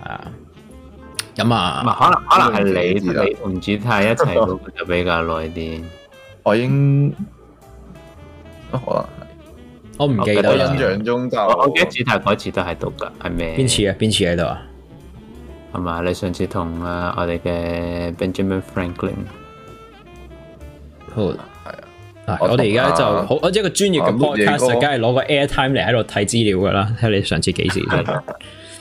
係啊，咁啊，可能可能係你同朱太一齊讀就比較耐啲。 我應，可能我唔記得，記得印象中就我，我記得朱太嗰次都係讀噶，係咩？邊次啊？邊次喺度啊？係咪、啊、你上次同啊我哋嘅 Benjamin Franklin？好啦，係啊，我哋而家就好，我即係個專業嘅 podcast，梗係攞個 airtime 嚟喺度睇資料噶啦，睇你上次幾時？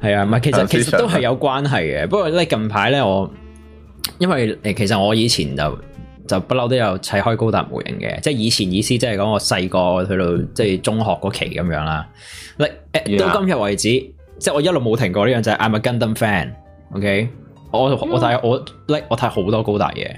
係啊，唔係其實其實都係有關係嘅。不過咧近排咧，我因為誒其實我以前就就不嬲都有砌開高達模型嘅，即係以前意思即係講我細個去到即係中學嗰期咁樣啦。Mm hmm. like, 到今日為止，Yeah. 即係我一路冇停過呢樣就係，是，I'm a Gundam Fan okay?、Mm。OK，hmm. 我我睇我我睇好多高達嘢。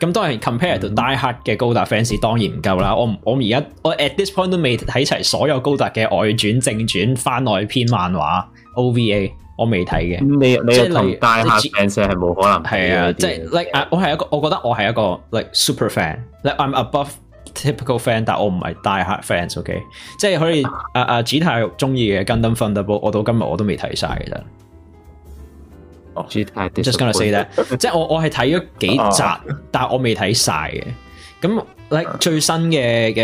咁當然 compared to die hard 嘅高達 fans 當然唔夠啦。我我而家我 at this point 都未睇齊所有高達嘅外傳、正傳、番外篇、漫畫。OVA 我未睇嘅，你你又同 die hard fans 係冇可能係啊，即係 like 啊，我係一個，我覺得我係一個 like super fan，I'm above typical fan，但係我唔係 die hard fans，OK，即係可以啊啊，G 太中意嘅《Gundam Thunderbolt》，我到今日我都未睇晒嘅，真。哦，G 太 just gonna say that，即係我我係睇咗幾集，但我未睇晒嘅，咁。咧、like，最新嘅嘅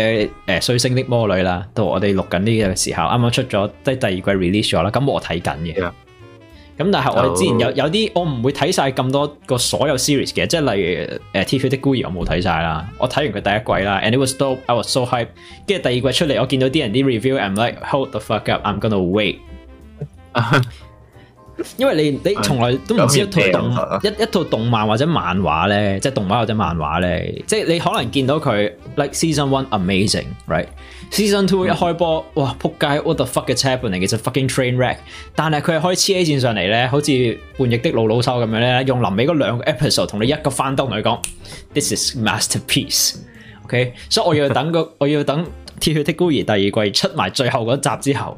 誒《水星的魔女》啦，到我哋錄緊呢個時候，啱啱出咗即係第二季 release 咗啦，咁我睇緊嘅。咁 Yeah. 但係我之前有有啲我唔會睇晒咁多個所有 series 嘅，即係例如誒《呃、TV 的孤兒》我冇睇晒啦，我睇完佢第一季啦，And it was dope, I was so hype，跟住第二季出嚟我見到啲人啲 review，I'm like Hold the fuck up，I'm gonna wait。 因為你你從來都唔知一套動一一套動漫或者漫畫咧，即係動畫或者漫畫咧，即係你可能見到佢，Like season one amazing right，season two、mm hmm. 一開波，哇撲街 what the fuck 嘅車本嚟，其實 fucking train wreck，但係佢係開超 A 線上嚟咧，好似《叛逆的魯魯修》咁樣咧，用臨尾嗰兩個 episode 同你一個翻兜嚟講，this is masterpiece，ok，、okay? 所、so、以我要等個 我要等《鐵血的孤兒》第二季出埋最後嗰集之後。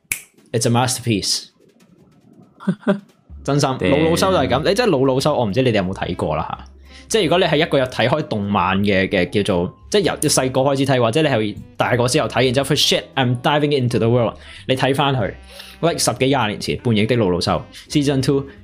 It's a masterpiece， 真心 Damn. 老老修就係咁，你真係老老修，我唔知你哋有冇睇過啦吓，即係如果你係一個有睇開動漫嘅嘅叫做，即係由細個開始睇，或者你係大個之後睇，然之後 For shit I'm diving into the world，你睇翻去，喂、like、十幾廿年前《叛逆的老老修》Season Two。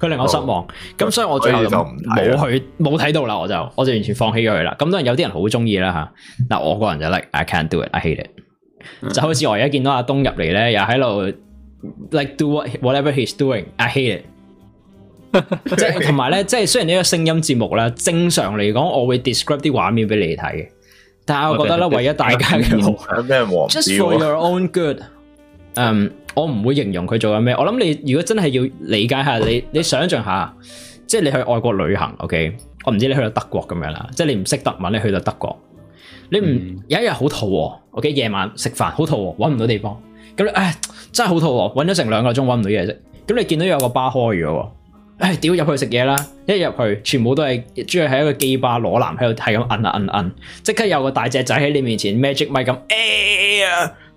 佢令我失望，咁好所以我最後沒有就冇去冇睇到啦，我就我就完全放棄咗佢啦。咁當然有啲人好中意啦吓，嗱我個人就 like I can't do it, I hate it，、嗯、就好似我而家見到阿東入嚟咧，又喺度 like do whatever he's doing, I hate it、 就是。即係同埋咧，即、就、係、是、雖然呢個聲音節目咧，正常嚟講我會 describe 啲畫面俾你睇嘅，但係我覺得咧，唯一 大家嘅咩 黃標，just for your own good，嗯、um,。我唔會形容佢做緊咩，我諗你如果真係要理解下，你你想象下，即係你去外國旅行，OK，我唔知你去到德國咁樣啦，即係你唔識德文，你去到德國，你唔、嗯、有一日好肚餓，OK，夜晚食飯好肚餓，搵唔到地方，咁你唉真係好肚餓，搵咗成兩個鐘搵唔到嘢食，咁你見到有個巴，巴開咗，唉，屌入去食嘢啦，一入去全部都係主要係一個機巴裸男喺度係咁摁啊摁，即刻有個大隻仔喺你面前 magic mic 咁誒。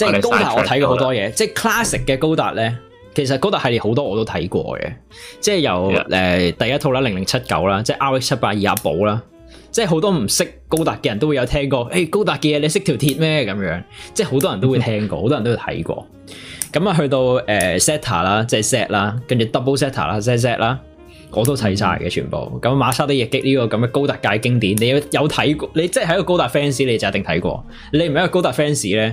即係高達，我睇過好多嘢。即係 classic 嘅高達咧，其實高達系列好多我都睇過嘅。即係由誒第一套啦，零零七九啦，即係 RX 七八二阿寶啦，即係好多唔識高達嘅人都會有聽過。誒、hey，高達嘅嘢你識條鐵咩？咁樣，即係好多人都會聽過，好 多人都會睇過。咁啊，去到誒 Zeta 啦，呃、Zeta，即係 Z 啦，跟住 Double Zeta 啦，ZZ 啦，我都睇晒嘅全部。咁馬、嗯、莎的逆擊呢個咁嘅高達界經典，你有有睇過？你即係喺一個高達 fans，你就一定睇過。你唔係一個高達 fans 咧？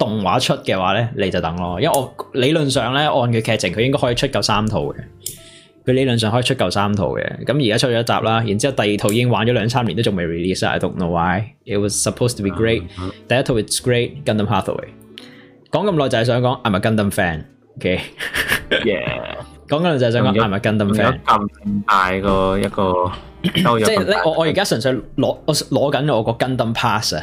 動畫出嘅話咧，你就等咯，因為我理論上咧按，佢劇情，佢應該可以出夠三套嘅。佢理論上可以出夠三套嘅，咁而家出咗一集啦，然之後第二套已經玩咗兩三年都仲未 release I don't know why, it was supposed to be great，嗯。第一套 it's great，Gundam halfway。講咁耐就係想講，I'm a Gundam fan？OK yeah 講咁耐就係想講，係咪 Gundam fan？大個一個即係我我而家純粹攞我攞緊我個 Gundam pass 啊。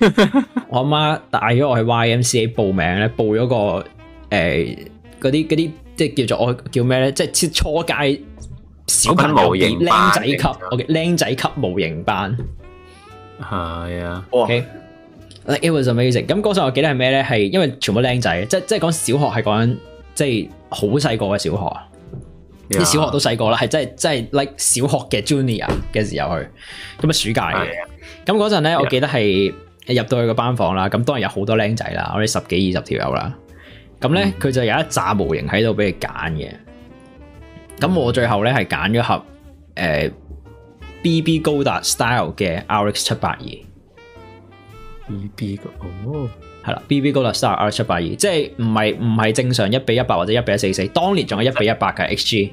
我阿媽帶咗我去 YMCA 報名咧，報咗個誒嗰啲啲即係叫做我叫咩咧？即係初初階小朋友模型僆仔級，ok 僆仔級模型班。係啊，ok，like Okay? 哇 it was amazing。咁嗰陣我記得係咩咧？係因為全部僆仔，即係即係講小學係講即係好細個嘅小學，啲小,小, Yeah. 小學都細個啦，係真係即係 like 小學嘅 junior 嘅時候去，咁啊暑假嘅。咁嗰陣咧，呢 Yeah. 我記得係。入到去個班房啦，咁當然有好多靚仔啦，我哋十幾二十條友啦，咁咧佢就有一紮模型喺度俾你揀嘅，咁我最後咧係揀咗盒誒、呃、B B 高達、oh. style 嘅 RX 七八二，B B 個哦，係啦 B B 高達 style RX 七八二，即係唔係唔係正常一比一百或者一比一四四，當年仲有一比一百嘅 H G。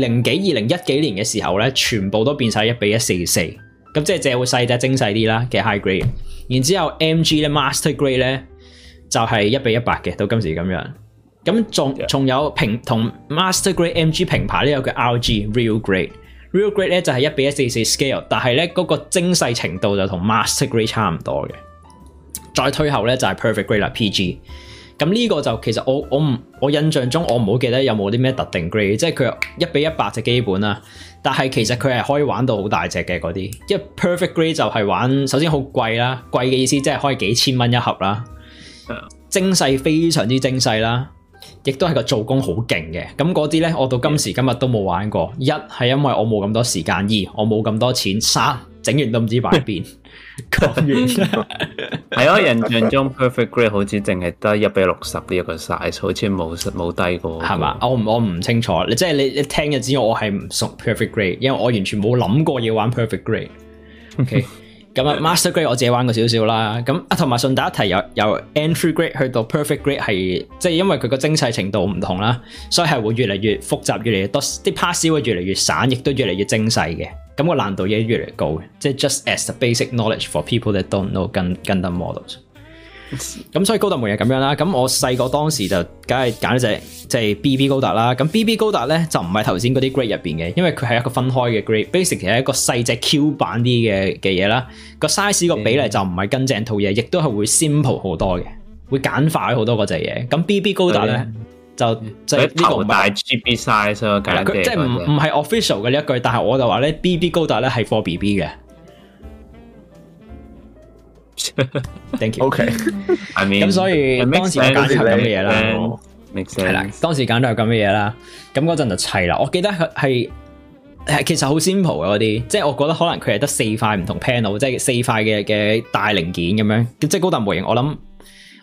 零幾二零一幾年嘅時候咧，全部都變晒一比一四四，咁即係借會細啲，精細啲啦嘅 high grade。然之後 MG 咧，master grade 咧就係一比一百嘅，到今時咁樣。咁仲仲有平同 master grade MG 平牌呢？有個 RG real grade，real grade 咧就係一比一四四 scale，但係咧嗰個精細程度就同 master grade 差唔多嘅。再推後咧就係 perfect grade 啦，PG。咁呢個就其實我我唔我印象中我唔好記得有冇啲咩特定 grade，即係佢一比一百就基本啦。但係其實佢係可以玩到好大隻嘅嗰啲，因為 perfect grade 就係玩首先好貴啦，貴嘅意思即係開幾千蚊一盒啦，精細非常之精細啦，亦都係個做工好勁嘅。咁嗰啲呢，我到今時今日都冇玩過。一係因為我冇咁多時間，二我冇咁多錢，三。整完都唔知擺邊， 講完係咯。 印象中 perfect grade 好似淨係得一比六十呢一個 size，好似冇冇低過、嗰個。係嘛？我我唔清楚。即你即係你你聽就知我係唔熟 perfect grade，因為我完全冇諗過要玩 perfect grade。OK，咁啊 master grade 我自己玩過少少啦。咁啊同埋順帶一提，由由 entry grade 去到 perfect grade 係即係因為佢個精細程度唔同啦，所以係會越嚟越複雜，越嚟越多啲 parts 會越嚟越散，亦都越嚟越精細嘅。咁個難度亦越嚟越高嘅，即係 just as the basic knowledge for people that don't know Gundam models。咁 所以高達模型咁樣啦。咁我細個當時就梗係揀隻即係 BB 高達啦。咁 BB 高達咧就唔係頭先嗰啲 grade 入面嘅，因為佢係一個分開嘅 grade。basic 其實係一個細隻 Q 版啲嘅嘅嘢啦。個 size 個比例就唔係跟正套嘢，亦都係會 simple 好多嘅，會簡化好多嗰隻嘢。咁 BB 高達咧。就即係呢個唔係 GB size 佢即係唔唔係 official 嘅呢一句，但係我就話咧，BB 高達咧係 for BB 嘅。Thank you。OK。咁所以當時我揀咁嘅嘢啦，係 makes sense 啦，當時揀到係咁嘅嘢啦。咁嗰陣就砌啦。我記得係係其實好 simple 嘅嗰啲，即係我覺得可能佢係得四塊唔同 panel，即係四塊嘅嘅大零件咁樣。即係高達模型，我諗。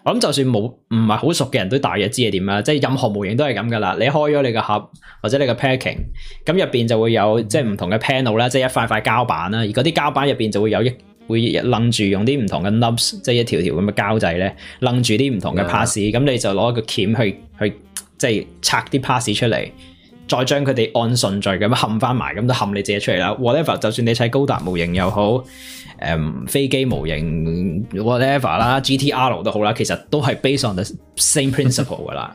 咁就算冇唔係好熟嘅人都大約知係點啦，即係任何模型都係咁噶啦。你開咗你個盒或者你個 packing，咁入面就會有、嗯、即係唔同嘅 panel 啦，即係一塊塊膠板啦。而嗰啲膠板入面就會有一會楞住用啲唔同嘅 nubs，即係一條條咁嘅膠仔咧，楞住啲唔同嘅 pass、嗯。咁你就攞個鉗去去即係拆啲 pass 出嚟。再將佢哋按順序咁冚翻埋，咁都冚你自己出嚟啦。Whatever，就算你砌高達模型又好，誒、um, 飛機模型 whatever 啦，GTR 都好啦，其實都係 based on the same principle 噶啦。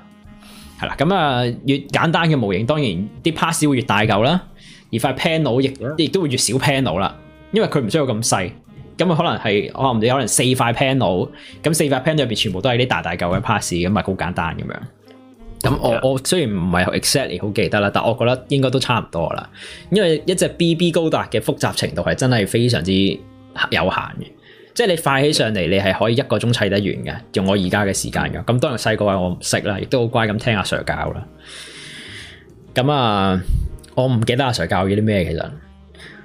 係啦、 嗯，咁、嗯、啊越簡單嘅模型，當然啲 parts 會越大嚿啦，而塊 panel 亦亦都會越少 panel 啦，因為佢唔需要咁細。咁啊可能係我唔知，可能四塊 panel，咁四塊 panel 入邊全部都係啲大大嚿嘅 parts，咁咪好簡單咁樣。咁我我雖然唔係 exactly 好記得啦，但我覺得應該都差唔多啦。因為一隻 B B 高達嘅複雜程度係真係非常之有限嘅，即係你快起上嚟，你係可以一個鐘砌得完嘅，用我而家嘅時間嘅。咁當然細個話我唔識啦，亦都好乖咁聽阿 Sir 教啦。咁啊，我唔記得阿 Sir 教咗啲咩其實，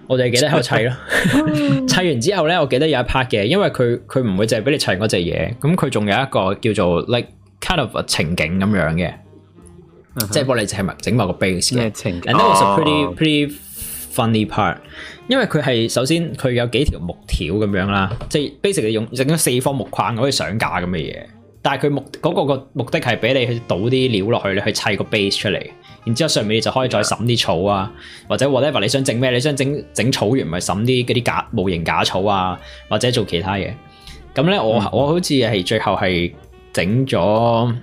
我就記得喺度砌咯。砌 完之後咧，我記得有一 part 嘅，因為佢佢唔會淨係俾你砌嗰隻嘢，咁佢仲有一個叫做 like kind of a 情景咁樣嘅。Uh huh. 即係幫你整埋整埋個 base 嘅、yeah, change . oh.，And that was a pretty pretty funny part，因為佢係首先佢有幾條木條咁樣啦，即係 base 係用整咗四方木框可以上架咁嘅嘢，但係佢目嗰個個目的係俾你去倒啲料落去，你去砌個 base 出嚟，然之後上面你就可以再揾啲草啊，Yeah. 或者或者話你想整咩，你想整整草原咪揾啲嗰啲假模型假草啊，或者做其他嘢，咁咧我我好似係最後係整咗。嗯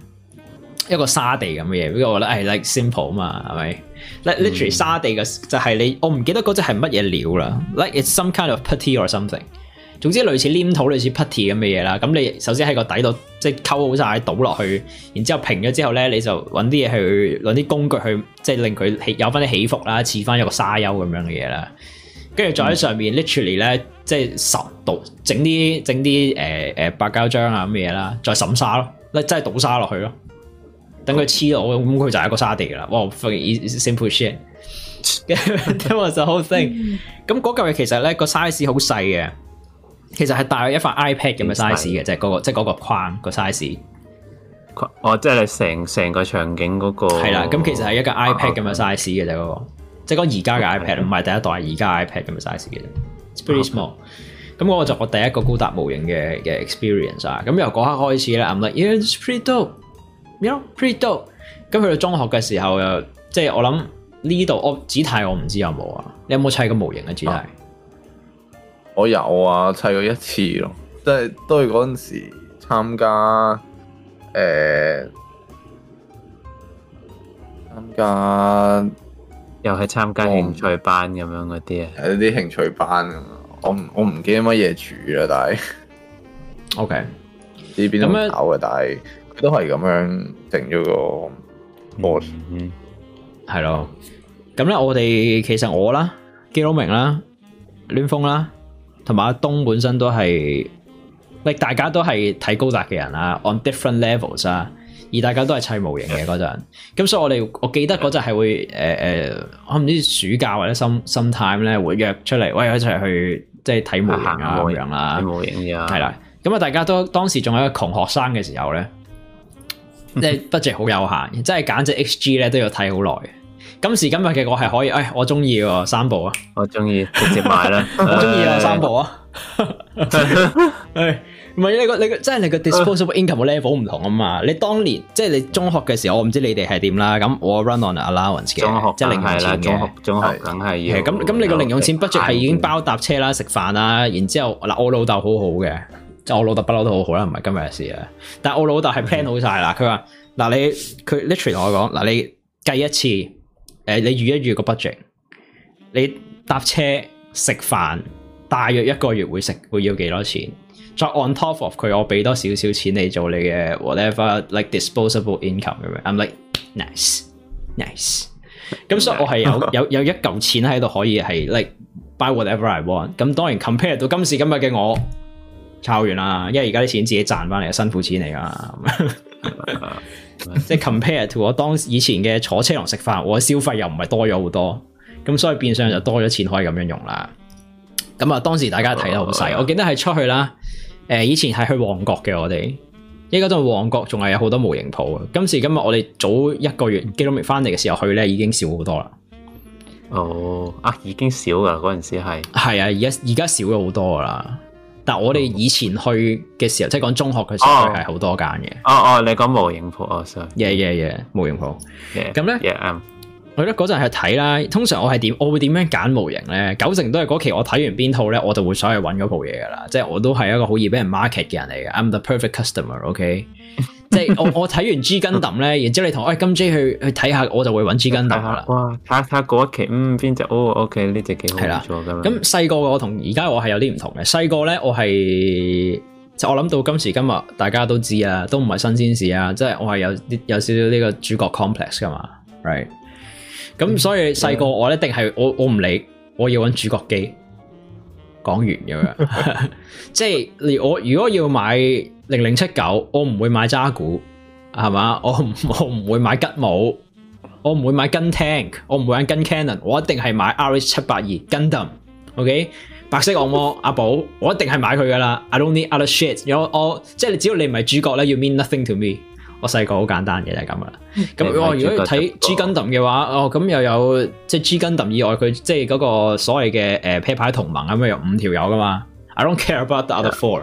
一個沙地咁嘅嘢，因為我覺得係 like simple 啊嘛，係咪？Like literally、mm. 沙地嘅就係、是、你我唔記得嗰隻係乜嘢料啦。Like it's some kind of putty or something。總之類似黏土、類似 putty 咁嘅嘢啦。咁你首先喺個底度即係溝好晒，倒落去，然之後平了之後平咗之後咧，你就揾啲嘢去攞啲工具去即係、就是、令佢起有翻啲起伏啦，似翻一個沙丘咁樣嘅嘢啦。跟住再喺上面、mm. literally 咧即係十度整啲整啲誒誒白膠漿啊咁嘅嘢啦，再滲沙咯，即係倒沙落去咯。等佢黐到我，咁佢就一個沙地㗎喇。哇，非常 simple shit。That was the whole thing. 咁嗰嚿嘢其實咧個 size 好細嘅，其實係大過一塊 iPad 咁嘅 size 嘅啫，嗰個即係嗰個框個 size。哦，即係成成個場景嗰個。係啦，咁其實係一個 iPad 咁嘅 size 嘅啫，嗰個即係而家嘅 iPad，唔係第一代，而家 iPad 咁嘅 size 嘅。b i g g s more。咁我就我第一個高達模型嘅嘅 experience 啊，咁由嗰刻開始咧，I'm like, your speedo。咪咯 pretty 多。咁去 you know，到中學嘅時候，又即係我諗呢度哦，主題我唔知有冇啊？你有冇砌過模型嘅主題？我有啊，砌過一次咯，即係都係嗰陣時參加誒，參、欸、加又係參加興趣班咁不樣嗰啲啊，係嗰啲興趣班啊。我我唔記得乜嘢柱啦，但係，O K，呢邊都唔好啊，但係。都係咁樣定咗個 model 係咯。咁咧，我哋其實我啦基 e 明啦，暖風啦，同埋阿東本身都係，喂，大家都係睇高達嘅人啦。On different levels 啊，而大家都係砌模型嘅嗰陣，咁所以我哋我記得嗰陣係會誒誒，可、呃、唔知暑假或者 some sometime 咧會約出嚟，喂一齊去即係睇模型啊行，行咁樣啦。模型啊，係啦。咁啊，大家都當時仲有一個窮學生嘅時候咧。 即係 budget 好有限，即係揀隻 XG 咧都要睇好耐。今時今日嘅我係可以，誒、哎，我中意三部啊！我中意直接買 中意啦，我中意啊三部啊！唔係你個你個，即係你個，個 disposable income level 唔同啊嘛！你當年即係你中學嘅時候，我唔知你哋係點啦。咁我 run on allowance 嘅，即係零用錢嘅。中學，中學，梗係。咁咁你個零用錢 budget 係已經包搭車啦、食飯啦，然之後嗱、啊，我老豆好好嘅。我老豆不嬲都好好啦，唔係今日嘅事啊。但係我老豆係 plan 好曬啦。佢話：嗱你佢 literally 同我講，嗱你計一次，誒你預一預個 budget，你搭車食飯，大約一個月會食會要幾多錢？再 on top of 佢，我俾多少少錢你做你嘅 whatever like disposable income 咁樣。I'm like nice, nice。咁所以我係有有有一嚿錢喺度可以係 like buy whatever I want。咁當然 compare 到今時今日嘅我。抄完啦，因為而家啲錢自己賺翻嚟嘅辛苦錢嚟噶，即係 compare to 我當以前嘅坐車同食飯，我消費又唔係多咗好多，咁所以變相就多咗錢可以咁樣用啦。咁啊，當時大家睇得好細，哦哦哦我記得係出去啦，誒、呃，以前係去旺角嘅我哋，依家都旺角仲係有好多模型鋪。今時今日我哋早一個月基 e r e 翻嚟嘅時候去咧，已經少好多啦。哦，啊，啊已經少噶嗰陣時係係啊，而家而家少咗好多噶啦。但我哋以前去嘅時候，oh. 即係講中學嘅時候，係好、oh. 多間嘅。哦哦，你講模型鋪哦、oh, sorry yeah yeah yeah，模型鋪。咁咧我覺得嗰陣係睇啦。通常我係點？我會點樣揀模型咧？九成都係嗰期我睇完邊套咧，我就會想去揾嗰部嘢噶啦。即、就、係、是、我都係一個好易俾人 market 嘅人嚟嘅。I'm the perfect customer，OK？、Okay? 即係 我我睇完《G Gundam》咧，然之後你同喂、哎、金 J 去去睇下，我就會搵《G Gundam》啦。哇！睇下睇下嗰一期，嗯，邊隻 O？O K 呢隻幾好咗嘅。咁、哦、細、OK，個我，我同而家我係有啲唔同嘅。細個咧我係，就是、我諗到今時今日大家都知啊，都唔係新鮮事啊。即、就、係、是、我係有啲有少少呢個主角 complex 噶嘛，right？咁所以細個我一定係我我唔理，我要搵主角機。講完咁樣，即係你我如果要買。零零七九，79, 我唔會買渣古，係嘛？我唔我唔會買吉姆，我唔會買 Gun Tank，我唔會玩 Gun Cannon，我一定係買 RX 七八二 Gundam，ok？白色按摩 阿寶，我一定係買佢噶啦。I don't need other shit you know. 有我即係你，只要你唔係主角咧，要 mean nothing to me。我細個好簡單嘅就係咁啦。咁我 如果睇 G Gundam 嘅話，哦咁又有即係 G Gundam 以外，佢即係嗰個所謂嘅誒啤牌同盟咁，有五條友噶嘛？I don't care about the other four。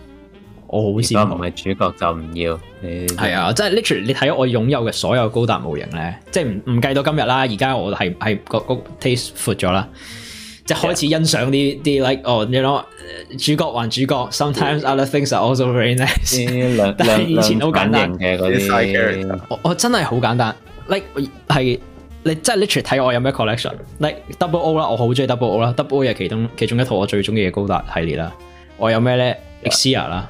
我好少，唔係主角就唔要。係啊，即、就、係、是、literally 你睇我擁有嘅所有高達模型咧，即係唔唔計到今日啦。而家我係係、那個 taste 闊咗啦，即係開始欣賞啲啲 like 哦，你諗主角還主角，sometimes other things are also very nice。但係以前好簡單嘅嗰啲，我我真係好簡單。like 係你真係 literally 睇我有咩 collection，like double O 啦，我好中意 double O 啦，double O 係其中其中一套我最中意嘅高達系列啦。我有咩咧 Yeah. Exia 啦。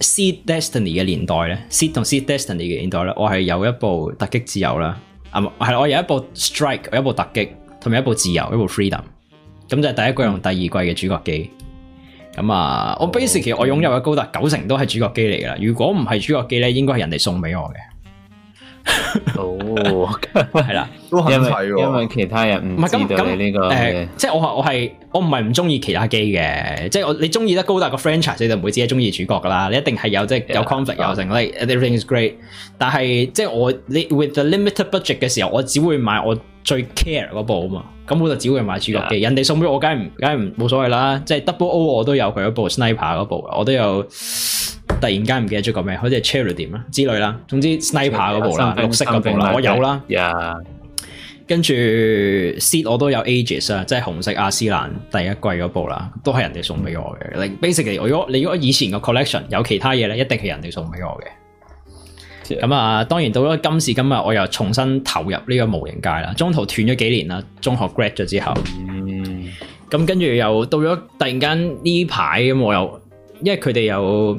《Seed Destiny》嘅年代咧，Se《Seed》同《Seed Destiny》嘅年代咧，我係有一部突擊自由啦，啊，係我有一部 Strike，有一部突擊，同埋一部自由，一部 Freedom，咁就係第一季同第二季嘅主角機。咁啊，我 basically 我擁有嘅高達九成都係主角機嚟噶啦，如果唔係主角機咧，應該係人哋送俾我嘅。哦，係啦、 啊，因為， 因，為因為其他人唔係咁咁呢個，誒、呃呃，即係我我係我唔係唔中意其他機嘅，即係我你中意得高達個 franchise 你就唔會自己中意主角噶啦，你一定係有即係有 conflict 有剩，即係、like, everything is great 但，但係即係我你 with the limited budget 嘅時候，我只會買我最 care 嗰部啊嘛，咁我就只會買主角機。的人哋送畀我，梗係唔梗係唔冇所謂啦，即係 double O 我都有佢嗰部 sniper 嗰部，我都有。突然間唔記得咗個咩，好似 Cherudim 啦之類啦，總之 Sniper 嗰部啦，病綠色嗰部啦，病我有啦。Yeah. 跟住 SEED 我都有 Aegis 啊，即係紅色阿斯蘭第一季嗰部啦，都係人哋送俾我嘅。Basically、嗯，我如果你如果以前個 collection 有其他嘢咧，一定係人哋送俾我嘅。咁 Yeah. 啊，當然到咗今時今日，我又重新投入呢個模型界啦。中途斷咗幾年啦，中學 grad 咗之後，咁、嗯、跟住又到咗突然間呢排咁，我又因為佢哋又。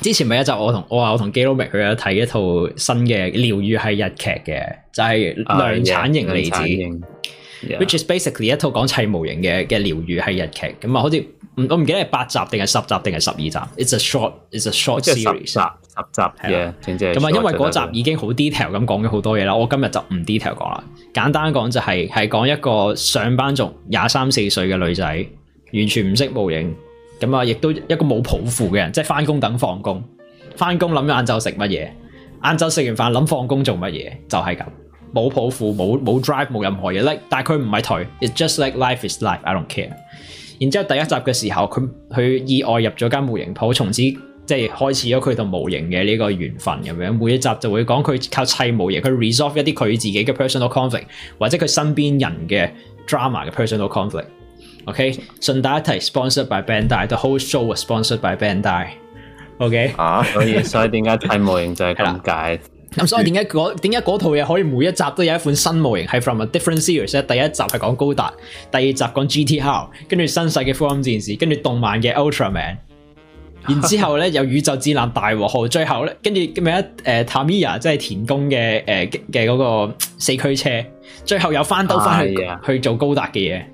之前咪一集我同我話我同基佬明佢啊睇一套新嘅療愈系日劇嘅，就係、是、量產型例子、uh, yeah , yeah.，which is basically 一套講砌模型嘅嘅療愈系日劇，咁啊 Yeah. 好似我唔記得係八集定係十集定係十二集。It's a short, it's a short series。十集係啊，咁、yeah, 啊了因為嗰集已經好 detail 咁講咗好多嘢啦，我今日就唔 detail 講啦，簡單講就係係講一個上班族廿三四歲嘅女仔，完全唔識模型。Mm hmm. 咁啊，亦都一個冇抱負嘅人，即係翻工等放工，翻工諗咗晏晝食乜嘢，晏晝食完飯諗放工做乜嘢，就係咁，冇抱負，冇冇 drive，冇任何嘢叻。但係佢唔係退，it's just like life is life，I don't care。然之後第一集嘅時候，佢佢意外入咗間模型鋪，從此即係開始咗佢同模型嘅呢個緣分咁樣。每一集就會講佢靠砌模型，佢 resolve 一啲佢自己嘅 personal conflict 或者佢身邊人嘅 drama 嘅 personal conflict。OK，順帶一提，sponsored by Bandai，the whole show was sponsored by Bandai。OK。啊，所以所以點解睇模型就係咁解？咁 所以點解嗰點解嗰套嘢可以每一集都有一款新模型，係 from a different series。第一集係講高達，第二集講 GTR，跟住新世嘅福音戰士，跟住動漫嘅 Ultra Man，然之後咧有宇宙戰艦大和號，最後咧跟住咩啊？誒、呃、Tamiya 即係田宮嘅誒嘅嗰個四驅車，最後有翻兜翻去 Yeah. 去做高達嘅嘢。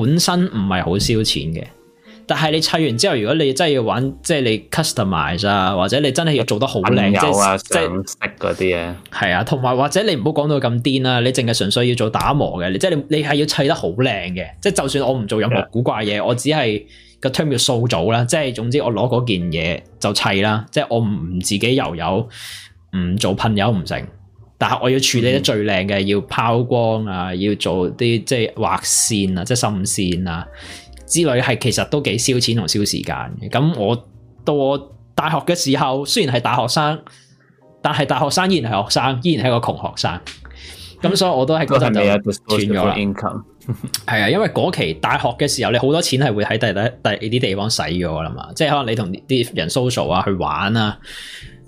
本身唔係好燒錢嘅，但係你砌完之後，如果你真係要玩，即係你 customize 啊，或者你真係要做得好靚，即係即係嗰啲啊，係是啊，同埋或者你唔好講到咁癲啊，你淨係純粹要做打磨嘅，你即係你你係要砌得好靚嘅，即係就算我唔做任何古怪嘢，我只係個 term 叫素組啦，即係總之我攞嗰件嘢就砌啦，即係我唔自己油油，唔做噴油唔成。但係我要處理得最靚嘅，要拋光啊，要做啲即係畫線啊，即係滲線啊之類，係其實都幾燒錢同燒時間嘅。咁我到我大學嘅時候，雖然係大學生，但係大學生依然係學生，依然係一個窮學生。咁所以我都喺嗰陣就斷咗。係啊， 因為嗰期大學嘅時候，你好多錢係會喺第第第二啲地方使咗啦嘛。即係可能你同啲人 social 啊，去玩啊。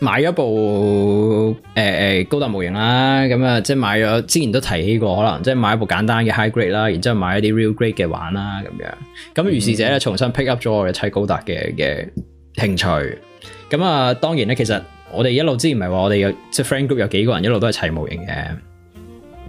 買一部誒誒、欸欸、高達模型啦，咁啊即係買咗之前都提起過，可能即係買一部簡單嘅 high grade 啦，然之後買一啲 real grade 嘅玩啦咁樣。咁於是者咧、嗯、重新 pick up 咗我嘅砌高達嘅嘅興趣。咁啊當然咧，其實我哋一路之前唔係話我哋有即係、就是、friend group 有幾個人一路都係砌模型嘅。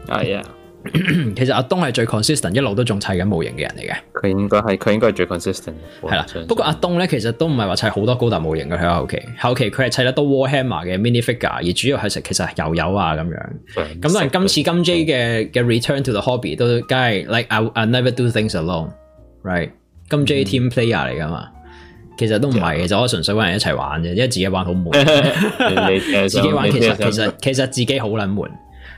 係啊。 其實阿東係最 consistent，一路都仲砌緊模型嘅人嚟嘅。佢應該係佢應該係最 consistent。係啦，不過阿東咧，其實都唔係話砌好多高達模型嘅喺後期。後期佢係砌得多 Warhammer 嘅 mini figure，而主要係食其實油油啊咁樣。咁多人今次金 J 嘅嘅、嗯、Return to the Hobby 都梗係 Like I, I never do things alone，right？金 J、嗯、team player 嚟噶嘛？其實都唔係，嗯、其實我純粹搵人一齊玩啫，因為自己玩好悶。 自己玩想想其實其實其實自己好撚悶。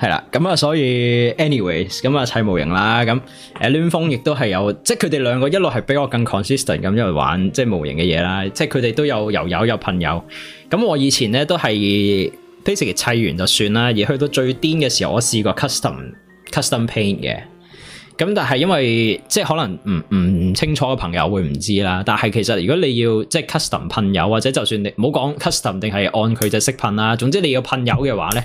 係啦，咁啊，所以 anyways，咁啊砌模型啦，咁 Alan 峰亦都係有，即係佢哋兩個一路係比我更 consistent 咁一路玩即係、就是、模型嘅嘢啦，即係佢哋都有油油有噴油，咁我以前咧都係 basically 砌完就算啦，而去到最癲嘅時候，我試過 custom custom paint 嘅，咁但係因為即係、就是、可能唔唔唔清楚嘅朋友會唔知啦，但係其實如果你要即係、就是、custom 噴油或者就算你唔好講 custom，定係按佢隻色噴啦，總之你要噴油嘅話咧。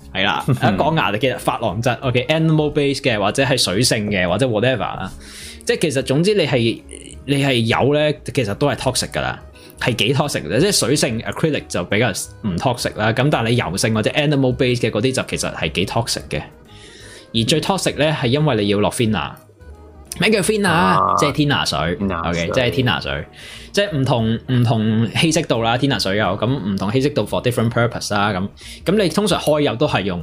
係啦，一講 牙就記得髮廊質 OK，animal、okay, base 嘅或者係水性嘅或者 whatever 啦，即其實總之你係你係有咧，其實都係 toxic 噶啦，係幾 toxic 嘅，即係水性 acrylic 就比較唔 toxic 啦，咁但係你油性或者 animal base 嘅嗰啲就其實係幾 toxic 嘅，而最 toxic 咧係因為你要落 thinner，咩叫 thinner？、啊、即係天拿水，OK，即係天拿水。即係唔同唔同稀釋度啦，天然水油咁唔同稀釋度 for different purpose 啦，咁咁你通常開油都係用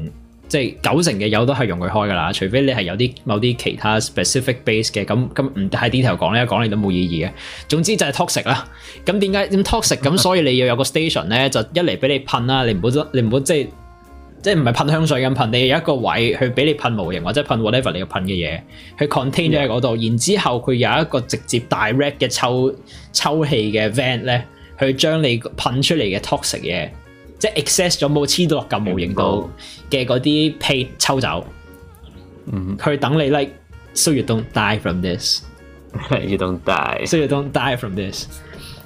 即係、就是、九成嘅油都係用佢開噶啦，除非你係有啲某啲其他 specific base 嘅，咁咁唔太 detail 講咧，講你都冇意義嘅。總之就係 toxic 啦，咁點解咁 toxic？咁所以你要有個 station 咧，就一嚟俾你噴啦，你唔好你唔好即係。即係唔係噴香水咁噴，你有一個位去俾你噴模型或者噴 whatever 你要噴嘅嘢，去 contain 咗喺嗰度。Yeah. 然之後佢有一個直接 direct 嘅抽抽氣嘅 vent 咧，去將你噴出嚟嘅 toxic 嘢，即係 excess 咗冇黐到落嚿模型度嘅嗰啲 paint 抽走。嗯，佢等你 like so you don't die from this，you don't die so you don't die from this。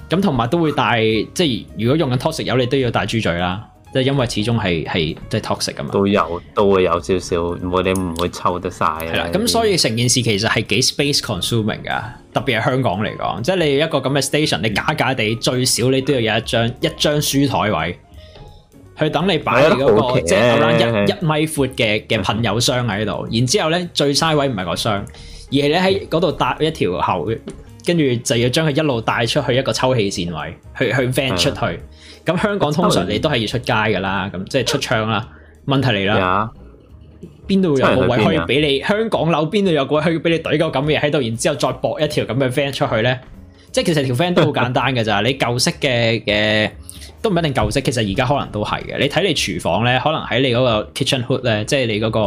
咁同埋都會帶，即係如果用緊 toxic 油，你都要帶豬嘴啦。即係因為始終係係都係 toxic 㗎嘛，都有都會有少少，唔會你唔會抽得晒。嘅的。係啦你，咁所以成件事其實係幾 space consuming 㗎，特別係香港嚟講，即係你一個咁嘅 station，你假假地最少你都要有一張一張書枱位去等你擺嗰、那個即係夠翻一米闊嘅嘅噴油箱喺度， 然之後咧最嘥位唔係個箱，而係你喺嗰度搭一條喉。跟住就要將佢一路帶出去一個抽氣扇位，去去 fan 出去。咁的香港通常你都係要出街噶啦，咁的即係出窗啦。問題嚟啦，邊度的有個位可以俾你香港樓？邊度有個位可以俾你懟個咁嘅嘢喺度，然之後再駁一條咁嘅 fan 出去咧？即係其實條 fan 都好簡單㗎咋， 你舊式嘅嘅都唔一定舊式，其實而家可能都係嘅。你睇你廚房咧，可能喺你嗰個 kitchen hood 咧，即係你嗰個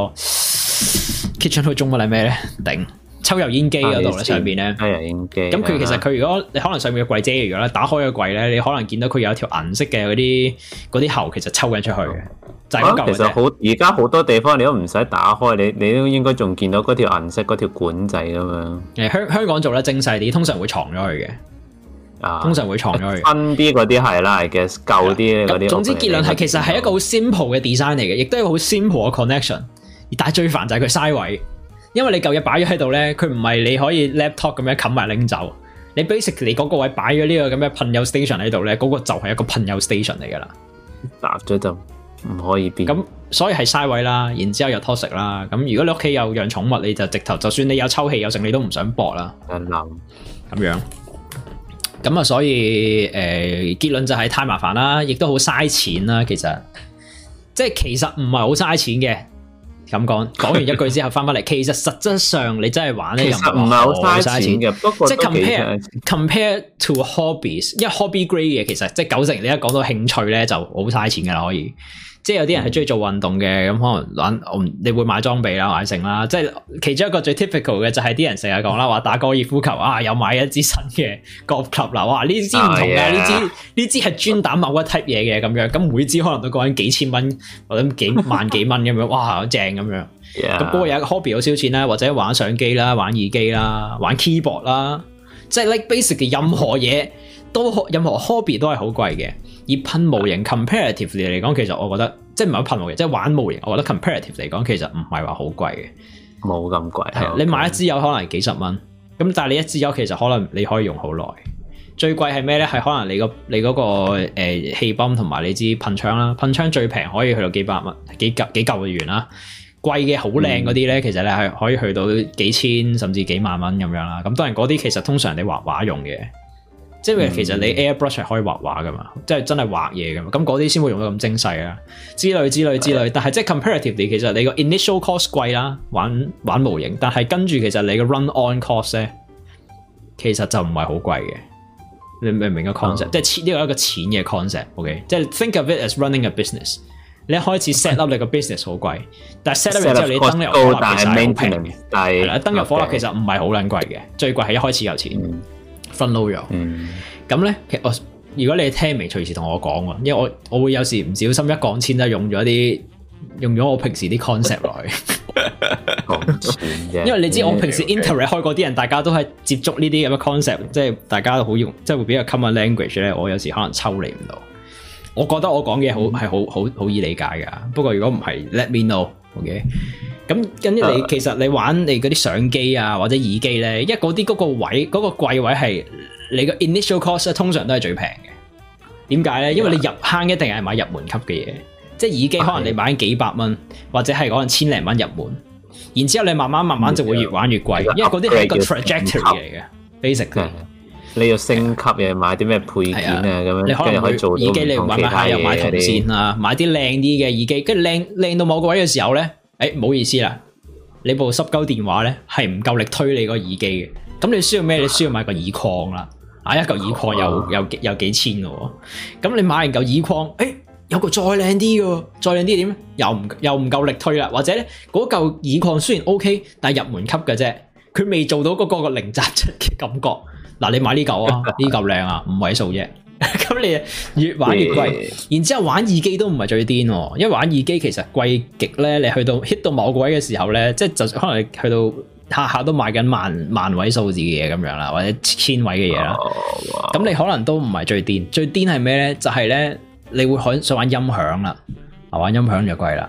kitchen hood 中文係咩咧？頂。抽油煙機嗰度咧，上邊咧，抽油煙機。咁佢其實佢如果、啊、你可能上面嘅櫃啫，如果咧打開個櫃咧，你可能見到佢有條銀色嘅嗰啲啲喉，其實抽緊出,出去嘅，就係嗰嚿嘢。其實好，而家好多地方你都唔使打開，你你都應該仲見到嗰條銀色嗰條管仔咁樣。誒、嗯，香香港做得精細啲，通常會藏咗佢嘅，啊、通常會藏咗去。新啲嗰啲係啦，係嘅，舊啲嗰啲。總之結論係其實係一個好 simple 嘅 design 嚟嘅，亦都係好 simple 嘅 connection。但係最煩就係佢嘥位。因為你舊嘢擺咗喺度咧，佢唔係你可以 laptop 咁樣冚埋拎走。你 basically 嗰個位擺咗呢個咁嘅噴油 station 喺度咧，嗰、嗰個就係一個噴油 station 嚟噶啦。嗱，打咗就唔可以變。咁所以係嘥位啦，然之後又拖食啦。咁如果你屋企有養寵物，你就直頭，就算你有抽氣有剩，你都唔想搏啦。咁想樣。咁啊，所以誒結論就係太麻煩啦，亦都好嘥錢啦。其實，即係其實唔係好嘥錢嘅。咁講講完一句之後，翻返嚟，其實實質上你真係玩咧，又唔係好嘥錢嘅，即係 compare compare to hobbies，因為 hobby grade 嘅其實即係九成，你一講到興趣咧就好嘥錢㗎啦，可以。即係有啲人係中意做運動嘅，咁可能你會買裝備啦、買成啦。即係其中一個最 typical 嘅就係啲人成日講啦，話打高爾夫球啊，有買一支新嘅鋼球啦，哇、啊！呢支唔同嘅，呢、oh, yeah. 支呢支係專打某一 type 嘢嘅咁樣，咁每支可能都講緊幾千蚊或者幾萬幾蚊咁樣，哇！好正咁樣。咁不過有一個 hobby 好燒錢啦，或者玩相機啦、玩耳機啦、玩 keyboard 啦，即、就、係、是、like basic 嘅任何嘢都，任何 hobby 都係好貴嘅。以噴模型的 comparative 嚟講，其實我覺得即係唔係話噴模型，即係玩模型。我覺得 comparative 嚟講，其實唔係話好貴嘅，冇咁貴。係啊，你買一支有可能幾十蚊，咁但係你一支油其實可能你可以用好耐。最貴係咩咧？係可能你、嗰個你嗰、嗰個誒、呃、氣泵同埋你支噴槍啦。噴槍最平可以去到幾百蚊，幾嚿幾嚿元啦。貴嘅好靚嗰啲咧，呢嗯、其實咧係可以去到幾千甚至幾萬蚊咁樣啦。咁當然嗰啲其實通常你畫畫用嘅。即係其實你 airbrush 係可以畫畫噶嘛，即係真係畫嘢噶嘛，咁嗰啲先會用得咁精細啦。之類之類之類，但係即係 comparative l y 其實你個 initial cost 貴啦，玩玩模型。但係跟住其實你個 run on cost 咧，其實就唔係好貴嘅。你明唔明個 concept？、啊、即係設呢個一個淺嘅 concept。OK，即係 think of it as running a business。你一開始 set up 你個 business 好貴， 但係 set up 完之後你登入又畫平，登入火啦，其實唔係好撚貴嘅。最貴係一開始有錢。嗯分 l l w y 咁呢，其實我如果你聽未隨時同我講喎，因為我我會有時唔小心一講錢咧，用咗啲用咗我平時啲 concept 來講，因為你知我平時 interact Okay. 開過啲人，大家都係接觸呢啲咁嘅 concept，即係大家都好用，即係會比較 common language 咧。我有時可能抽離唔到，我覺得我講嘢好係好好好易理解噶。不過如果唔係，let me know，ok, okay? 咁跟住你，其實你玩你嗰啲相機啊，或者耳機咧，因為嗰啲嗰個位嗰個貴位係你個 initial cost 通常都係最平嘅。點解咧？因為你入坑一定係買入門級嘅嘢，即係耳機可能你買緊幾百蚊，Okay. 或者係可能千零蚊入門。然之後你慢慢慢慢就會越玩越貴，因為嗰啲係一個 trajectory 嚟嘅。basic 你要升級，basically 要升級買啲咩配件啊？咁的樣的你可能去做耳機，你買買下又買銅線啊，買啲靚啲嘅耳機，跟住靚靚到某個位嘅時候咧。誒，唔、哎、好意思啦，你部濕鳩電話咧係唔夠力推你個耳機嘅，咁你需要咩？你需要買個耳擴啦，啊，一嚿耳擴又又又幾千嘅，咁你買完嚿耳擴誒、哎，有個再靚啲嘅，再靚啲點？又唔又唔夠力推啦，或者咧嗰嚿耳擴雖然 O、OK, K，但係入門級嘅啫，佢未做到嗰個個零雜質嘅感覺。嗱、啊，你買呢嚿啊，呢嚿靚啊，五位數啫。咁 你越玩越貴，Yeah. 然之後玩耳機都唔係最癲，因為玩耳機其實貴極咧。你去到 hit 到某個位嘅時候咧，即係就可能去到下下都賣緊萬萬位數字嘅嘢咁樣啦，或者千位嘅嘢啦。咁、oh, wow. 你可能都唔係最癲，最癲係咩咧？就係、是、咧，你會想玩音響啦，啊玩音響就貴啦，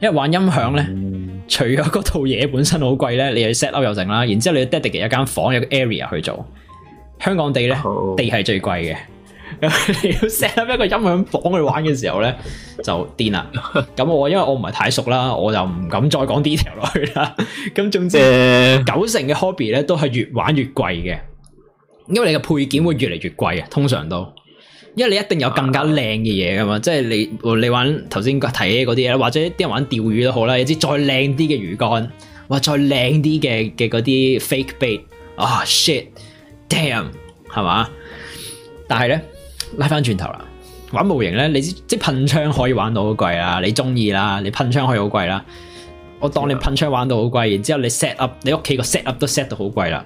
因為玩音響咧，mm. 除咗嗰套嘢本身好貴咧，你要 set up 又剩啦，然之後你 dedicate 嘅一間房有個 area 去做，香港地咧、oh. 地係最貴嘅。 你要 set up 一個音響房去玩嘅時候咧，就癲啦。咁 我因為我唔係太熟啦，我就唔敢再講 detail 落去啦。咁 總之，九、呃、成嘅 hobby 咧都係越玩越貴嘅，因為你嘅配件會越嚟越貴啊。通常都，因為你一定有更加靚嘅嘢噶嘛。即係、啊、你你玩頭先提嗰啲嘢，或者啲人玩釣魚都好啦，有啲再靚啲嘅魚竿，或者再靚啲嘅嘅嗰啲 fake bait 啊。啊 shit，damn，係嘛？但係咧。拉翻轉頭啦，玩模型咧，你即噴槍可以玩到好貴啦，你中意啦，你噴槍可以好貴啦。我當你噴槍玩到好貴，然之後你 set up，你屋企個 set up 都 set 到好貴啦。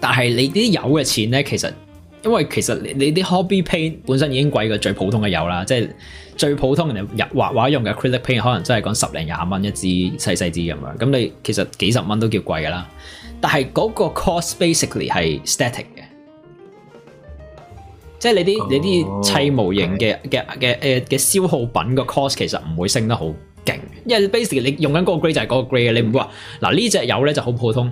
但係你啲油嘅錢咧，其實因為其實你啲 hobby paint 本身已經貴過最普通嘅油啦，即係最普通人哋畫畫用嘅 crayon 可能真係講十零廿蚊一支細細支咁樣，咁你其實幾十蚊都叫貴噶啦。但係嗰個 cost basically 係 static。即係你啲你啲砌模型嘅嘅嘅誒嘅消耗品個 cost 其實唔會升得好勁，因為 basically 你用緊嗰個 grade 就係嗰個 grade 嘅，你唔會話嗱呢隻油咧就好普通，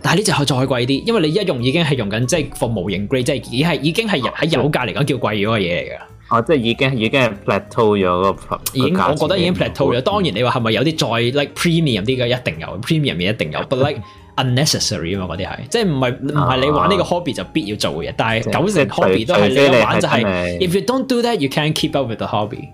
但係呢隻佢再貴啲，因為你一用已經係用緊即係放模型 grade，即係已係已經係喺油價嚟講叫貴咗嘅嘢嚟㗎。哦，即係已經已經係 plateau 咗嗰個，價已經我覺得已經 plateau 咗。嗯、當然你話係咪有啲再 like premium 啲嘅一定有，premium 一定有，but like。 unnecessary 啊嘛嗰啲係，即係唔係唔係你玩呢個 hobby 就必要做嘅，但係九成 hobby 都係你玩就係。If you don't do that, you can't keep up with the hobby。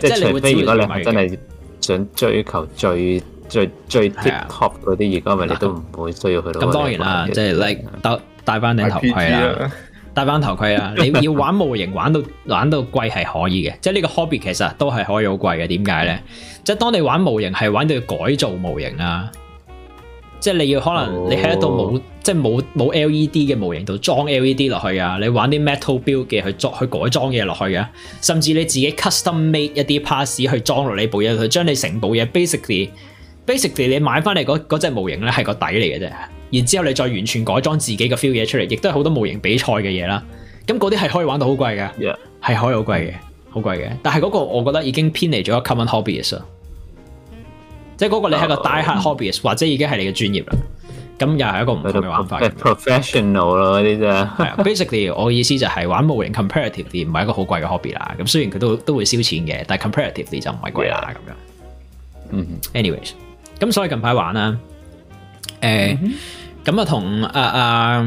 即係除非如果你係真係想追求最最最 top 嗰啲，而家咪你都唔會需要去到。咁當然啦，即係你戴戴翻頂頭盔啦，戴翻頭盔啦，你要玩模型玩到玩到貴係可以嘅，即係呢個 hobby 其實都係可以好貴嘅。點解咧？即係當你玩模型係玩到要改造模型啦。即係你要可能你喺一度冇即係冇冇 LED 嘅模型度裝 LED 落去啊！你玩啲 metal build 嘅去裝去改裝嘢落去嘅，甚至你自己 custom made 一啲 parts 去裝落你部嘢度，去將你成部嘢 basically basically 你買翻嚟嗰隻隻模型咧係個底嚟嘅啫，然之後你再完全改裝自己嘅 feel 嘢出嚟，亦都係好多模型比賽嘅嘢啦。咁嗰啲係可以玩到好貴嘅，係 Yeah. 可以好貴嘅，好貴嘅。但係嗰個我覺得已經偏離咗 common hobbies。即係嗰個你係一個 die-hard hobbyist，、oh. 或者已經係你嘅專業啦。咁又係一個唔同嘅玩法嘅 professional 咯，嗰啲啫。係 basically，我意思就係玩模型，comparatively 唔係一個好貴嘅 hobby 啦。咁雖然佢都都會燒錢嘅，但係 comparatively 就唔係貴啦咁 樣。嗯、mm hmm.，anyways，咁所以近排玩啦。誒、mm，咁、hmm. 嗯、啊同、啊、阿阿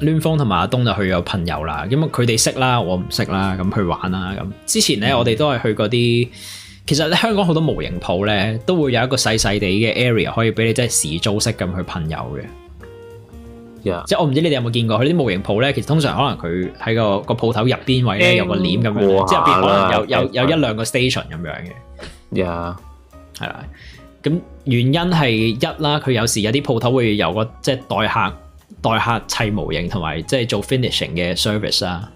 亂風同埋阿東就去咗朋友啦。咁啊佢哋識啦，我唔識啦，咁去玩啦。咁之前咧、mm hmm. 我哋都係去嗰啲。其實咧，香港好多模型鋪咧，都會有一個細細地嘅 area 可以俾你即係時租式咁去噴油嘅。Yeah. 即係我唔知你哋有冇見過佢啲模型鋪咧，其實通常可能佢喺個個鋪頭入邊位咧英有個簾咁樣，之入邊可能有、啊、有有，有一兩個 station 咁樣嘅。呀 Yeah.！係啦。咁原因係一啦，佢有時有啲鋪頭會有個即係代客代客砌模型同埋即係做 finishing 嘅 service 啦。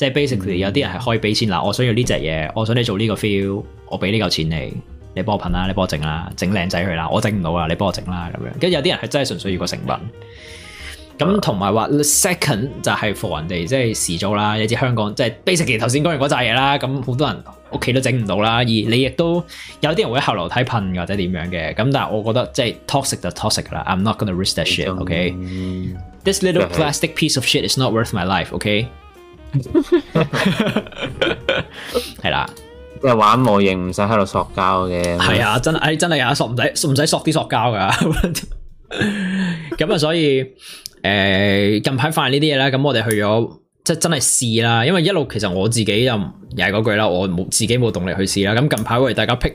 即係 basically 有啲人係可以俾錢嗱，我想要呢隻嘢，我想你做呢個 feel，我俾呢嚿錢你，你幫我噴啦，你幫我整啦，整靚仔佢啦，我整唔到啦，你幫我整啦咁樣。跟住有啲人係真係純粹要個成品。咁同埋話 second 就係 for 人哋即係時租啦，你知香港即係 basically 頭先講完嗰扎嘢啦。咁好多人屋企都整唔到啦，而你亦都有啲人會喺後樓梯噴或者點樣嘅。咁但係我覺得即係、就是、toxic 就 toxic 啦，I'm not going to risk that shit, okay? This little plastic piece of shit is not worth my life, okay? 係啦，即係玩模型唔使喺度索膠嘅。係啊，真係，哎，真係啊，索唔使，唔使索啲索膠噶。咁啊，所以誒、 欸，近排發現呢啲嘢咧，咁我哋去咗，即係真係試啦。因為一路其實我自己就又又係嗰句啦，我冇自己冇動力去試啦。咁近排我哋大家 pick。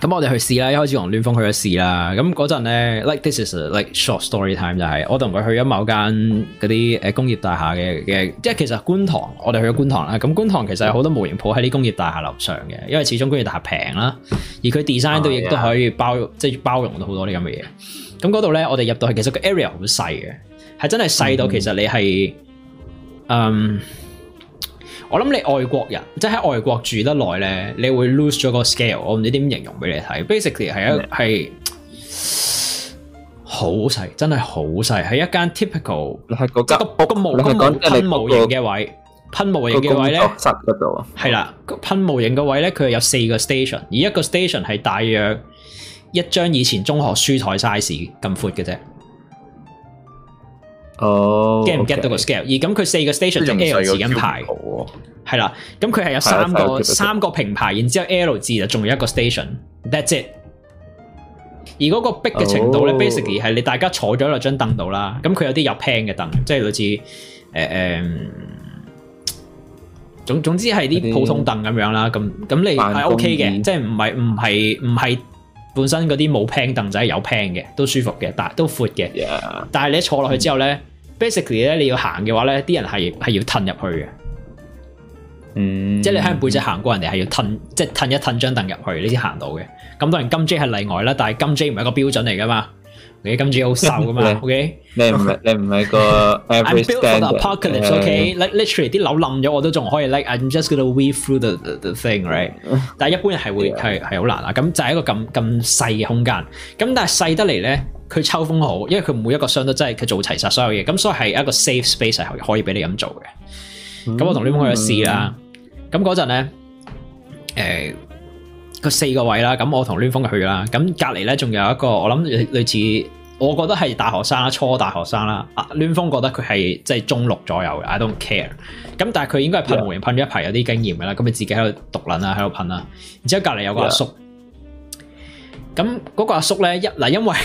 咁我哋去試啦，一開始黃亂峰去咗試啦。咁嗰陣咧，like this is a, like short story time 就係我同佢去咗某間嗰啲工業大廈嘅嘅，即係其實觀塘我哋去咗觀塘啦。咁觀塘其實有好多模型鋪喺啲工業大廈樓上嘅，因為始終工業大廈平啦，而佢 design 都亦、啊、都可以包即係、啊、包容到好多啲咁嘅嘢。咁嗰度咧，我哋入到去，其實個 area 好細嘅，係真係細到其實你係嗯。Um, 我諗你外國人，即係喺外國住得耐咧，你會 lose 咗個 scale。我唔知點形容俾你睇，basically 係一係好細，真係好細，係一間 typical，你喺個個個個噴模型嘅位，噴模型嘅位咧，係啦，噴模型嘅位咧，佢係有四個 station，而一個 station 係大約一張以前中學書台 size 咁闊嘅啫。哦，get 唔 get 到個 scale Okay. 而咁佢四個 station 就 L 字咁排，係啦、啊，咁佢係有三個牌三個平排，然之後還 L 字就仲有一個 station，that's it。而嗰個逼嘅程度咧、oh.，basically 係你大家坐咗落張凳度啦，咁佢有啲入 pan 嘅凳，即係類似誒誒、呃，總總之係啲普通凳咁樣啦，咁咁你係、啊、OK 嘅，即係唔係唔係唔係。本身嗰啲冇 ping 平凳仔有 p 平嘅都舒服嘅，但係都闊嘅。Yeah. 但係你坐落去之後咧、mm.，basically 咧你要行嘅話咧，啲人係係要褪入去嘅，mm. 即係你喺人背脊行過，人哋係要褪即係褪一褪張凳入去，你先行到嘅。咁當然金 J 係例外啦，但係金 J 唔係一個標準嚟㗎嘛。你今朝好瘦㗎嘛？OK，你唔係你唔係個。I'm built for the apocalypse。OK，literally 啲樓冧咗我都仲可以。Like I'm just gonna weave through the the thing，right？但係一般人係會係係好難啊。咁就係一個咁咁細嘅空間。咁但係細得嚟咧，佢抽風好，因為佢每一個箱都真係佢做齊晒所有嘢。咁所以係一個 safe space 係可以俾你咁做嘅。咁我同啲朋友去試啦。咁嗰陣咧，誒。個四個位啦，咁我同攣風去啦，咁隔籬咧仲有一個，我諗類似，我覺得係大學生啦，初大學生啦，啊攣風覺得佢係即係中六左右，I don't care，咁但係佢應該係噴完噴咗一排有啲經驗噶啦，咁佢自己喺度獨捻啦，喺度噴啦，然之後隔籬有個阿叔，咁嗰 Yeah. 個阿叔咧一嗱，因為、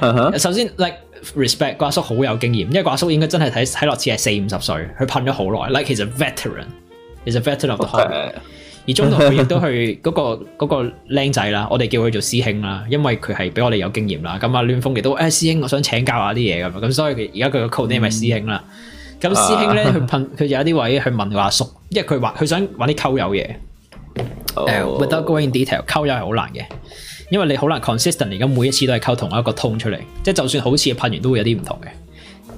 uh huh. 首先 like respect 個阿叔好有經驗，因為個阿叔應該真係睇睇落似係四五十歲，佢噴咗好耐，like he's a veteran, he's a veteran of the 而中途佢亦都去嗰、那個僆仔啦，我哋叫佢做師兄啦，因為佢係俾我哋有經驗啦。咁啊，暖風亦都誒師兄，我想請教下啲嘢咁，咁所以而家佢個 call 你係、嗯、師兄啦。咁師兄咧，佢、啊、噴佢有一啲位去問佢阿叔，因為佢話佢想揾啲溝友嘢。w i t h o u t going detail，溝友係好難嘅，因為你好難 consistent，而家每一次都係溝同一個通出嚟，即、就、係、是、就算好似噴完都會有啲唔同嘅。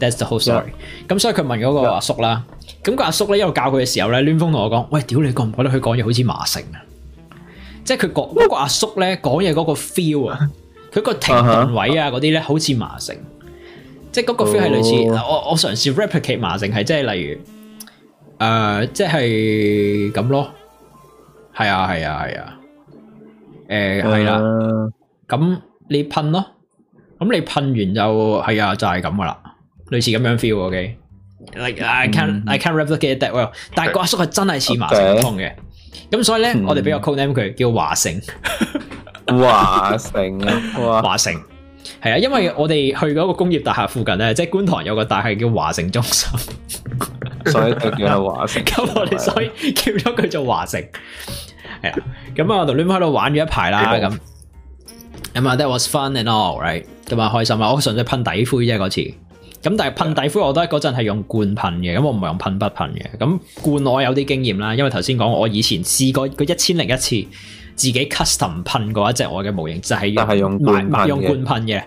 That's the whole story。咁 Yeah. 所以佢問嗰個阿叔啦。咁個阿叔咧，一路教佢嘅時候咧，暖風同我講，喂，屌你覺唔覺得佢講嘢好似麻城啊？即係佢講，嗰個阿叔咧講嘢嗰個 feel 啊，佢個停頓位啊嗰啲咧，好、uh huh. 似麻、uh huh. 城。即係嗰個 feel 係類似，我我嘗試 replicate 麻城係即係例如，誒、呃，即係咁咯。係啊，係啊，係啊。誒、啊，係啦、啊。咁、呃啊 uh huh. 你噴咯，咁你噴完就係啊，就係咁噶啦，類似咁樣 feel 嘅、okay? Like I can't、嗯、I can't replicate that well，但係阿叔係真係似華城咁嘅，咁、嗯 okay, 所以咧、嗯、我哋俾個 code name 佢叫華城。華城？華城，係啊，因為我哋去嗰個工業大廈附近咧，即係觀塘有一個大廈叫華城中心，所以佢叫係華城。咁 我哋所以叫咗佢做華城。係啊。咁啊，我同 Liam 喺度玩咗一排啦，咁。咁啊，that was fun and all right，咁啊開心啊，我純粹噴底灰啫嗰次。咁但係噴底灰，我都嗰陣係用罐噴嘅，咁我唔係用噴筆噴嘅。咁罐我有啲經驗啦，因為頭先講我以前試過佢一千零一次自己 custom 噴過一隻我嘅模型，就係、係、用，係用買，買，買用罐噴嘅。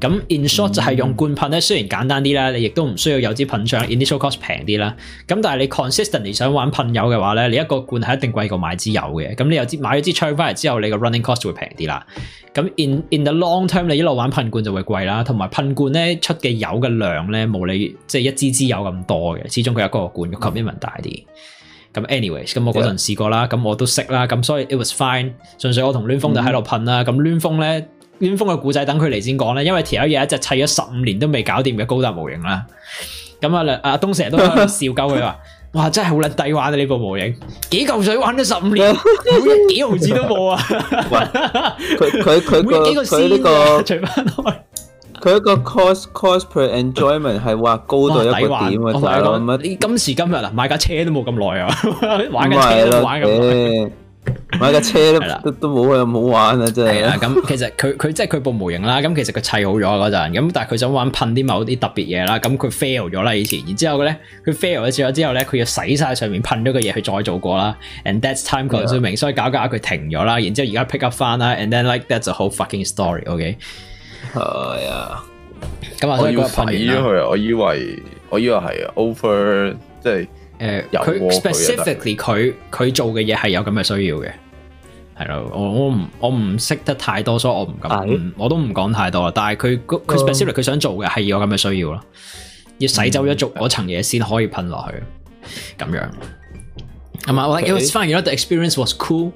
咁 in short 就係用罐噴咧，雖然簡單啲啦，你亦都唔需要有支噴槍，initial cost 平啲啦。咁但係你 consistently 想玩噴油嘅話咧，你一個罐係一定貴過買支油嘅。咁你又支買咗支槍翻嚟之後，你個 running cost 會平啲啦。咁 in in the long term 你一路玩噴罐就會貴啦，同埋噴罐咧，出嘅油嘅量咧，冇你即係一支支油咁多嘅，始終佢有個罐嘅 commitment 大啲。咁 anyways，咁我嗰陣試過啦，咁我都識啦，咁所以 it was fine。純粹我同攣風就喺度噴啦，咁攣風咧。巔峰嘅故仔等佢嚟先講咧，因為條友有一隻砌咗十五年都未搞掂嘅高達模型啦。咁啊，阿東成日都笑鳩佢話，哇，真係好撚抵玩啊！呢、這、部、個、模型幾嚿水玩咗十五年，好 幾毫子都冇啊！佢佢佢佢佢呢個，佢呢、啊、個 cost cost per enjoyment 係話高到一個點啊！大佬，今時今日啊，買架車都冇咁耐啊，玩架車都玩咁耐。的 買架 車都都冇啊，冇了玩啊，真係啊！咁 其實佢佢即係佢部模型啦，咁其實佢砌好咗嗰陣，咁但係佢想玩噴啲某啲特別嘢啦，咁佢 fail 咗啦以前，然之後咧佢 fail 咗之後咧，佢要洗晒上面噴咗個嘢去再做過啦。And that's time consuming，Yeah. 所以搞搞佢停咗啦。然之後而家 pick up 翻啦。And then like that's a whole fucking story okay?Uh, yeah. 嗯。OK，係啊，咁啊，我要噴咗佢，我以為我以為係 over，即係。誒，佢、uh, 啊、specifically 佢佢做嘅嘢係有咁嘅需要嘅，係咯，我我唔我唔識得太多，所以我唔敢，我都唔講太多啦。但係佢佢 specifically 佢想做嘅係有咁嘅需要咯，要洗走一做嗰層嘢先可以噴落去，咁、嗯、樣。係嘛，我 l i 原來、like, okay. it was fun, you know, the experience was cool。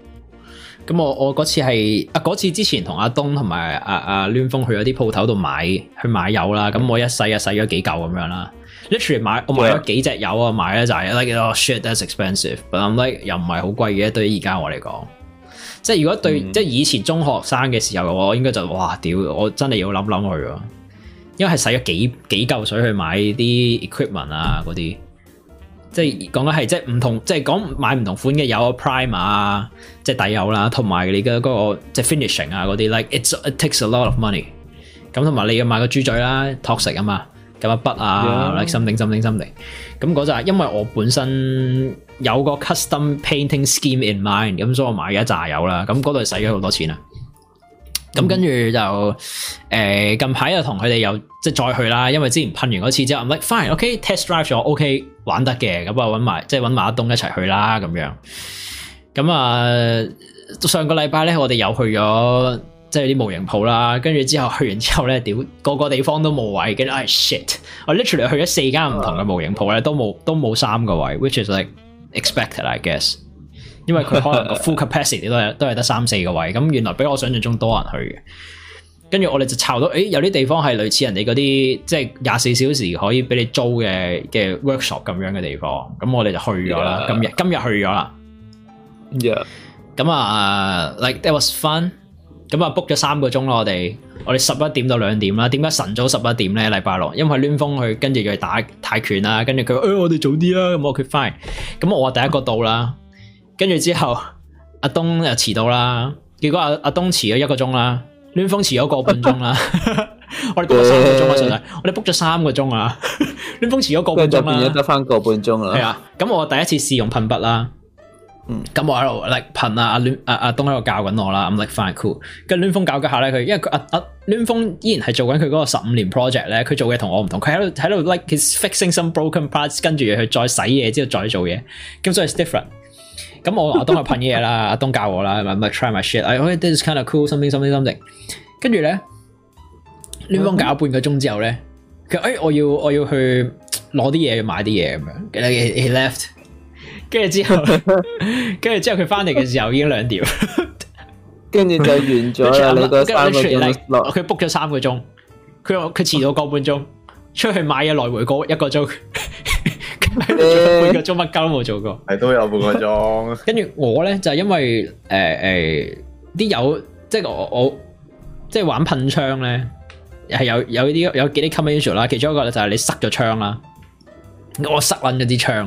咁我我嗰次係啊，嗰次之前同阿東同埋阿阿亂風去咗啲鋪頭度買去買油啦，咁我一洗啊洗咗幾嚿咁樣啦。literally 買我買咗幾隻油啊，買咧就係、是、like oh shit that's expensive，but like 又唔係好貴嘅，對於而家我嚟講，即係如果對、嗯、即係以前中學生嘅時候的，我應該就哇屌，我真係要諗諗佢啊，因為係使咗幾幾嚿水去買啲 equipment 啊嗰啲，即係講緊係即係唔同，即係講買唔同款嘅有 primer 啊，即係底油啦，同埋你嘅嗰、那個即係 finishing 啊嗰啲，like it takes a lot of money，咁同埋你要買個豬嘴啦，toxic 啊嘛。咁一筆啊 Yeah.，like something something something，咁嗰因為我本身有個 custom painting scheme in mind，咁所以我買咗一扎油啦，咁嗰度使咗好多錢啦咁、mm hmm. 跟住就誒近排又同佢哋又即係再去啦，因為之前噴完嗰次之後，like fine，ok、okay, test drive 咗，ok 玩得嘅，咁啊搵埋即係搵馬東一齊去啦咁樣，咁啊上個禮拜咧我哋又去咗。即係啲模型鋪啦，跟住之後去完之後咧，屌個個地方都冇位，跟住唉 shit，我 literally 去咗四間唔同嘅模型鋪咧，都冇都冇三個位，which is like expected I guess，因為佢可能個 full capacity 都係都係得三四個位，咁原來比我想象中多人去嘅。跟住我哋就抄到，誒、哎、有啲地方係類似人哋嗰啲，即係廿四小時可以俾你租嘅嘅 workshop 咁樣嘅地方，咁我哋就去咗啦 Yeah.。今日今日去咗啦。咁啊 Yeah.、uh,，like that was fun。咁啊，book 咗三個鐘啦，我哋我哋十一點到兩點啦。點解晨早十一點咧，禮拜六？因為攣風佢跟住去打泰拳啦，啊，跟住佢誒，我哋早啲啦，冇 q u 咁我，ine，我第一個到啦，跟住之後阿，啊，東又遲到啦。結果阿，啊，阿，啊，東遲咗一個鐘啦，攣風遲咗個半鐘啦。 我哋 book 咗三個鐘啦對 我哋 book 咗三個鐘啦，攣風遲咗個半鐘啦。得翻個半鐘啦。係啊，咁我第一次試用噴筆啦。咁我喺度 like 噴啊，阿阿東喺度教緊我啦，我 like fine and cool。跟住亂風教幾下咧，佢因為佢阿阿亂風依然係做緊佢嗰個十五年 project 咧，佢做嘅同我唔同，佢喺度喺度 like fixing some broken parts，跟住佢再洗嘢之後再做嘢，咁所以 different。咁我阿東去噴啲嘢啦，阿東教我啦，咁咪 try my shit，我可以 this is kind of cool，something something something。跟住咧，亂風搞咗半個鐘之後咧，佢誒我要我要去攞啲嘢買啲嘢咁樣，跟住佢 he left。跟住之後，跟住之後佢翻嚟嘅時候已經兩點，跟住就完咗。跟住全佢 book 咗三個鐘。佢話佢遲到個半鐘，出去買嘢來回個一個鐘，跟 住半個鐘乜鳩都冇做過。係都有半個鐘。跟住我咧就係、是、因為誒誒啲有即係我我即係玩噴槍咧係有有啲有幾啲 commercial 啦，其中一個就係你塞咗槍啦，我塞撚咗啲槍。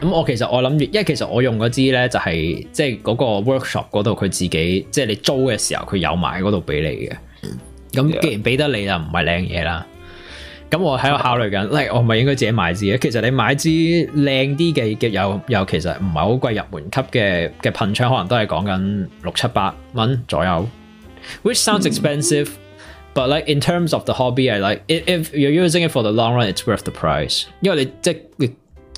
咁、嗯、我其實我諗住，因為其實我用嗰支咧就係即係嗰個 workshop 嗰度佢自己即係、就是、你租嘅時候佢有埋嗰度俾你嘅。咁既然俾得你就唔係靚嘢啦。咁我喺度考慮緊，嚟吧、like, 我咪應該自己買支嘅。其實你買支靚啲嘅嘅又又其實唔係好貴，入門級嘅嘅噴槍可能都係講緊六七百蚊左右。Which sounds expensive,、嗯、but like in terms of the hobby, like if you're using it for the long run, it's worth the price. 因為你即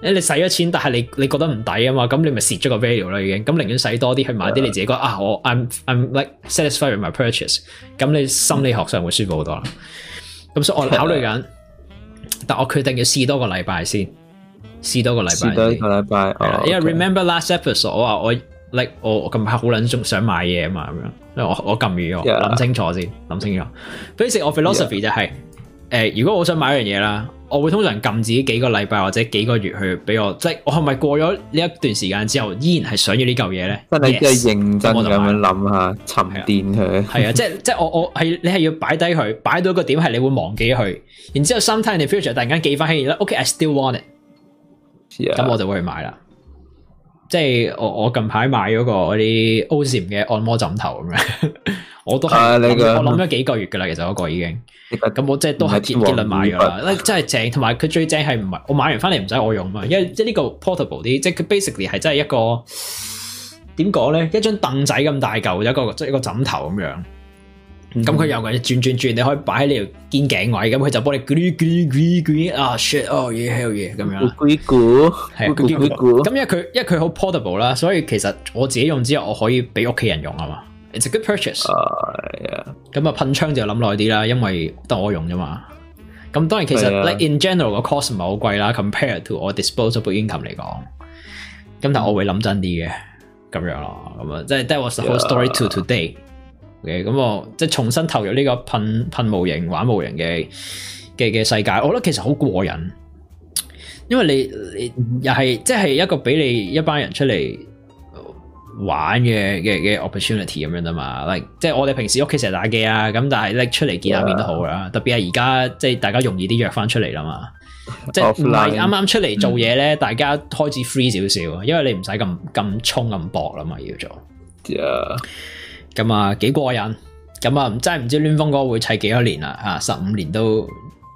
誒，你使咗錢，但係你你覺得唔抵啊嘛？咁你咪蝕咗個 value 啦，已經。咁寧願使多啲去買啲的你自己覺得啊，我 I'm I'm like satisfied with my purchase。咁你心理學上會舒服好多啦。咁 所以我考慮緊，的但我決定要試多個禮拜先，試多個禮拜，拜。係啦，拜。因為 Remember last episode，我話我 like 我我近排好捻中想買嘢啊嘛，咁樣。因為我禁我撳住諗清楚先，諗清楚。basic 我 philosophy 的就係、是，誒、呃，如果我想買樣嘢啦。我會通常撳自己幾個禮拜或者幾個月去俾我，即係我係咪過咗呢一段時間之後依然係想要這呢嚿嘢咧？即係認真咁、yes, 樣諗下，沉澱佢。係啊，是啊 即係即係我我係你係要擺低佢，擺到一個點係你會忘記佢，然之後 some time in the future 突然間記翻起，OK I still want it。咁 Yeah. 我就會去買啦。即係我我近排買咗個嗰啲 OSIM 嘅按摩枕頭咁樣。 我都係，啊、你我諗咗幾個月噶啦，其實嗰個已經，咁這個 我即係都係結結論買咗啦，啊、真係正，同埋佢最正係唔係，我買完翻嚟，唔使我用啊嘛，因為即係呢個 portable 啲，即係佢 basically 係真係一個點講咧，一張凳仔咁大嚿，有一個即係一個枕頭咁樣，咁佢又可以轉轉轉，你可以擺喺呢度肩頸位，咁佢就幫你 google google 啊，shit，哦、oh yeah, oh yeah, 啊，嘢 y e 嘢 h hell y e a 咁樣，咁因為佢因為佢好 portable 啦，所以其實我自己用之後，我可以俾屋企人用啊嘛。It's a good purchase。咁啊，噴槍就諗耐啲啦，因為得我用啫嘛。咁當然其實，like in general 個 cost 唔係好貴啦。Compared to 我 disposable income 嚟講，咁但係我會諗真啲嘅，咁樣咯，咁啊，即係 that was the whole story to today。OK，咁我即係重新投入呢個噴噴模型玩模型嘅嘅嘅世界，我覺得其實好過癮，因為你你又係即係一個俾你一班人出嚟玩嘅嘅嘅 opportunity 咁樣啊嘛，like 即係我哋平時屋企成日打機啊，咁但係咧出嚟見下面都好啦，Yeah. 特別係而家即係大家容易啲約翻出嚟啦嘛，即係唔係啱啱出嚟做嘢咧，Off line. 大家開始 free 少少，因為你唔使咁咁衝咁搏啦嘛，要做咁 Yeah. 啊幾過癮，咁啊真係唔知亂風哥會砌幾多年啦啊，十五年都～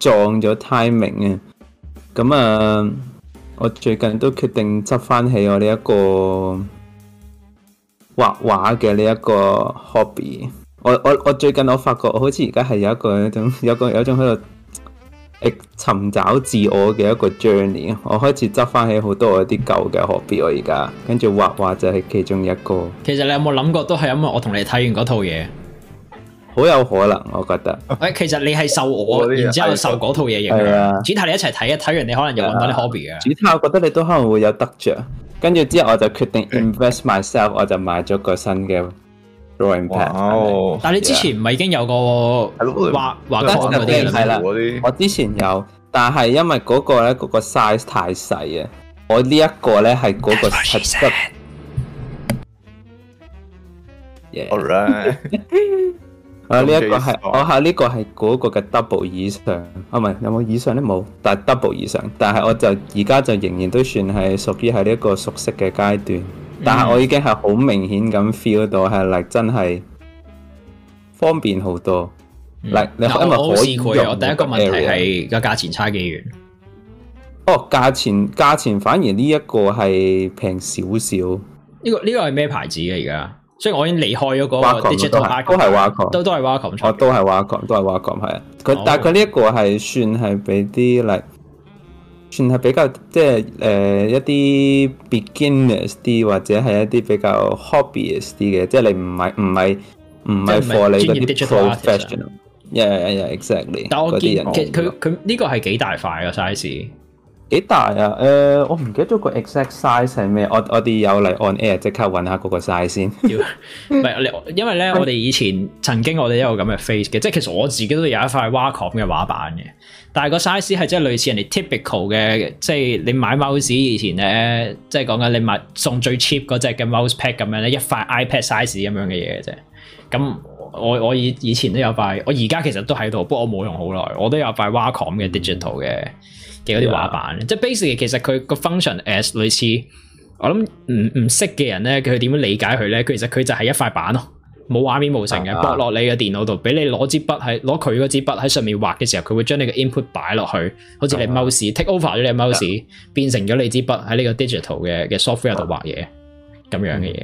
撞咗 timing 啊！咁啊，我最近都決定執翻起我呢一個畫畫嘅呢一個 hobby。我我我最近我發覺我好似而家係有一個,有一個,有一個,有一種有個有種喺度尋找自我嘅一個 journey。我開始執翻起好多我啲舊嘅 hobby 我。我而家跟住畫畫就係其中一個。其實你有冇諗過都係因為我同你睇完嗰套嘢？好有可能，我覺得。誒，其實你係受我，我然之後受嗰套嘢影響嘅。啊、主題你一齊睇一睇完你可能又揾到啲 hobby 嘅。主題，我覺得你都可能會有得着。跟住之後，我就決定 invest myself，我就買咗個新嘅 drawing pad。哇嗎但係你之前唔係已經有個華華家祖嘅？係啦 Yeah.、啊，我之前有，但係因為嗰、那個咧嗰、那個 size 太細啊，我呢一、那個咧係嗰個尺寸。Yeah. Alright. 啊！呢、這、一個係、嗯、我吓呢、這個係嗰個嘅 double 以上，啊唔係有冇以上都冇，但係 double 以上，但係我就而家就仍然都算係屬於喺呢一個熟悉嘅階段，但係我已經係好明顯咁 feel 到係嚟真係方便好多。嚟、嗯、你可唔但我 可以我？我第一個問題係個價錢差幾遠？哦，價錢價錢反而呢一、這個係平少少。呢、這個呢個係咩牌子嘅而家？所以我已經離開咗嗰個 digital，都係 Wacom，都都係 Wacom。哦，都係 Wacom，都係 Wacom，係啊！佢但係佢呢一個係算係俾啲嚟，算係比較即係誒、呃、一啲 beginners 啲，或者係一啲比較 hobbyist 啲嘅，即係你唔係唔係唔係課嚟啲 professional。係係，exactly 但係我見佢佢佢呢個係幾大塊個 size。幾大啊？誒，我唔記得咗個 exact size 係咩。我我哋有嚟 on air，即刻揾下嗰個 size 先。唔係你，因為咧呢，嗯、我哋以前曾經我哋有咁嘅 face 嘅，即係其實我自己都有一塊 Wacom 嘅畫板嘅。但係個 size 係即係類似人哋 typical 嘅，即係你買 mouse 以前咧，即係講緊你買送最 cheap 嗰隻嘅 mouse pad 咁樣咧，一塊 iPad size 咁樣嘅嘢啫。咁我我以以前都有塊，我而家其實都喺度，不過我冇用好耐，我都有塊 Wacom 嘅 digital 嘅。嘅嗰啲畫板，Yeah. 即係 basic 嘅。其實佢個 function as 類似，我諗唔唔識嘅人咧，佢點樣理解佢咧？佢其實佢就係一塊板咯，冇畫面無成嘅，落落 Yeah. 你嘅電腦度，俾你攞支筆喺攞佢嗰支筆喺上面畫嘅時候，佢會將你嘅 input 擺落去，好似你 mouse Yeah. take over 咗你 mouse，Yeah. 變成咗你支筆喺呢個 digital 嘅嘅 software 度畫嘢咁 Yeah. 樣嘅嘢。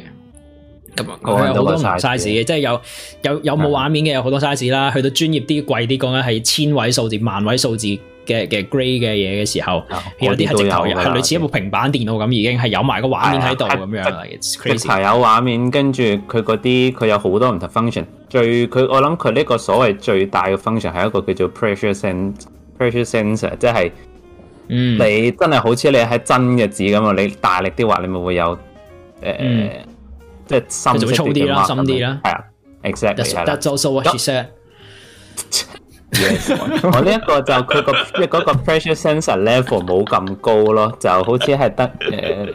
咁啊、嗯，我有好多 size 嘅，即係有有有冇畫面嘅，有好多 size 啦。去到專業啲、貴啲講緊，係千位數字、萬位數字。嘅嘅 grey 嘅嘢嘅時候，有啲係直頭係類似一部平板電腦咁，已經係有埋個畫面喺度咁樣啦。一有畫面，跟住佢嗰啲佢有好多唔同 function。最佢我諗佢呢個所謂最大嘅 function 係一個叫做 pressure sensor，即係你真係好似你喺真嘅紙咁啊！你大力啲畫，你咪會有誒即係深啲啦，深啲啦。係啊 e x a c t l 我呢一個就佢個，即係嗰個 pressure sensor level 冇咁高咯，就好似係得誒。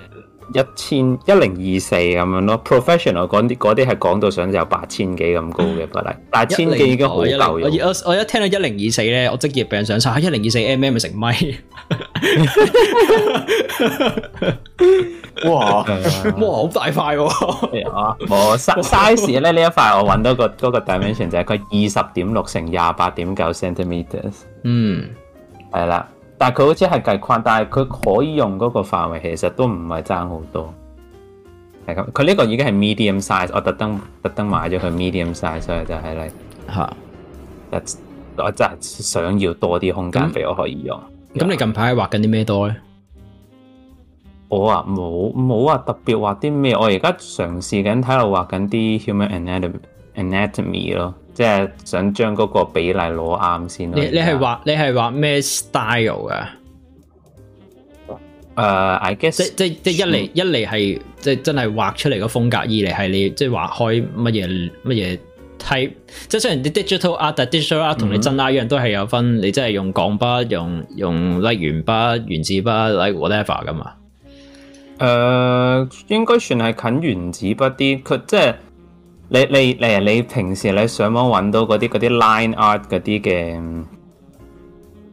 一千一零二四咁樣咯，professional 嗰啲啲係講到想有八千幾咁高嘅比例，但係一千幾 1, 0, 已經好夠用，我一聽到一零二四咧，我職業病上曬，一零二四 mm 咪成米、啊啊，哇哇好大塊喎！冇 size 咧呢一塊我、嗰個，我揾到個嗰個 dimension 就係佢二十點六乘廿八點九 centimetres 嗯係啦。但係佢好似係計框，但係佢可以用嗰個範圍，其實都唔係爭好多。係咁，佢呢個已經係 medium size，我特登特登買咗佢 medium size，所以就係嚟嚇。我真係想要多啲空間俾、嗯、我可以用。咁、嗯、你近排畫緊啲咩多呢？我啊冇冇話特別畫啲咩，我而家嘗試緊睇下畫緊啲 human anatomy, anatomy 咯。即係想將嗰個比例攞啱先咯。你你係畫你係畫咩 style 噶？誒、uh,，I guess 即即即一嚟全一嚟係即真係畫出嚟個風格，二嚟係你即畫開乜嘢乜嘢係即雖然啲 digital art、mm hmm. digital art 同你真 art 一樣都係有分，你真係用鋼筆、用用 like 圓筆、原子筆 like whatever 噶嘛。誒，uh, 應該算係近原子筆啲，佢即係。你你誒你平時你上網揾到嗰啲嗰啲 line art 嗰啲嘅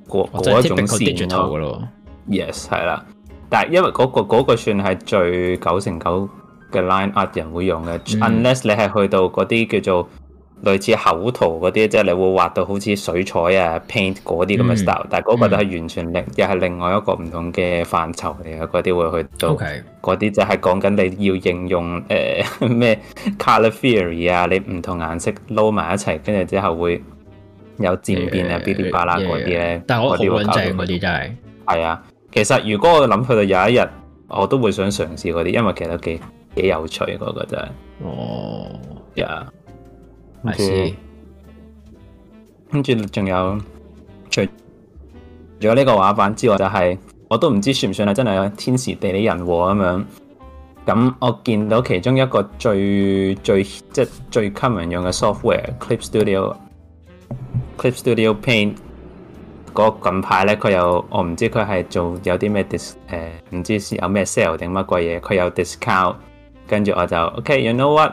嗰嗰一種線咯，哦、，yes 係啦。但係因為嗰、那個嗰、嗰個算係最九成九嘅 line art 人會用嘅，嗯、，unless 你係去到嗰啲叫做。類似口圖嗰啲，即係你會畫到好似水彩啊、paint 嗰啲咁嘅 style，但係嗰個就係完全另，嗯、又係另外一個唔同嘅範疇嚟嘅。嗰啲會去到，嗰啲 Okay. 就係講緊你要應用誒咩 color theory 啊，你唔同顏色撈埋一齊，跟住之後會有漸變啊、噼哩啪啦嗰啲咧。Yeah, yeah. 但係我好穩陣嗰啲真係。係啊，其實如果我諗去到有一日，我都會想嘗試嗰啲，因為其實都幾，幾有趣。我覺得哦，oh, yeah. yeah. 跟住，仲有，除咗呢個畫板之外，就是，就係我都唔知算唔算係真係有天時地利人和咁樣。咁我見到其中一個最最即係最 common 用嘅 software Clip Studio，Clip Studio Paint。嗰近排咧，佢又我唔知佢係做有啲咩，呃、dis 唔知有咩 sale 定乜鬼嘢，佢有 discount。跟住我就，OK，you, okay, know what？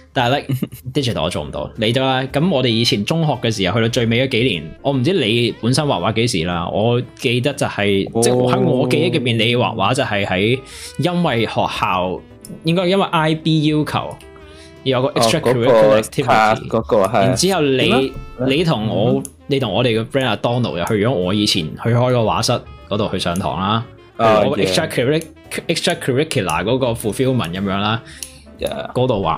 但係、like, 咧 ，digital 我做唔到，你得啦。咁我哋以前中學嘅時候，去到最尾嗰幾年，我唔知你本身畫畫幾時啦。我記得就係、是，oh. 即係喺我記憶入邊，你畫畫就係喺因為學校應該因為 IB 要求要有個 extra curricular activity，嗰、oh, 那個係。那個、然後之後你麼你同我、mm hmm. 你同我哋嘅 friend 阿 Donald 又去咗我以前去開個畫室嗰度去上堂啦，extra curricular 嗰個 fulfillment 咁樣啦，嗰度畫。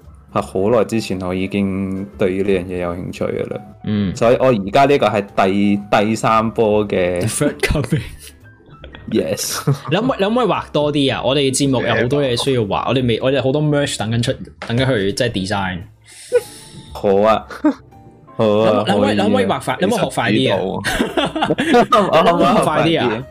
係好耐之前，我已經對於呢樣嘢有興趣嘅啦。嗯，所以我而家呢個係第第三波嘅。First coming。Yes。 你可唔可以畫多啲啊？我哋嘅節目有好多嘢需要畫，我哋未，我哋好多 merch 等緊出，等緊去即係、就是、design、 啊。好啊。好、 啊。可啊、你可唔可以？你可唔可以畫快？你，你可唔可以學快啲啊？哈哈哈！學快啲啊！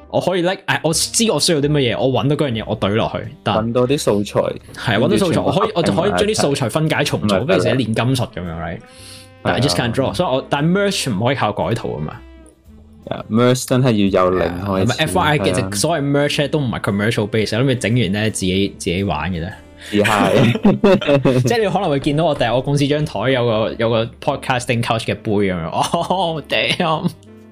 我可以叻、like,，我知我需要啲乜嘢，我揾到嗰樣嘢，我對落去。揾到啲素材，係揾到素材，我可以我就可以將啲素材分解重組，不如成煉金術咁樣，係、right? 的。但係 just can't draw，的所以我但係 merch 唔可以靠改圖啊嘛。Yeah, merch 真係要有零開係。F Y I 其實所謂 merch 都唔係 commercial base，諗住整完咧自己自己玩嘅咧。而家即係你可能會見到我第日我公司張台有個有個 podcasting couch 嘅杯咁樣，oh damn .好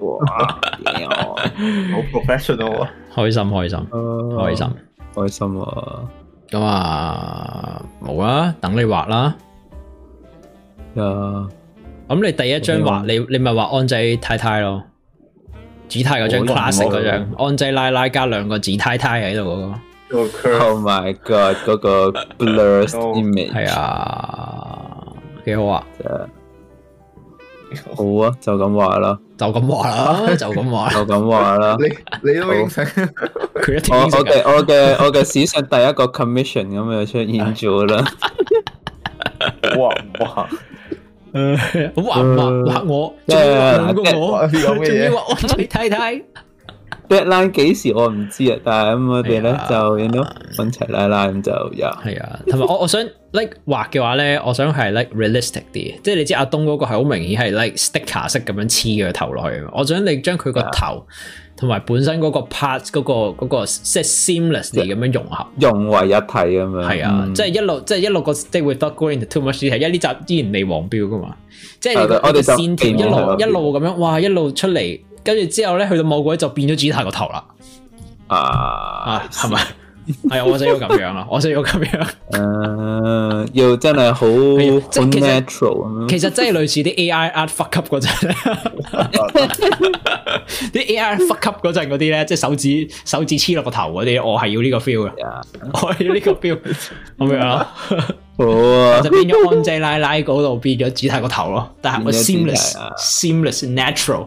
professional 啊！開心開心，開心開心啊！咁啊，冇啊，等你畫啦。咁你第一張畫，你你咪畫安仔太太咯？子太嗰張 classic 嗰張，安仔奶奶加兩個子太太喺度嗰個。Oh my god！嗰個 blur image 係啊，幾好啊！好啊，就咁話啦，就咁話啦，就咁話，就咁話啦。你你都應承佢一，我我嘅我嘅我嘅史上第一個 commission 咁樣出咗啦。哇哇，划划我，即係划我，仲要划我，你睇睇 deadline 幾時我唔知啊，但係咁我哋咧就應咗分齊拉拉咁就有，係啊，同埋我我想。like 畫嘅話咧，我想係 like realistic 啲，即係你知阿東嗰個係好明顯係 like sticker 式咁樣黐個頭落去，我想你將佢個頭同埋本身嗰個 part 嗰個嗰個 seamlessly 咁樣融合，融為一體咁樣。係啊，即係一路即係一路個 stick with dark green too much 係因為呢集之前未黃標噶嘛，即係我哋線條一路一路咁樣，哇一路出嚟，跟住之後咧去到某個位就變咗主題個頭啦。啊啊，係咪？係啊， 我想要咁樣啊，我想要咁樣。誒、 uh,，要真係好整 natural。其實真係類似啲 AI art fuck up 嗰陣，啲 AI fuck up 嗰陣嗰啲咧，即係手指手指黐落個頭嗰啲，我係要呢個 feel 嘅，Yeah. 我要呢個 feel。咁樣咯，我就變咗安仔拉拉嗰度，變咗指下個頭咯。但係我 seamless seamless、啊、se natural。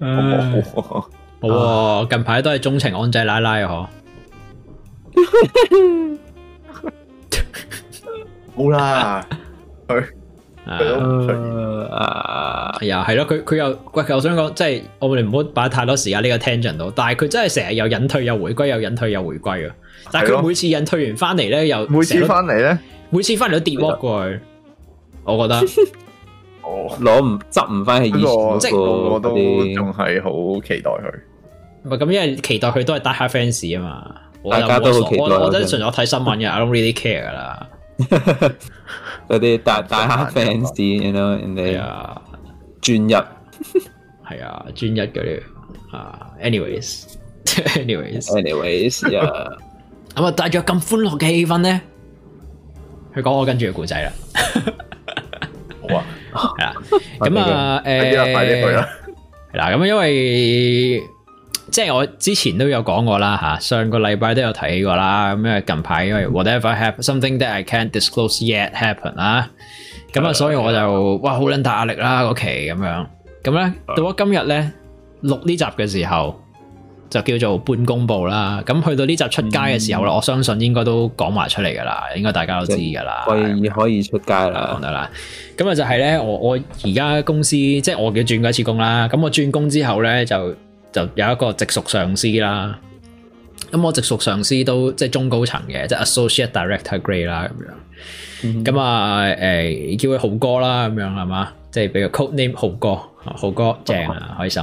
好好喎，近排都係鍾情安仔奶奶嗬，好啦，佢，啊，哎、又係咯，佢佢又喂，其實我想講，即係我哋唔好擺太多時間呢、這個 tangent 度，但係佢真係成日又隱退又回歸又隱退又回歸啊。但係佢每次隱退完翻嚟咧，又每次翻嚟咧，每次翻嚟都跌窩去，就我覺得。 攞唔執唔翻嘅意思，即係、那個那個那個、我都仲係好期待佢。唔係咁，因為期待佢都係打下 fans 啊嘛。大家都好期待我。我覺得純粹睇新聞嘅，I don't really care 噶啦。嗰啲打打下 fans，you know，人哋專一係啊，專一啲啊。Anyways，anyways，anyways 啊。咁、uh, 啊 Anyways ,、uh. 帶住咁歡樂嘅氣氛咧，佢講我跟住嘅故仔啦。 係啦，咁 去那啊，誒，欸、快啲去啦，係啦，咁因為即係、就是、我之前都有講過啦，吓上個禮拜都有提起過啦，咁啊近排因為 whatever happen something that I can't disclose yet happen 啦，咁啊所以我就 哇好捻大壓力啦嗰期咁樣，咁咧到我今日咧錄呢集嘅時候。就叫做半公佈啦，咁去到呢集出街嘅時候啦，嗯、我相信應該都講埋出嚟噶啦，應該大家都知噶啦，可以可以出街啦，得嗎對啦。咁啊啦就係咧，我我而家公司即係我嘅轉過一次工啦。咁我轉工之後咧，就就有一個直屬上司啦。咁我直屬上司都即係、就是、中高層嘅，即、就、係、是、associate director grade 啦咁樣。咁、嗯、哼啊、欸、叫佢豪哥啦咁樣係嘛？即係俾個 code name 豪哥，豪哥正啊，哦、開心。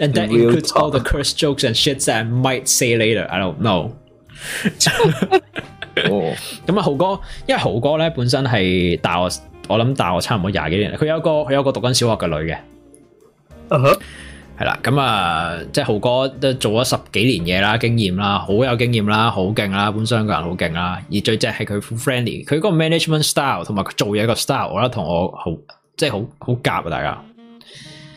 And that includes all the curse jokes and shit that I might say later. I don't know。咁啊，豪哥，因為豪哥咧本身係大學，我諗大學差唔多廿幾年了。佢有一個佢有一個讀緊小學嘅女嘅。啊哈、uh。係、huh. 啦，咁啊，即係豪哥都做咗十幾年嘢啦，經驗啦，好有經驗啦，好勁啦，本身個人好勁啦。而最正係佢 friendly，佢嗰個 management style 同埋佢做嘢個 style，我覺得同我好即係好好夾啊，大家。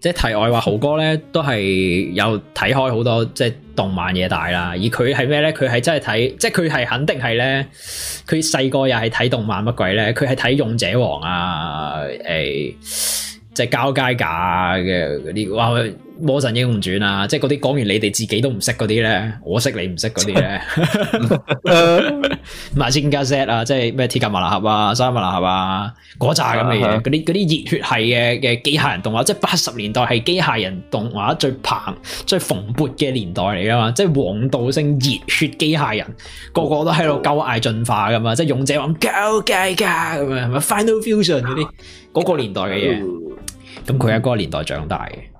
即係題外話，豪哥咧都係有睇開好多即係動漫嘢大啦。而佢係咩咧？佢係真係睇，即係佢係肯定係咧。佢細個又係睇動漫乜鬼咧？佢係睇《勇者王》啊，誒，即係交街架嘅嗰啲話佢。魔神英雄傳、 uh, 啊，即係嗰啲講完你哋自己都唔識嗰啲咧，我識你唔識嗰啲咧。唔係《先加 Set》啊，即係咩《鐵甲萬能俠》啊，那些那些《三一萬能俠》啊、huh.，嗰扎咁嘅嘢，嗰啲嗰啲熱血係嘅嘅機械人動畫，即係八十年代係機械人動畫最棒、最蓬勃嘅年代嚟噶嘛，即係王道係熱血機械人，個個都喺度高嗌進化噶嘛，即係勇者王 Go Go Go 咁啊，Final Fusion 嗰啲嗰個年代嘅嘢，咁佢喺嗰個年代長大嘅。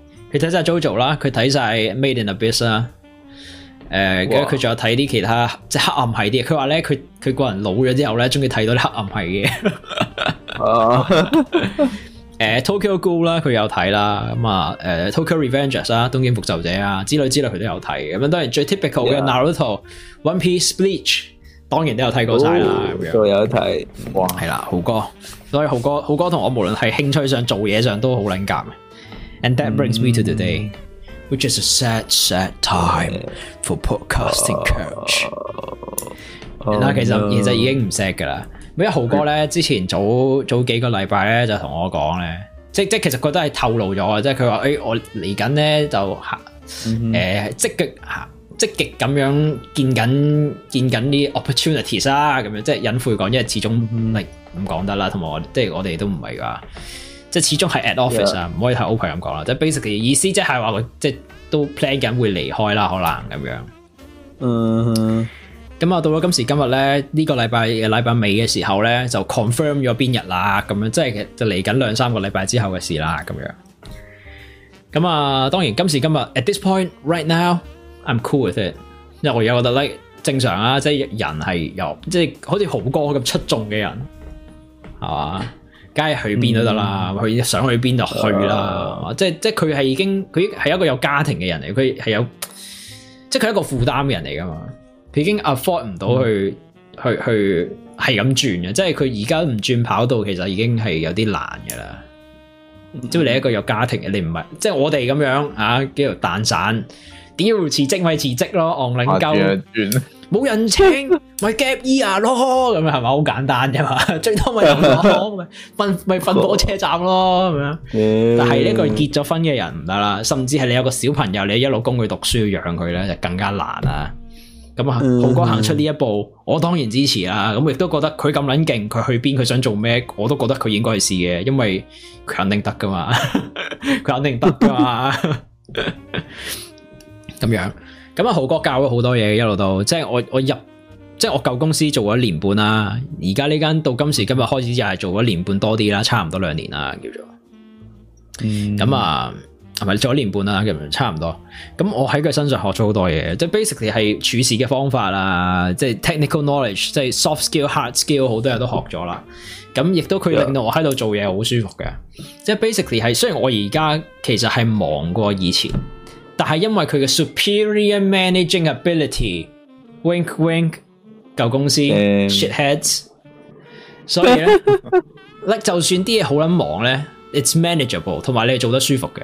佢睇晒 Jojo 啦，佢睇晒 Made in Abyss 啦、呃，誒哇，佢仲有睇啲其他即係黑暗系啲。佢話咧，佢佢個人老咗之後咧，中意睇到啲黑暗系嘅。誒，Tokyo Ghoul 啦，佢有睇啦。咁啊，誒、 呃、，Tokyo Revengers 啊，東京復仇者啊，之類之類佢都有睇咁咁當然最 typical 嘅 Naruto、Yeah. One Piece、Bleach 當然都有睇過晒啦。所、哦、後有睇，哇，係啦、嗯，豪哥，所以豪哥，豪哥同我無論係興趣上做嘢上都好捻夾嘅。coach。其實已經唔 sad 㗎喇，每一豪哥咧之前早早幾個禮拜咧就同我講咧，即即其實佢都係透露咗啊，即係佢話：我嚟緊咧就積極、啊、積極咁樣見緊啲 opportunities 啦、啊。」咁樣即係隱晦講，因為始終唔係講得啦，同埋我即係我哋都唔係㗎。即係始終係 at office 啊，唔可以睇 open 咁講啦。即、就、係、是、basically 嘅意思，即係話佢即係都 plan 緊會離開啦，可能咁樣。嗯、uh，咁、huh. 啊，到咗今時今日咧，呢、這個禮拜禮拜尾嘅時候咧，就 confirm 咗邊日啦。咁樣即係就嚟緊兩三個禮拜之後嘅事啦。咁樣。咁啊，當然今時今日 at this point right now，I'm cool with it。因為我而家覺得 l、like，正常啊，即係人係又即係好似豪哥咁出眾嘅人，係嘛？ 梗係去邊都得啦，去、嗯、想去邊就去啦，是啊、即係即係佢係已經佢係一個有家庭嘅人嚟，佢係有即係佢係一個負擔嘅人嚟噶嘛，佢已經 afford 唔到去、嗯、去去係咁轉嘅，即係佢而家唔轉跑道，其實已經係有啲難噶啦。只要、嗯、你一個有家庭嘅，你唔係即係我哋咁樣啊，叫做蛋散，屌辭職咪辭職咯，戇撚鳩。 冇人情，咪 gap year 咯，咁樣係咪好簡單嘅嘛，最多咪瞓咪瞓火車站咯，咁樣。Mm. 但係呢個結咗婚嘅人唔得啦，甚至係你有個小朋友，你一路供佢讀書，養佢咧就更加難啦。咁啊，豪哥行出呢一步，mm. 我當然支持啦。咁亦都覺得佢咁捻勁，佢去邊，佢想做咩，我都覺得佢應該去試嘅，因為佢肯定得噶嘛，佢 肯定得噶嘛，咁 樣。咁啊，浩哥教咗好多嘢，一路都即係、就是、我我入即係、就是、我舊公司做咗一年半啦、啊，而家呢間到今時今日開始又係做咗年半多啲啦，差唔多兩年啦叫做。咁、嗯、啊，係咪做咗一年半啦、啊？差唔多。咁我喺佢身上學咗好多嘢，即、就、係、是、basically 係處事嘅方法啊，即、就、係、是、technical knowledge，即係 soft skill、hard skill，好多嘢都學咗啦。咁亦 都佢令到我喺度做嘢好舒服嘅，即、就、係、是、basically 係雖然我而家其實係忙過以前。但係因為佢嘅 superior managing ability，wink wink，舊公司 shitheads，所以咧，咧就算啲嘢好捻忙咧，it's manageable，同埋你係做得舒服嘅，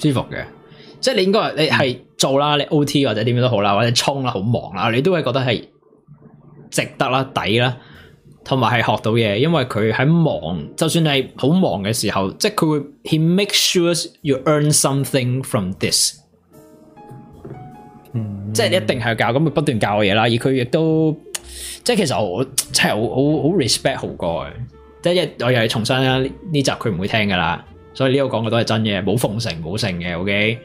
舒服嘅，即係你應該話你係做啦，你 OT 或者點樣都好啦，或者沖啦，好忙啦，你都會覺得係值得啦，抵啦。同埋係學到嘢，因為佢喺忙，就算係好忙嘅時候，即係佢會，he makes sure you earn something from this，嗯，即係一定係教，咁佢不斷教嘅嘢啦。而佢亦都，即係其實我真係好好好 respect 豪哥，即係我，我，我，我，我又係重申啦，呢集佢唔會聽噶啦，所以呢個講嘅都係真嘢，冇奉承，冇剩嘅，OK，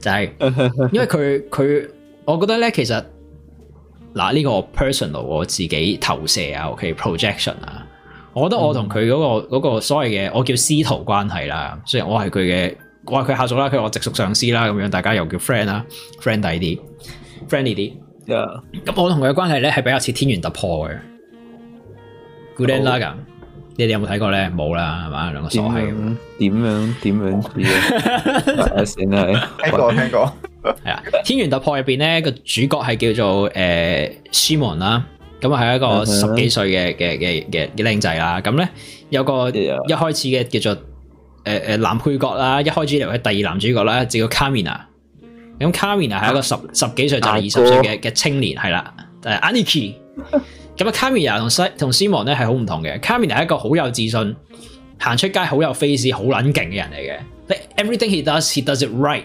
就係，是，因為佢佢，我覺得咧，其實。嗱，呢個 personal 我自己投射啊，OK，projection 啊，okay? ion, 我覺得我同佢嗰個所謂嘅，我叫師徒關係啦。雖然我係佢嘅，我係佢下屬啦，佢係我直屬上司啦，咁樣大家又叫 friend 啦，friend 啲啲，friendly 啲。誒，咁 Yeah. 我同佢嘅關係咧係比較似天元突破嘅。Gurren Lagann 你哋有冇睇過咧？冇啦，係嘛？兩個傻閪。點樣點樣點樣？誒，睇過睇過。聽過 係 天元突破裡面呢》入邊咧個主角係叫做誒 Simon、呃、啦，咁啊係一個十幾歲嘅嘅嘅嘅靚仔啦。咁、嗯、咧有一個一開始嘅叫做誒誒、呃、男配角啦，一開始以為第二男主角啦，叫 Kamina。咁 Kamina 係一個十 十幾歲就係二十歲嘅嘅青年係啦，誒、嗯、Aniki。咁 Kamina、嗯、同 Simon 咧係好唔同嘅。Kamina 係一個好有自信、行出街好有 face、好冷勁嘅人嚟嘅。Everything he does, he does it right。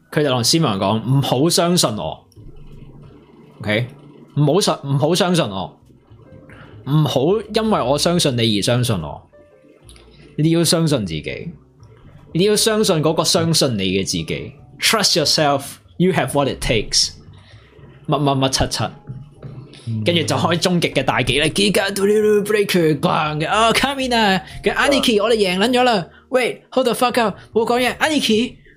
佢就同斯文講唔好相信我，OK？唔好信，唔好相信我，唔好因為我相信你而相信我。你要相信自己，你要相信嗰個相信你嘅自己。Trust yourself. You have what it takes. 乜乜乜七七，跟住就開終極嘅大技能，Giga Drill Breaker 光嘅啊，卡米納啊，嘅 Aniki，我哋贏撚咗啦。Wait, hold the fuck up！我講嘢，Aniki。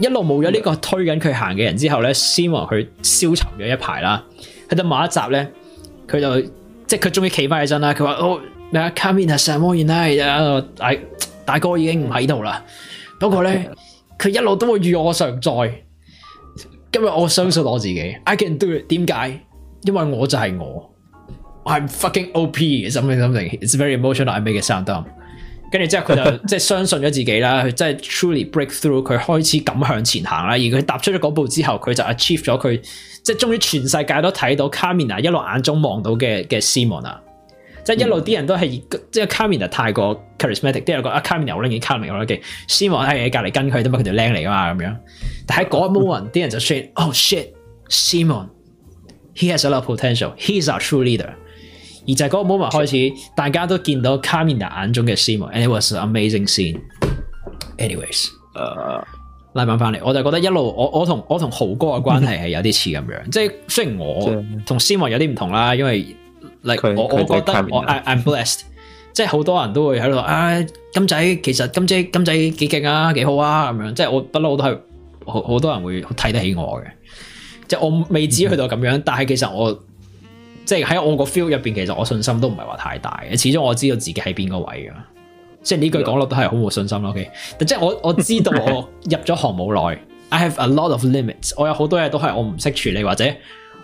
一路冇咗呢個推緊佢行嘅人之後咧，先王佢消沉咗一排啦。喺到某一集咧，佢就即係佢終於企翻起身啦。佢話：哦、oh,，你啊，卡米納什莫然咧，誒，大哥已經唔喺度啦。嗯、不過咧，佢一路都會與我常在。今日我相信我自己，I can do it。點解？因為我就係我，I'm fucking OP。something something it's very emotional. I make it sound dumb。跟住之後，佢就即係相信咗自己啦。佢真係 truly break through，佢開始敢向前行啦。而佢踏出咗嗰步之後，佢就 achieve 咗佢，即係終於全世界都睇到卡米娜一路眼中望到嘅嘅西蒙啊！即係一路啲人都係，即係卡米娜太過 charismatic，即係個阿卡米娜拎住卡米娜嘅西蒙喺隔離跟佢，因為佢條僆嚟嘛咁樣。但喺嗰 moment，啲人就 say，oh shit，西蒙，he has a lot potential，he's a true leader。而就係嗰個 moment 開始，大家都見到卡米娜眼中嘅 Simon，and it was an amazing scene。Anyways，呃，uh, 拉翻翻嚟，我就覺得一路我我同我同豪哥嘅關係係有啲似咁樣， 即係雖然我同 Simon 有啲唔同啦，因為、like，我我覺得我就是 I, I'm blessed，即係好多人都會喺度，啊。金仔其實金仔金仔幾勁啊，幾好啊，咁樣，即係我不嬲都係好好多人會睇得起我嘅，即係我未至於去到咁樣， 但係其實我。即係喺我個 feel 入邊，其實我信心都唔係話太大嘅。始終我知道自己喺邊個位噶嘛，即係呢句講落都係好冇信心咯。OK，但即係我我知道我入咗行冇耐，I have a lot of limits，我有好多嘢都係我唔識處理或者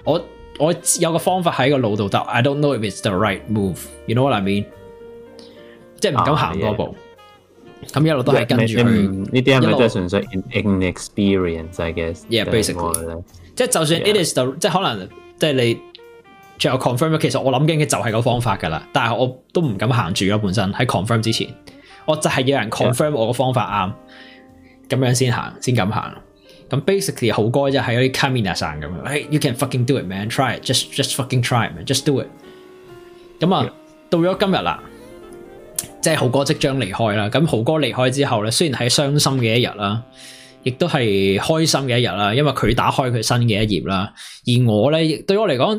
我我有個方法喺個腦度答，I don't know if it's the right move。You know what I mean？即係唔敢行多步，咁一路都係跟住佢。呢啲係咪即係純粹 inexperience？I guess，yeah，basically。即係就算 it is the 即係可能即係你。最後 confirm 其實我諗緊嘅就係個方法㗎啦，但係我都唔敢行住咗。本身喺 confirm 之前，我就係有人 confirm 我個方法啱，咁樣先行，先咁行。咁 basically 豪哥就係嗰啲 Kamina san 咁，誒，hey，you can fucking do it man，try it，just just fucking try it man，just do it。咁啊，到咗今日啦，即係豪哥即將離開啦。咁豪哥離開之後咧，雖然係傷心嘅一日啦，亦都係開心嘅一日啦，因為佢打開佢新嘅一頁啦。而我咧，對我嚟講，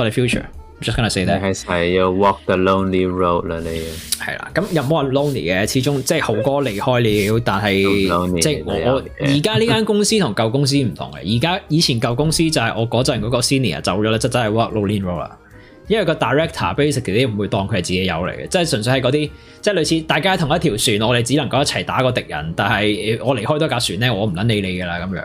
我哋 future just gonna 要 walk the lonely road 你係啦，咁又冇話 lonely 嘅，始終即係豪哥離開了， 但係即係我 我而家呢間公司同舊公司唔同嘅，而家以前舊公司就係我嗰陣嗰個 senior 走咗咧，真真係 walk lonely road 啦，因為個 director basically 都唔會當佢係自己友嚟嘅。即係純粹係嗰啲即係類似大家同一條船，我哋只能夠一齊打個敵人，但係我離開多架船咧，我唔捻理你噶啦，咁樣。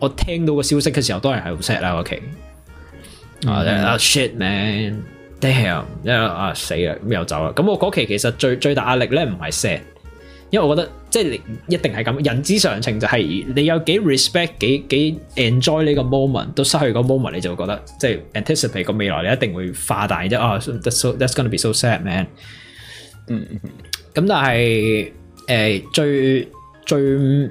我聽到個消息嘅時候，當然係 sad 啦嗰期。啊、okay. oh, shit man，damn，啊、uh, uh, 死啦，咁又走啦。咁我嗰期其實最最大壓力咧，唔係 sad，因為我覺得即係你一定係咁，人之常情就係你有幾 respect，幾幾 enjoy 呢個 moment，都失去個 moment，你就會覺得即係、就是、anticipate 個未來，你一定會化大啫。啊，that's so, that's going to be so sad man 嗯。嗯咁但係最、呃、最。最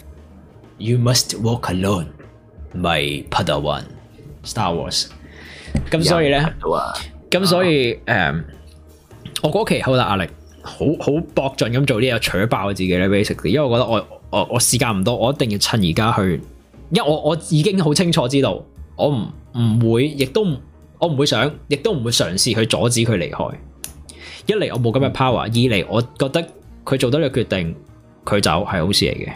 You must walk alone, my Padawan. Star Wars、嗯。咁所以咧，咁、嗯、所以誒，uh, um, 我嗰期好大壓力很，好好搏盡咁做啲、這、嘢、個，取爆我自己咧。Basically，因為我覺得我我我，我時間唔多，我一定要趁而家去，因為我我已經好清楚知道，我唔唔會，亦都我唔會想，亦都唔會嘗試去阻止佢離開。一嚟我冇咁嘅 power，、嗯、二嚟我覺得佢做咗呢個決定，佢走係好事嚟嘅。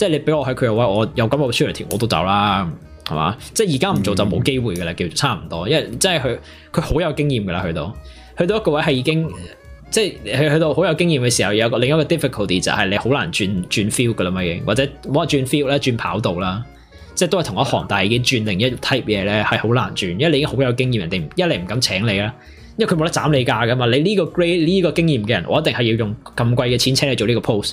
即係你俾我喺佢嘅位，我有咁個 sustainability 我都走啦，係嘛？即係而家唔做就冇機會㗎啦，叫做差唔多。因為即係佢佢好有經驗㗎啦，去到去到一個位係已經即係去到好有經驗嘅時候，有個另一個 difficulty 就係你好難轉轉 field 㗎啦嘛，已經，或者冇話轉 field 啦，轉跑道啦，即係都係同一行，但係已經轉另一 type 嘢咧，係好難轉，因為你已經好有經驗，人哋一嚟唔敢請你啦，因為佢冇得斬你價㗎嘛。你呢個 great 呢個經驗嘅人，我一定係要用咁貴嘅錢請你做呢個 post。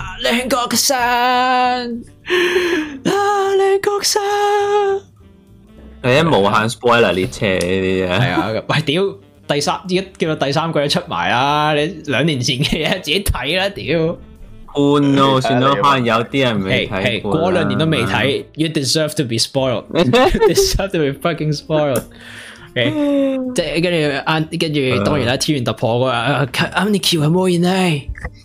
靈谷山，啊靈谷山，你啲無限 spoiler 列車呢啲嘢？係啊，喂屌，第三而家叫做第三季都出埋啦，你兩年前嘅嘢自己睇啦，屌，官咯，算啦，可能有啲人，嘿嘿，兩年都未睇，You deserve to be spoiled，deserve to be fucking spoiled。誒，跟住安，跟住當然啦，天元突破嗰日，阿你橋係冇嘢。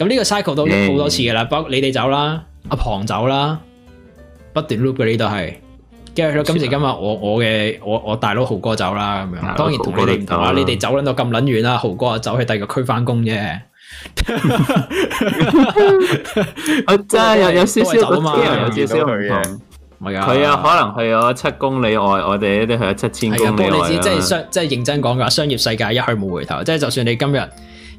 咁呢個 cycle 都好多次噶啦，包括你哋走啦，阿龐走啦，不斷 loop 嘅呢度係，跟住今時今日我我嘅我我大佬豪哥走啦，咁樣，當然同你哋唔同啦，你哋走捻到咁捻遠啦，豪哥啊走去第二個區翻工啫，我真係有有少少有少少唔同，佢啊可能去咗七公里外，我哋呢啲去咗七千公里外，即係商即係認真講嘅，商業世界一去冇回頭，即係就算你今日。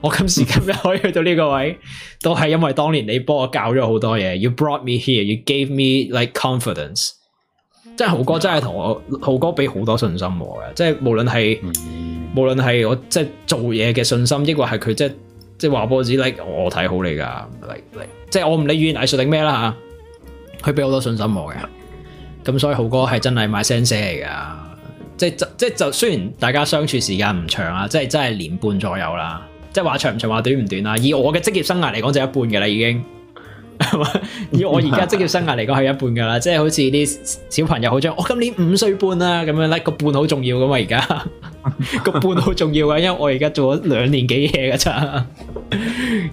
我今時今日可以去到呢個位，都係因為當年你幫我教咗好多嘢。You brought me here, you gave me like confidence。即係豪哥真係同我豪哥俾好多信心我嘅，即係無論係無論係我即係做嘢嘅信心，抑或係佢即係即係話波子，你我睇好你噶，即係我唔理語言藝術定咩啦吓，佢俾好多信心我嘅。咁所以豪哥係真係 my sensei 嚟噶，即係即係就雖然大家相處時間唔長啊，即係真係年半左右啦。即係話長唔長，話短唔短啦。以我嘅職業生涯嚟講，就一半噶啦，已經。以我而家職業生涯嚟講，係一半噶啦。即係 好似啲小朋友好似我今年五歲半啦、啊，咁樣咧個半好重要噶嘛。而家個半好重要噶，因為我現在了而家做咗兩年幾嘢噶咋。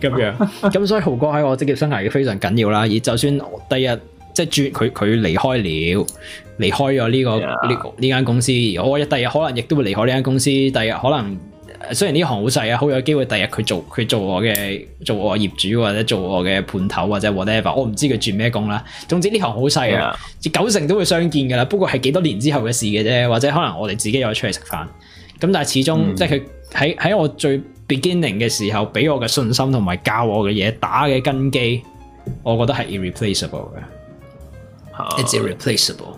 咁樣，咁所以豪哥喺我職業生涯嘅非常緊要啦。而就算我第日即係轉佢佢離開了，離開咗呢、這個呢呢間公司，而我第日可能亦都會離開呢間公司。第日可能。雖然呢行好細啊，好有機會，第日佢做佢做我嘅做我嘅業主或者做我嘅盤頭或者 whatever，我唔知佢轉咩工啦。總之呢行好細啊，至 Yeah. 九成都會相見噶啦。不過係幾多年之後嘅事嘅啫，或者可能我哋自己有出嚟食飯。咁但係始終，mm. 即係佢喺喺我最 beginning 嘅時候，俾我嘅信心同埋教我嘅嘢，打嘅根基，我覺得係 irreplaceable 嘅，It's irreplaceable。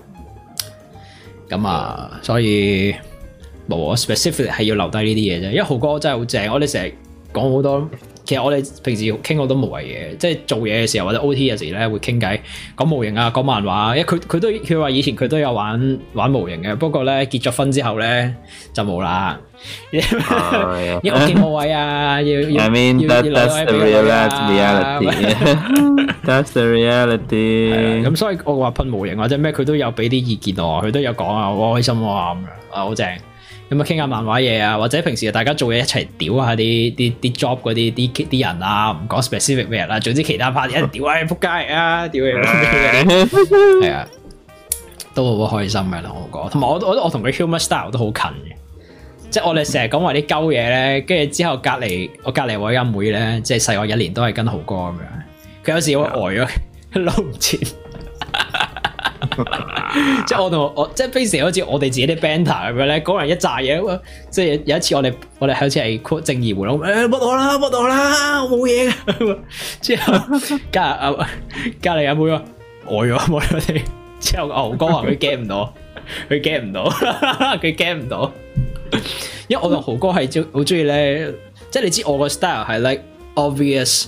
咁，oh. 嗯、啊，所以。冇啊，specific 係要留低呢啲嘢啫。因為豪哥真係好正，我哋成日講好多。其實我哋平時傾好多無謂嘢，即係做嘢嘅時候或者 OT 時咧會傾偈，講模型啊，講漫畫啊。一佢佢都佢話以前佢都有玩玩模型嘅，不過咧結咗婚之後咧就冇啦。因為屋企冇位啊。I mean that that's the reality. That's the reality。咁所以我話噴模型或者咩，佢都有俾啲意見我。佢都有講啊，好開心啊咁樣啊，好正。咁啊，傾下漫畫嘢啊，或者平時大家做嘢一齊屌下啲啲啲 job 嗰啲啲啲人啊，唔講 specific 咩啦，總之其他 party 一屌啊，撲街 啊，屌嘢！係啊， 都好開心嘅啦，我講，同埋我我我同佢 humour style 都好近嘅，即係我哋成日講話啲鳩嘢咧，跟住之後隔離我隔離位阿妹咧，即係細我一年都係跟豪哥咁樣，佢有時會呆咗，攞唔切。 即係我同我，我即係平時好似我哋自己啲 banter 咁樣咧，講人一扎嘢，即係有一次我哋我哋好似係正二回咯，誒，搏到啦，搏到啦，我冇嘢。之、哎、後隔阿隔籬阿妹話呆咗，冇咗先。之後豪、啊、哥話佢驚唔到，佢驚唔到，佢驚唔到。因為我同豪哥係好中意咧，即係你知我個 style 係 like obvious。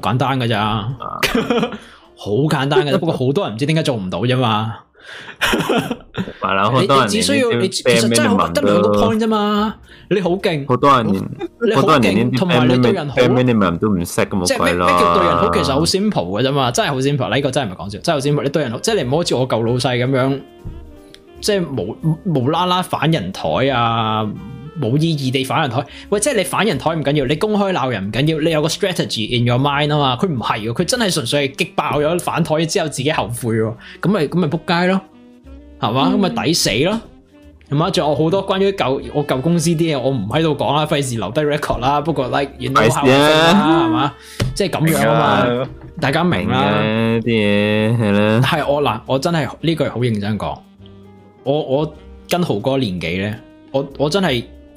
簡單噶咋，好簡單噶，不過好多人唔知點解做唔到啫嘛。係啦，你只需要你其實真係得兩個 point 啫嘛，你好勁，好多人，你好勁，同埋你對人好，你 n 都唔識咁鬼即係咩叫對人好？其實好 simple 噶啫嘛，真係好 simple。呢個真係唔講笑，真係好 simple。你對人好，即係你唔好似我舊老細咁樣，即係無無啦啦反人台啊。冇意義地反人枱，喂，即係你反人枱唔緊要，你公開鬧人唔緊要，你有個 strategy in your mind 啊嘛，佢唔係喎，佢真係純粹係激爆咗反枱之後自己後悔喎，咁咪咁咪仆街咯，係嘛，咁咪抵死咯，係嘛，仲有好多關於舊我舊公司啲嘢，我唔喺度講啦，費事留低 record 啦，不過 like 演到後生啦，係、啊就是、嘛，即係咁樣啊嘛，大家明啦啲嘢係啦，係我嗱，我真係呢句好認真講，我我跟豪哥年紀咧，我我真係。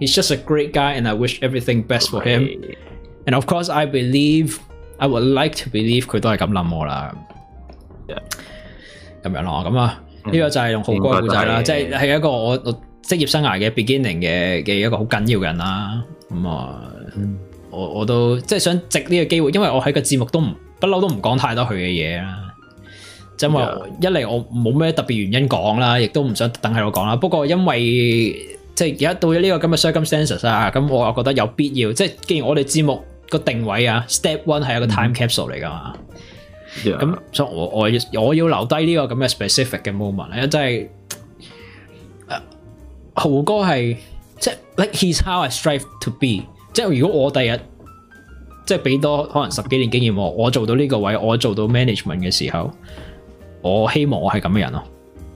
He's just a great guy，and I wish everything best for him。and of course I believe，I would like to believe 佢都係咁諗我啦，咁 Yeah. 樣咯。咁啊，呢、啊嗯、個就係用好哥故仔啦、啊，即係係一個我我職業生涯嘅 beginning 嘅嘅一個好緊要嘅人啦、啊。咁啊，我我都即係、就是、想藉呢個機會，因為我喺個節目都唔不嬲都唔講太多佢嘅嘢啦。Yeah. 因為一嚟我冇咩特別原因講啦、啊，亦都唔想等喺度講啦。不過因為即係而家到咗呢個咁嘅 circumstances 啊，咁我又覺得有必要。即係既然我哋節目個定位啊，Step One 係一個 Time Capsule 嚟噶嘛，咁 Yeah. 所以我我我要留低呢個咁嘅 Specific 嘅 moment 咧，真係豪哥係即係 Like He's How I Strive To Be。即係如果我第日即係俾多可能十幾年經驗我，我做到呢個位，我做到 Management 嘅時候，我希望我係咁嘅人咯。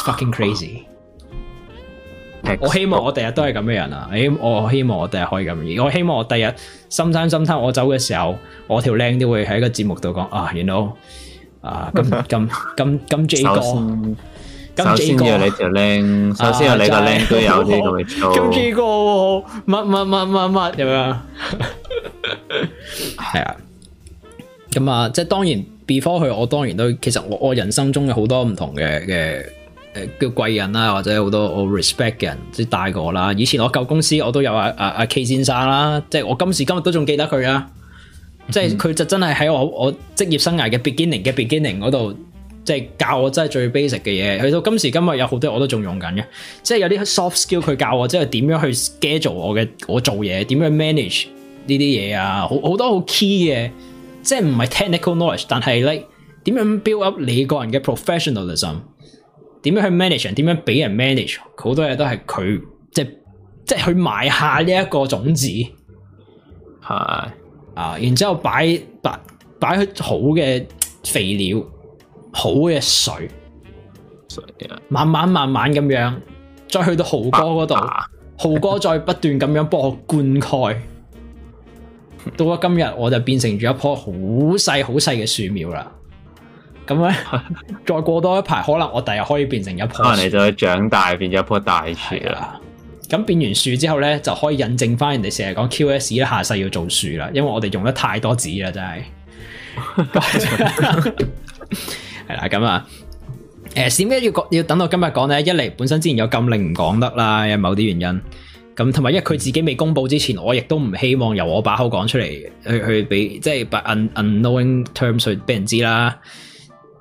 Fucking crazy！Wow, 我希望我第日都係咁嘅人啊！我希望我第日可以咁，我希望我第日深山心山，我,我走嘅時候，我條靚都會喺個節目度講啊，原來，you know, 啊，咁咁咁咁 J 哥，咁 J 哥，首先要你條靚，首先要你個靚女友先做到，咁 J 哥，乜乜乜乜乜咁樣？係啊，咁啊，即係當然，before 佢，我當然都，其實我我人生中有好多唔同嘅嘅。誒叫貴人啦，或者好多我 respect 嘅人，即係大過我啦。以前我舊公司我都有阿阿 K 先生啦，即係我今時今日都仲記得佢啊！嗯、哼即係佢就真係喺我我職業生涯嘅 beginning 嘅 beginning 嗰度，即係教我真係最 basic 嘅嘢。去到今時今日有好多我都仲用緊嘅，即係有啲 soft skill 佢教我，即係點樣去 schedule 我嘅我做嘢，點樣 manage 呢啲嘢啊，好好多好 key 嘅，即係唔係 technical knowledge，但係咧點樣 build up 你個人嘅 professionalism？點樣去 manage？點樣俾人 manage？好多嘢都係佢即係即係去埋下這個種子，係、啊啊、然之後擺擺擺去好嘅肥料，好嘅水，水啊、慢慢慢慢咁樣再去到豪哥嗰度、啊啊、豪哥再不斷咁樣幫我灌溉， 到咗今日我就變成咗一棵好細好細嘅樹苗啦咁咧， 再過多一排，可能我第日可以變成一棵樹。可能你就會長大變咗一棵大樹啦。咁變完樹之後咧，就可以引證翻人哋成日講 QS 咧，下世要做樹啦。因為我哋用得太多紙啦，真係。係啦， 咁啊，誒，點解要要等到今日講咧，一嚟本身之前有禁令唔講得啦，有某啲原因。咁同埋因為佢自己未公布之前，我亦都唔希望由我把口講出嚟，去去俾即係 un unknowing terms 俾人知啦。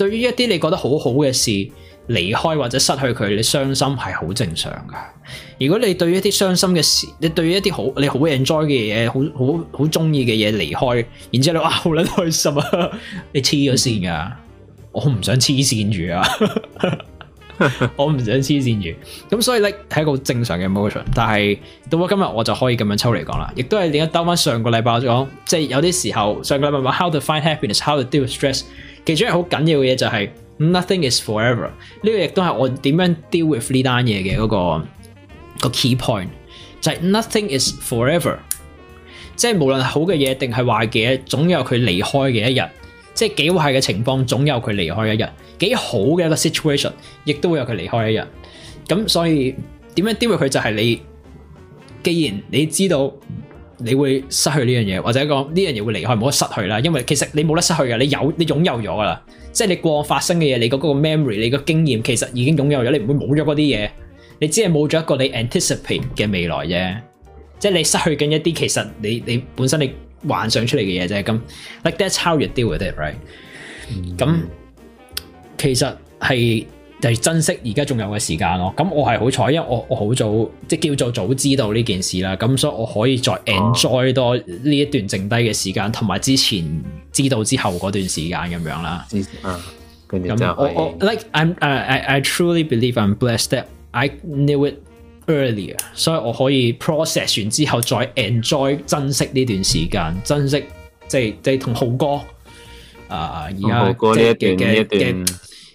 對於一啲你覺得好好嘅事離開或者失去佢，你傷心係好正常噶。如果你對於一啲傷心嘅事，你對於一啲好你好 enjoy 嘅嘢，好好好中意嘅嘢離開，然之後你哇好捻開心啊！ 你黐咗線噶， 我唔想黐線住啊， 我唔想黐線住。咁所以咧係一個正常嘅 emotion，但係到今日我就可以咁樣抽嚟講啦。亦都係點解兜翻上個禮拜講，即係有啲時候上個禮拜話 how to find happiness，how to deal with stress。其中一個好緊要嘅嘢就係 nothing is forever，呢個亦都係我點樣 deal with 呢單嘢嘅嗰個嗰個 key point，就係 nothing is forever，即係無論好嘅嘢定係壞嘅嘢，總有佢離開嘅一日；即係幾壞嘅情況，總有佢離開一日；幾好嘅一個 situation，亦都會有佢離開一日。咁所以點樣 deal with 佢就係你，既然你知道。你會失去呢樣嘢，或者講呢樣嘢會離開，冇得失去啦。因為其實你冇得失去嘅，你有你擁有咗噶啦。即係你過往發生嘅嘢，你嗰個 memory，你個經驗其實已經擁有咗，你唔會冇咗嗰啲嘢。你只係冇咗一個你 anticipate 嘅未來啫。即係你失去緊一啲，其實你你本身你幻想出嚟嘅嘢啫。咁 like that's how you deal with it，right？咁、mm hmm. 其實係。就係珍惜而家仲有嘅時間咯，咁我係好彩，因為我我好早即叫做早知道呢件事啦，咁所以我可以再 enjoy 多呢一段剩低嘅時間，同埋、啊、之前知道之後嗰段時間咁樣啦。咁、啊、我 Okay. 我 like I'm,、uh, I I truly believe I'm blessed that I knew it earlier，所以我可以 process 完之後再 enjoy 珍惜呢段時間，珍惜即即同浩哥啊而家呢一段呢一段。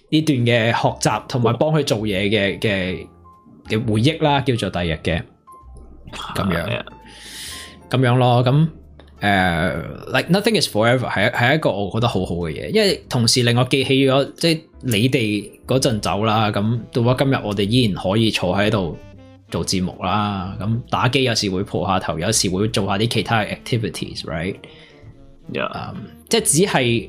呢段嘅學習同埋幫佢做嘢嘅嘅嘅回憶啦，叫做第二日嘅咁樣，咁、uh, yeah. 樣咯。咁誒、uh,，like nothing is forever 係係一個我覺得好好嘅嘢，因為同時令我記起咗，即係你哋嗰陣走啦。咁到咗今日，我哋依然可以坐喺度做節目啦。咁打機有時會撲下頭，有時會做下啲其他嘅 activities，right？Yeah.、um, 即係只係。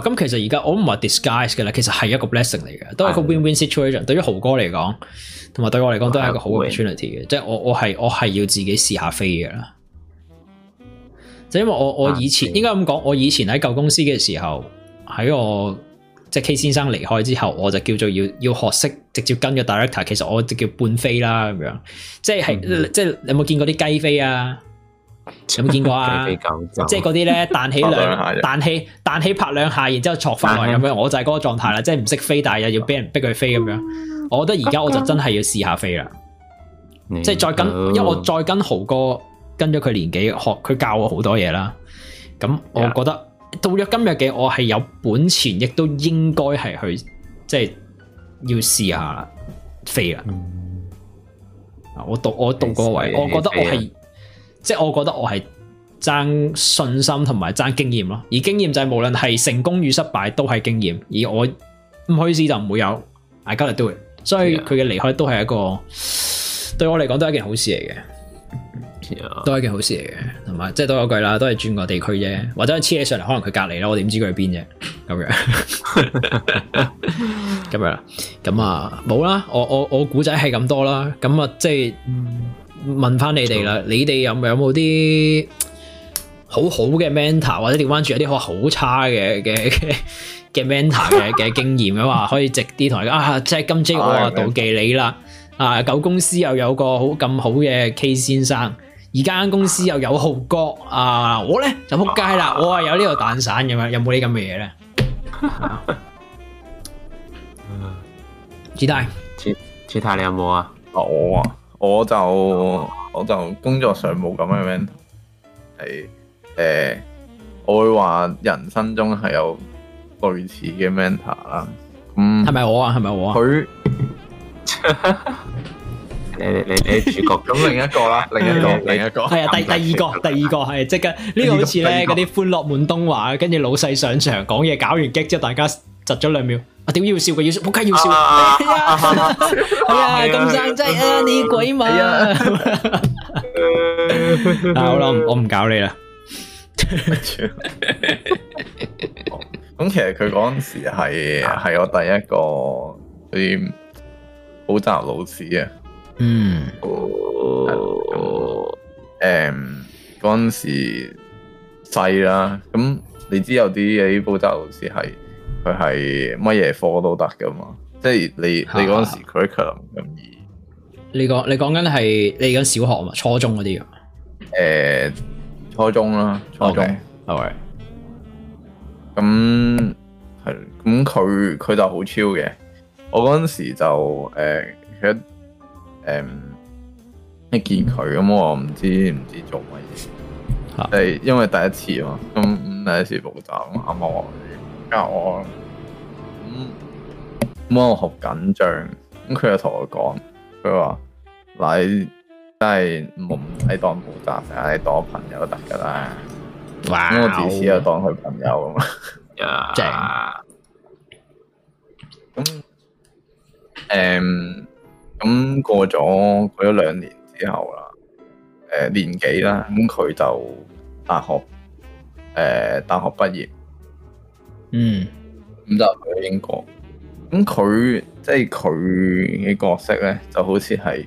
咁其實而家我唔係 disguise 嘅啦，其實係一個 blessing 嚟嘅，都係個 win-win situation 的。對於豪哥嚟講，同埋對我嚟講，都係一個好嘅 opportunity 嘅，即係我我係我係要自己試下飛嘅啦。就是、因為我我以前應該咁講，我以前喺舊、啊、公司嘅時候，喺我即係、就是、K 先生離開之後，我就叫做要要學識直接跟個 director，其實我就叫半飛啦咁樣。就是嗯、即係即係，你有冇見過啲雞飛啊？有冇見過啊？即係嗰啲咧，彈起兩彈 起彈起拍兩下，然之後坐翻，咁樣， 我就係嗰個狀態啦。即係唔識飛，但係又要俾人逼佢飛咁樣。 我覺得而家我就真係要試下飛啦。 即係再跟，因為我再跟豪哥，跟咗佢年幾，學佢教我好多嘢啦。咁我覺得到咗今日嘅我係有本錢，亦都應該係去，即係要試下飛啦。 我到我到位， 我覺得我係。 即係我覺得我係爭信心同埋爭經驗咯，而經驗就係無論係成功與失敗都係經驗。而我唔可以試就唔會有，I gotta do it。所以佢嘅離開都係一個對我嚟講都係一件好事嚟嘅，Yeah. 都係一件好事嚟嘅。同埋即係多咗句啦，都係轉個地區啫，或者黐起上嚟可能佢隔離咯，我點知佢喺邊啫？咁樣咁 樣咁啊，冇啦！我我我古仔係咁多啦，咁啊即係。嗯問翻你哋啦，你哋有冇有冇啲好好嘅 mentor，或者掉翻轉有啲話好差嘅嘅嘅 mentor 嘅嘅經驗嘅話， 可以直啲同佢啊，即係今朝我啊妒忌你啦，啊，舊公司又有個好咁好嘅 K 先生，而家間公司又有豪哥，啊，我咧就仆街啦， 我係有呢個蛋散咁樣，有冇呢咁嘅嘢咧？子泰， 子泰，你有冇啊？啊，我啊。我就我就工作上冇咁嘅 mentor，係誒、欸、我會話人生中係有類似嘅 mentor 啦。嗯，係咪我啊？係咪我啊？佢， 你你你主角咁另一個啦， 另一個 另一個係啊，第第二個第二個係即刻呢個好似咧嗰啲歡樂滿東華，跟住老細上場講嘢，搞完激之後大家窒咗兩秒。我點要笑佢？要我梗要笑。係啊，金生真啊，你鬼迷啊！好啦，我唔搞你啦。咁其實佢嗰陣時係係我第一個啲補習老師啊。嗯，誒，嗰陣時細啦，咁你知有啲啲補習老師係。佢係乜嘢科都得噶嘛，即係你你嗰陣時 curriculum 咁易。 你講你講緊係你講小學啊嘛，初中嗰啲啊，誒、欸，初中啦，初中係咪？咁係咁佢佢就好超嘅，我嗰陣時候就誒，其、欸、誒、欸，一見佢咁我唔知唔知做乜嘢事，係 因為第一次啊嘛，咁第一次補習咁啱啱我。剛剛教我，咁我好緊張，咁佢又同我講，佢話你真係唔使當補習，你當朋友得噶啦。咁我自此又當佢朋友咁嘛。正。咁、嗯，誒，咁過咗過咗兩年之後啦，誒、呃、年紀啦，咁佢就大學，誒、呃、大學畢業。嗯，唔得。佢英國。咁佢即係佢嘅角色咧，就好似係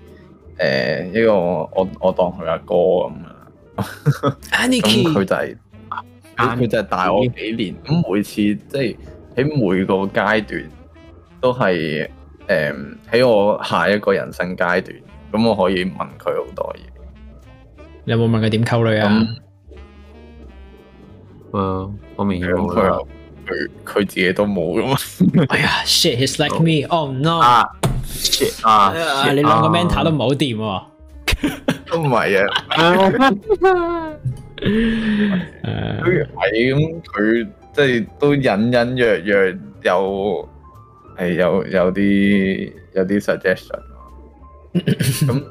誒一個我我當佢阿哥咁啊。咁 佢就係、是、佢妮就係大我幾年。咁妮每次即係喺每個階段都係誒喺我下一個人生階段。咁我可以問佢好多嘢。你有冇問佢點溝女啊？嗯那，我明。有、嗯佢佢自己都冇噶嘛？哎呀，shit，he's like me，oh no，shit，你兩個 mentor 都冇掂，都唔係啊，佢係咁，佢即係都隱隱約約有，係有有啲有啲 suggestion，咁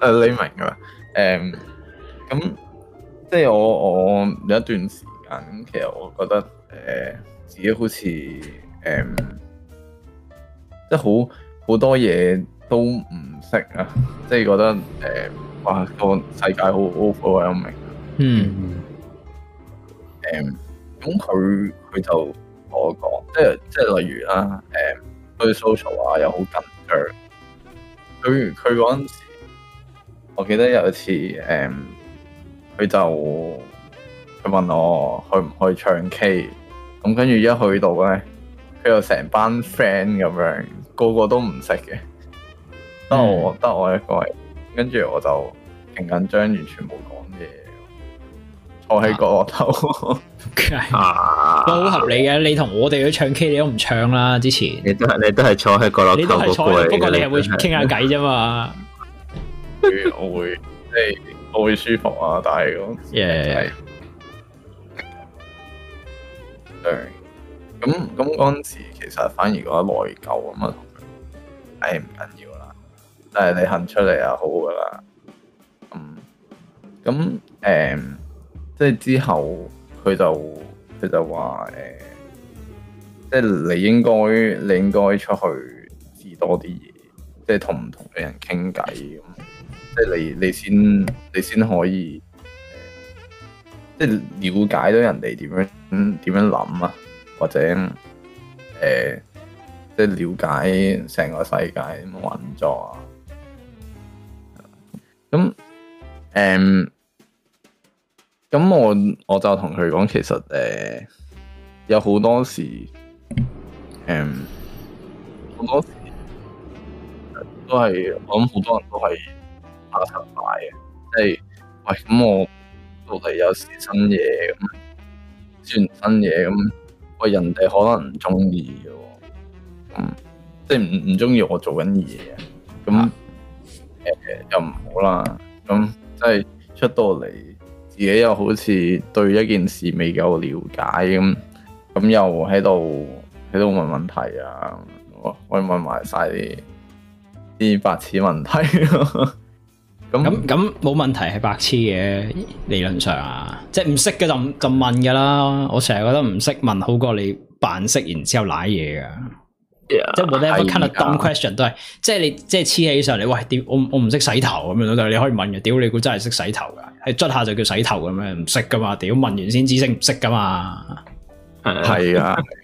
誒，你明噶？誒，咁即係我我有一段時。咁其實我覺得誒、呃、自己好似誒即係好好多嘢都唔識啊，即係覺得誒、嗯、哇、這個世界好好好 overwhelming。嗯。誒咁佢佢就同我講，即係即係例如啦，誒對 social 啊又好緊張。佢佢嗰陣時，我記得有一次誒，佢、嗯、就。佢問我去唔去唱 K，咁跟住一去到咧，佢有成班 friend 咁樣，個個都唔識嘅，得我得我一個人，跟住我就勁緊張，完全冇講嘢，坐喺角落頭。啊，好合理嘅，你同我哋去唱 K，你都唔唱啦。之前你都係你都係坐喺角落頭，你都係坐喺 不過你係會傾下偈啫嘛。 我會即係我會舒服啊，但係咁。Yeah. 對，咁咁嗰陣時，其實反而覺得內疚咁啊。唉，唔緊要啦，但係你行出嚟啊，好噶啦。咁咁誒，即係之後佢就佢就話誒、欸，即係你應該你應該出去試多啲嘢，即係同唔同嘅人傾偈咁，即係你你先你先可以，欸、即係了解到人哋點樣。嗯，點樣諗啊？或者誒，即、呃、係、就是、了解成個世界點運作啊？咁、嗯、誒，咁、嗯、我、嗯嗯、我就同佢講，其實誒、呃，有好多時，誒、嗯，好多時都係，我諗好多人都係打頭快嘅，即、就、係、是、喂咁我落嚟有時新嘢咁。嗯算新嘢咁，喂，人哋可能唔中意嘅，嗯，即係唔唔中意我做緊嘢，咁誒、啊呃、又唔好啦，咁即係出到嚟，自己又好似對一件事未夠了解咁，咁又喺度喺度問問題啊，我問問埋晒啲啲白痴問題、啊。 咁咁冇問題，係白痴嘅理論上啊，嗯、即係唔識嘅就就問㗎啦。我成日覺得唔識問好過你扮識然之後賴嘢㗎。即係冇得一個 kind of dumb question 都係，即係你即係黐起上嚟，喂，我我唔識洗頭咁樣，但係你可以問嘅。屌你估真係識洗頭㗎？係捽下就叫洗頭咁樣？唔識噶嘛？屌問完先知識唔識噶嘛？係啊的。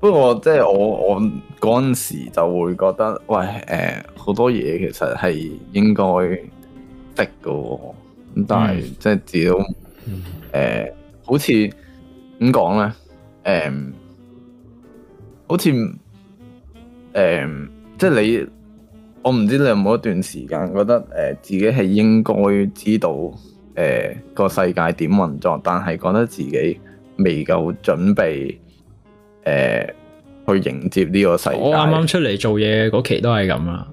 不過即係我我嗰陣時就會覺得，喂，誒、呃，好多嘢其實係應該的噶，咁但係、mm. 即係只要誒，好似點講咧？誒、呃，好似誒、呃，即係你，我唔知你有冇一段時間覺得，誒、呃，自己係應該知道，誒、呃，個世界點運作，但係覺得自己未夠準備。誒，去迎接呢個世界。我啱啱出嚟做嘢嗰期都係咁啦，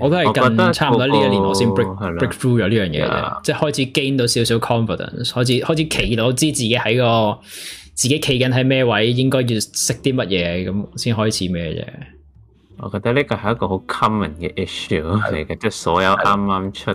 我都係近、那個、差唔多呢一年我先 break 的 break through 咗呢樣嘢，的即係開始 gain 到少少 confidence，開始開始企到知自己喺個自己企緊喺咩位，應該要識啲乜嘢咁先開始咩嘢。我覺得呢個係一個好 common 嘅 issue 嚟嘅，即係的所有啱啱出。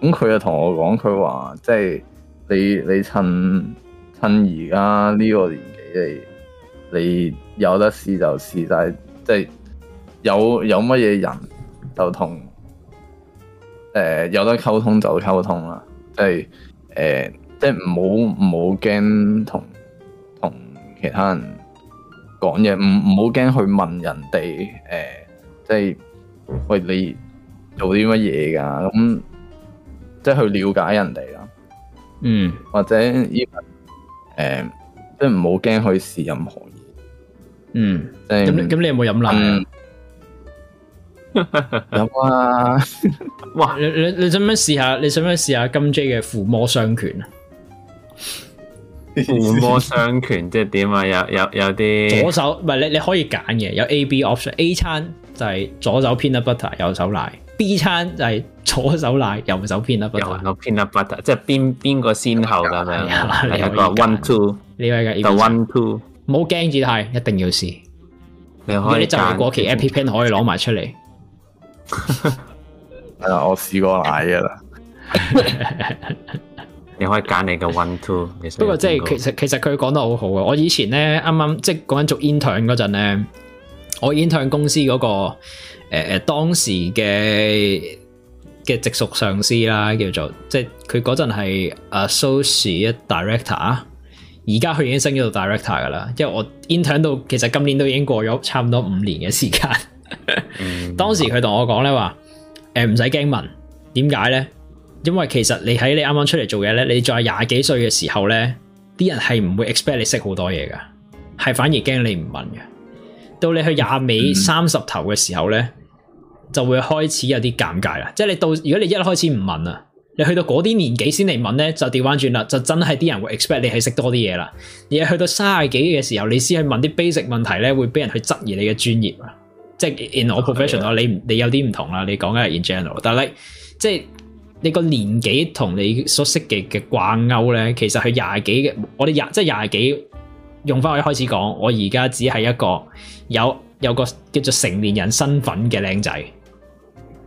咁佢又同我講，佢話即係你，你趁趁而家呢個年紀，你你有得試就試，但係即係有有乜嘢人就同誒、呃、有得溝通就溝通啦。即係誒、呃，即係唔好唔好驚同同其他人講嘢，唔唔好驚去問人哋誒、呃，即係喂，你做啲乜嘢㗎咁。即係去了解人哋啦，嗯，或者 e 誒，even, um, 即係唔好驚去試任何嘢，嗯。咁咁、就係，你有冇飲奶啊？嗯、 有啊！哇！ 你你你想唔想試下？你想唔想試下金 J 嘅附魔雙拳啊？附魔雙拳即係點啊？有有有啲左手唔係你你可以揀嘅，有 A B option。A 餐就係左手 peanut butter，右手奶。B 餐就係、是。左手奶，右手偏粒 butter 粒即係邊邊個先後咁樣？係有一個 one two。呢位嘅要。The one two。唔好驚住都係，一定要試。你可以攞過期 apple pen，可以攞埋出嚟。係啊，我試過奶噶啦。你可以揀你嘅 one two。不過，即係其實其實佢講得好好啊！我以前咧，啱啱即係講緊做 intern 嗰陣咧，我 intern 公司嗰個誒誒當時嘅。嘅直屬上司啦，叫做即係佢嗰陣係 associate director，而家佢已經升咗到 director 噶啦。因為我 intern 到其實今年都已經過咗差唔多五年嘅時間。Mm hmm. 當時佢同我講咧話，誒唔使驚問，點解咧？因為其實你喺你啱啱出嚟做嘢咧，你再廿幾歲嘅時候咧，啲人係唔會 expect 你識好多嘢㗎，係反而驚你唔問嘅。到你去廿尾三十頭嘅時候咧。Mm hmm. 呢就會開始有啲尷尬啦，即係你到如果你一開始唔問啊，你去到嗰啲年紀先嚟問咧，就調翻轉啦，就真係啲人會 expect 你係識多啲嘢啦。而係去到卅幾嘅時候，你先去問啲 basic 問題咧，會俾人去質疑你嘅專業啊。即係 in 我 professional，的你你有啲唔同啦，你講緊係 in general，但係即係你個年紀同你所識嘅嘅掛鈎咧，其實佢廿幾嘅，我哋廿即係廿幾用翻我一開始講，我而家只係一個有有個叫做成年人身份嘅靚仔。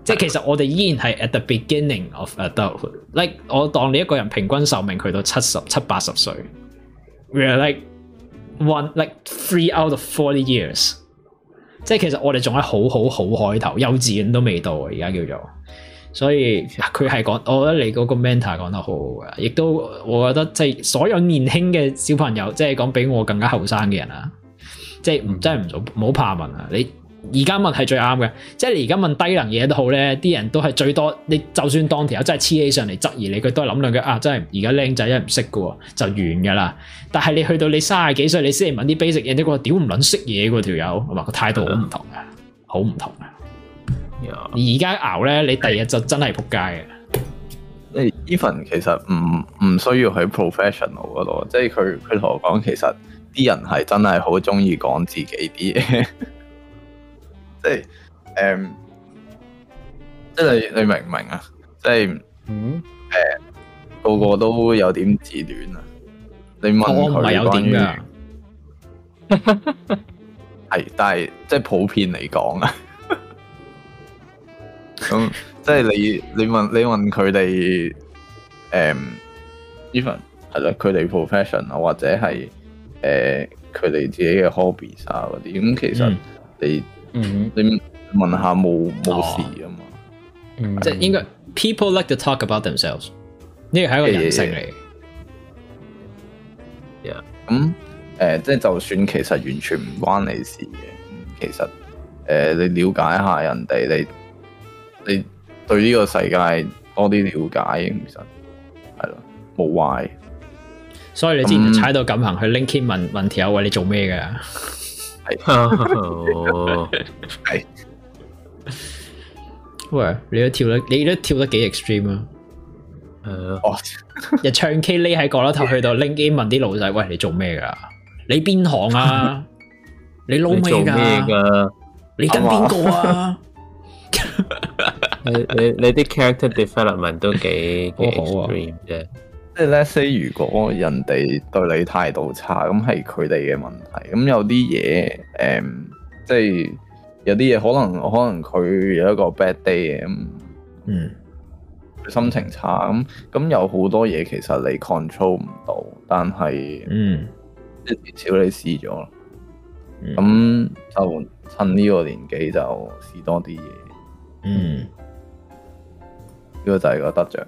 即係其實我哋依然係 at the beginning of adulthood，like 我當你一個人平均壽命去到七十七八十歲，real like one like three out of forty years。即係其實我哋仲喺好好好開頭，幼稚園都未到，啊，而家叫做。所以佢係講，我覺得你嗰個 mentor 講得好好嘅，亦都我覺得即係所有年輕嘅小朋友，即係講比我更加後生嘅人啊，即係唔真係唔好怕問啊，你。而家問係最啱嘅，即係你而家問低能嘢都好咧，啲人都係最多，你就算當條友真係黐起上嚟質疑你，佢都係諗兩句啊，真係而家靚仔一唔識嘅喎，就完嘅啦。但係你去到你卅幾歲，你先嚟問啲 basic 嘢，你話屌唔撚識嘢喎條友，係嘛，個態度好唔同嘅，好唔 Yeah. 同嘅。Yeah. 而家熬咧，你第二日就真係仆街嘅。誒，even Yeah. 其實唔唔需要喺 professional 嗰度，即係佢佢同我講，其實啲人係真係好中意講自己啲嘢。 即係，誒，即係你你明唔明啊？即係，嗯，誒、嗯呃，個個都有點自戀啊。你問佢，我唔係有點噶。係， 但係即係普遍嚟講啊。咁， 即係你你問你問佢哋，誒、嗯，even 係啦，佢哋 profession 啊，或者係誒佢哋自己嘅 hobbies 啊嗰啲。咁其實你。嗯 哦、嗯，你問下冇冇事啊嘛？即係應該，people like to talk about themselves。呢個係一個人性嚟。咁誒 Yeah. Yeah.、嗯呃，即係就算其實完全唔關你事嘅，其實誒、呃，你了解一下人哋，你你對呢個世界多啲了解，其實係咯冇壞。嗯、壞所以你之前踩到咁行去，去 link in 問問條友為你做咩嘅？哦，喂，你都跳得，你都跳得幾 extreme 啊？哦，日唱 K，匿喺角落頭，去到拎機問啲老細，喂，你做咩噶？你邊行啊？你撈咩噶？你跟邊個啊？你你你啲 character development 都幾幾好啊。即係，let's a y 如果人哋對你態度差，咁係佢哋嘅問題。咁有啲嘢，誒、嗯，即、就、係、是、有啲嘢可能，可能佢有一個 bad day，嗯，心情差。咁咁有好多嘢其實你 control 唔到，但係，嗯，至少你試咗。咁、嗯、就趁呢個年紀就試多啲嘢。嗯，呢個就係個得著。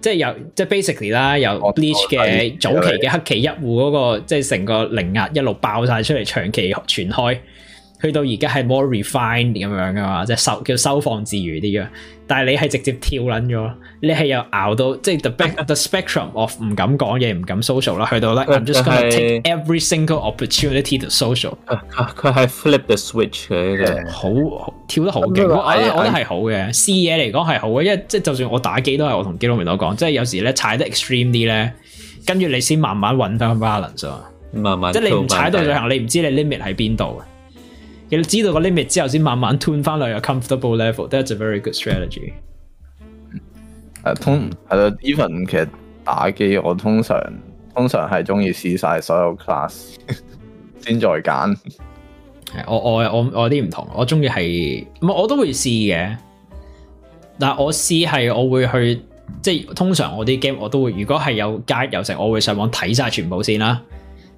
即係由即係 basically 啦，由 Bleach 嘅早期嘅黑崎一護嗰、那個，即係成個靈壓一路爆晒出嚟，長期傳開。去到而家係 more refined 咁樣噶嘛，即係收叫收放自如啲嘅。但係你係直接跳撚咗，你係又熬到即係 the back the spectrum of 唔敢講嘢，唔敢 social 啦。去到 like I'm just gonna take every single opportunity to social。佢係 flip the switch，佢好跳得好勁。我覺得係好嘅，試嘢嚟講係好嘅，因為即係就算我打機都係我同基督徒講，即係有時咧踩得 extreme 啲咧，跟住你先慢慢揾到 balance 啊。慢慢即係你唔踩到最行，你唔知你 limit 喺邊度。要知道個 limit 之後，先慢慢 tune 翻個 comfortable level。That's a very good strategy。誒、uh，通係咯，even 其實打機，我通常通常係中意試曬所有 class 先 再揀。係，我我我我有啲唔同，我中意係唔係我都會試嘅。但係我試係，我會去即係通常我啲 game 我都會，如果係有 guide 有成，我會上網睇曬全部先啦。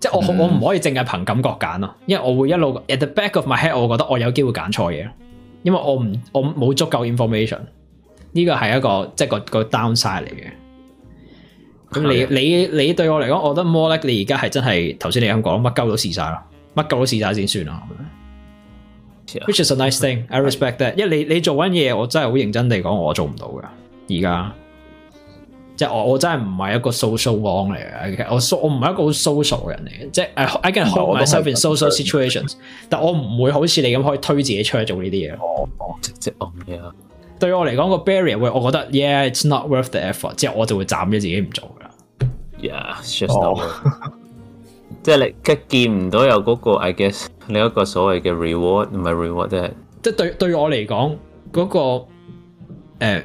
即係我我唔可以淨係憑感覺揀咯，因為我會一路 at the back of my head，我覺得我有機會揀錯嘢，因為我唔我冇足夠 information，呢個係一個即係個個 downside 嚟嘅。咁你的你你對我嚟講，我覺得 more like 你而家係真係頭先你咁講，乜鳩都試晒咯，乜鳩都試晒先算咯。Yeah. Which is a nice thing, I respect that 的。因為你你做緊嘢，我真係好認真地講，我做唔到㗎而家。現在即係我我真係唔係一個 social one 嚟嘅我 so, 我唔係一個好 social 嘅人嚟嘅即係誒 I get social situations、哦、我 但我唔會好似你咁可以推自己出去做呢啲嘢直接咁樣對我嚟講個 barrier 會我覺得 yeah it's not worth the effort 之後我就會斬咗自己唔做㗎啦 yeah sure 即係你見唔到有、嗰個 I guess 你一個所謂嘅 reward 唔係 reward 即係即係對對我嚟講、嗰個誒、呃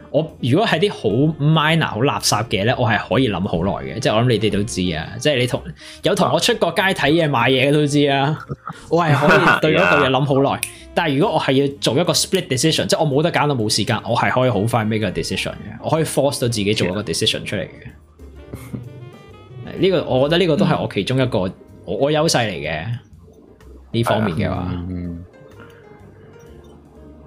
我如果係啲好 minor、好垃圾嘅咧，我係可以諗好耐嘅，即係我諗你哋都知啊，即係你同有同我出過街睇嘢買嘢嘅都知啊，我係可以對嗰個嘢諗好耐。 但係如果我係要做一個 split decision，即係我冇得揀，到冇時間，我係可以好快 make 個 decision 嘅，我可以 force 到自己做一個 decision 出嚟嘅。呢 Yeah.、呢個我覺得呢個都係我其中一個 我我嘅優勢嚟嘅，呢方面嘅話。Yeah. Mm-hmm.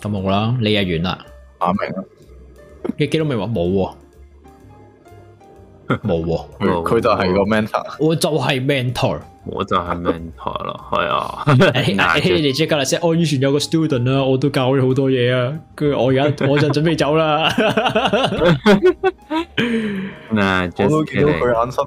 咁好啦，你又完啦，阿、啊、明 你見到未？話冇，冇、啊，佢就係個 mentor，我就係 mentor，我就係 mentor 咯，係啊，你你你即係嗱先，我以前有個 student 啦，我都教咗好多嘢啊，跟住我而家我就準備走啦，嗱 nah, just kidding.，我都見到佢眼濕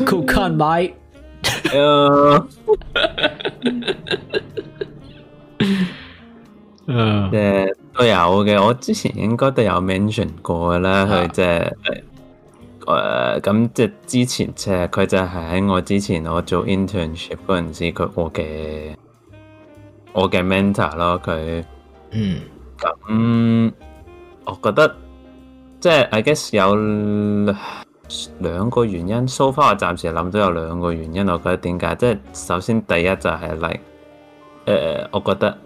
佢都看埋，誒，誒，都有嘅。我之前應該都有 mention 過嘅啦，佢即係誒咁即係之前即係佢就係喺我之前我做 internship 嗰陣時，佢我嘅我嘅 mentor 咯，佢、mm. 嗯，咁我覺得即係、就是、I guess 有。兩個原因，So far，我暫時諗都有兩個原因，我覺得點解？即係首先第一就係 like，誒，我覺得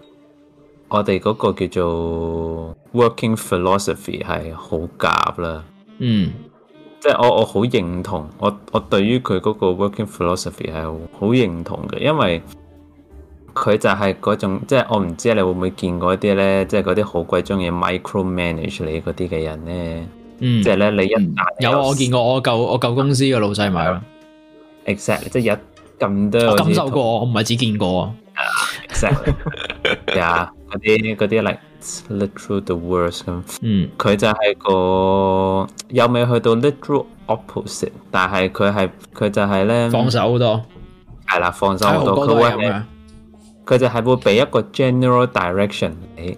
我哋嗰個叫做 working philosophy 係好夾啦。嗯，即係我我好認同，我我對於佢嗰個 working philosophy 係好認同嘅，因為佢就係嗰種，即係我唔知你會唔會見過一啲呢，即係嗰啲好鬼中意 micro manage 你嗰啲嘅人呢。嗯，即係咧，你一你有我見過我，我舊我舊公司嘅老細買咯。Exactly，即係有咁多感受過，同我唔係只見過。Yeah, exactly，嗰啲嗰啲 like literal the worst 咁。嗯，佢就係個有未去到 literal opposite，但係佢係佢就係咧，放手好多。係啦，放手好多，佢佢就係會俾一個 general direction 你。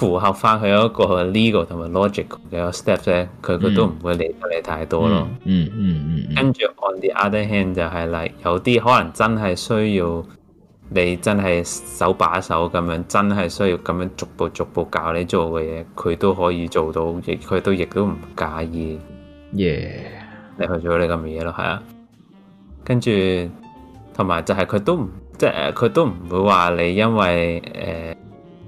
符合翻佢一個 legal 同埋 logical 嘅 step 咧，佢佢都唔會理得你太多咯、嗯。嗯嗯嗯。嗯跟住 on the other hand 就係咧，有啲可能真係需要你真係手把手咁樣，真係需要咁樣逐步逐步教你做嘅嘢，佢都可以做到，亦佢都亦都唔介意。耶 Yeah.，你去做你咁嘅嘢咯，係啊。跟住同埋就係佢都唔，即係佢都唔會話你因為誒。呃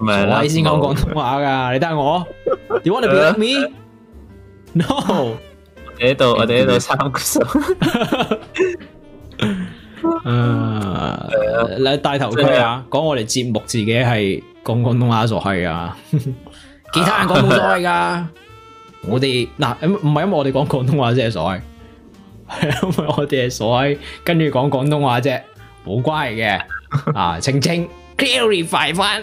唔係，我先講廣東話噶，你擔我。You want to believe me? No。我喺度，我喺度撐鼓手。嗯，嚟帶頭區啊，講我哋節目自己係講廣東話所謂啊，其他人講冇所謂噶。我哋嗱唔係因為我哋講廣東話啫所謂，係因為我哋係所謂跟住講廣東話啫，冇關係嘅。啊，澄清 clarify 翻。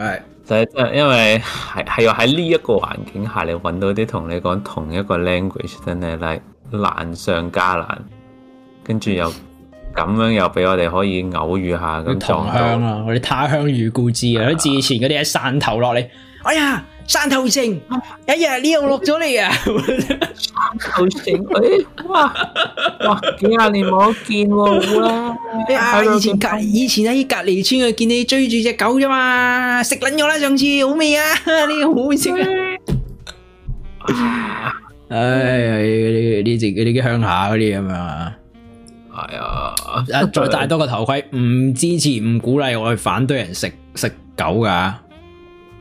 係，就係是因為係係要喺呢一個環境下，你揾到啲同你講同一個 language，真係難上加難，跟住又咁樣又俾我哋可以偶遇一下咁撞到同鄉啊，我哋他鄉遇故知啊，好似以前嗰啲喺汕頭落嚟。哎呀，山頭城！哎呀，你又落咗嚟啊！山頭城，誒，哇哇，幾廿年冇見喎！哎呀，以前隔以前喺隔籬村啊，見你追住隻狗啫嘛，食撚咗啦！上次好味啊？呢個好食啊！哎，呢啲呢啲鄉下嗰啲咁啊，係啊，一再戴多個頭盔，唔支持唔鼓勵，我去反對人食食狗噶。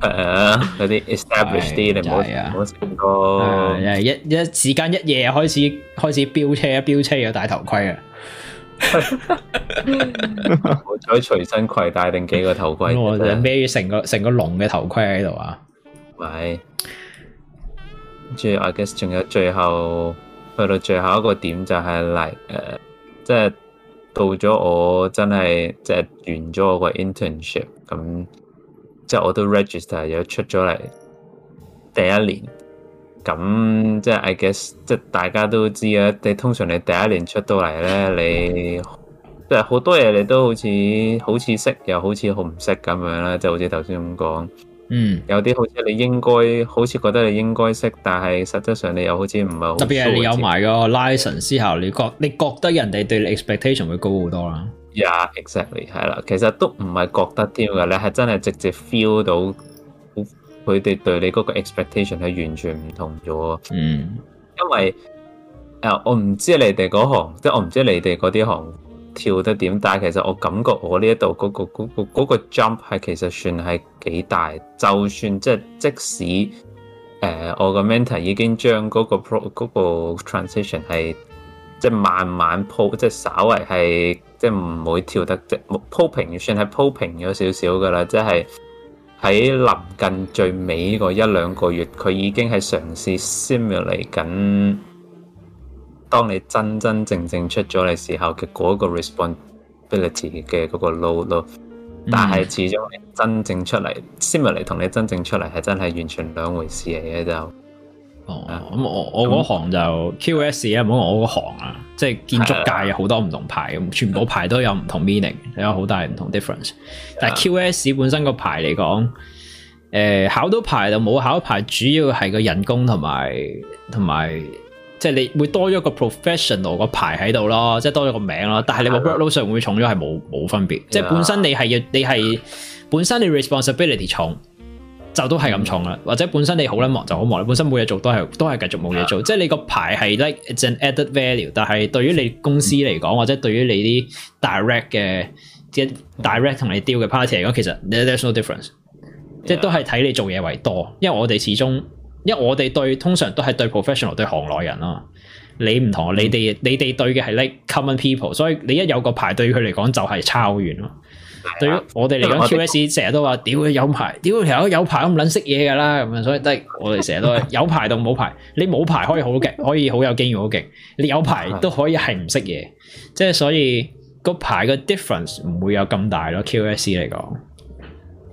誒，嗰啲、uh, establish 啲 是，你唔好唔好成功。一一時間一夜開始開始飆車啊，飆車要戴頭盔啊！可以隨身攜帶定幾個頭盔 我？我哋孭成個成個籠嘅頭盔喺度啊！喂，跟住 I guess 仲有最後去到最後一個點就係嚟誒，即係到咗我真係即係完咗我個 internship 咁。即係我都 register 又出咗嚟第一年，咁即係 I guess 即係大家都知啊，你通常你第一年出到嚟咧，你即係好多嘢你都好似好似識又好似好唔識咁樣啦。即係好似頭先咁講，嗯，有啲好似你應該好似覺得你應該識，但係實質上你又好似唔係特別，係你有埋個 license 後，你覺你覺得人哋對你 expectation 會高好多啦。Yeah, exactly，係啦，其實都唔係覺得添嘅，你係真係直接 feel 到佢哋對你嗰個 expectation 係完全唔同咗。嗯，mm. 因為誒、呃，我唔知你哋嗰行，即、就、係、是、我唔知你哋嗰啲行跳得點，但係其實我感覺我呢一度嗰個嗰、嗰個嗰個、jump 係其實算係幾大，就算即係即使誒、呃、我個 mentor、er、已經將嗰個 pro 嗰個 transition 係。即係慢慢鋪，即係稍為係，即係唔會跳得即鋪平，算係鋪平咗少少噶啦。即係喺臨近最尾嗰一兩個月，佢已經係嘗試 simulate 緊，當你真真正正出咗嚟時候嘅嗰個 responsibility 嘅嗰個 load 咯、嗯，但係始終是真正出嚟 simulate 同你真正出嚟係真係完全兩回事嚟嘅，就。哦，咁我我嗰行就 QS 啊，唔好、嗯、我嗰行啊，即係建築界有好多唔同牌咁， 全部牌都有唔同 meaning，有好大唔同 difference。但係 QS 本身個牌嚟講，誒、呃、考到牌就冇考牌，主要係個人工同埋同埋即係你會多咗個 professional 個牌喺度咯，即係多咗個名咯。但係你 workload 上會重咗，係冇冇分別。 即係本身你係要你係本身你 responsibility 重。就都係咁重啦，或者本身你好撚忙就好忙，你本身冇嘢做都係都係繼續冇嘢做，Yeah. 即係你個牌係 like it's an added value，但係對於你公司嚟講，或者對於你啲 direct 即 direct 同你 deal 嘅 party 嚟講，其實 there's no difference，Yeah. 即係都係睇你做嘢為多，因為我哋始終，因為我哋對通常都係對 professional 對行內人囉。你唔同 Yeah. 你哋你哋對嘅係 like common people，所以你一有個牌對佢嚟講就係抄完咯。對於我哋嚟講 QS 成日都話，的屌佢有牌，屌條友有牌咁捻識嘢噶啦，咁啊，所以得我哋成日都係有牌到冇牌， 你冇牌可以好勁，可以好有經驗好勁，你有牌都可以係唔識嘢，啊、即係所以個牌個 difference 唔會有咁大咯。QS 嚟講，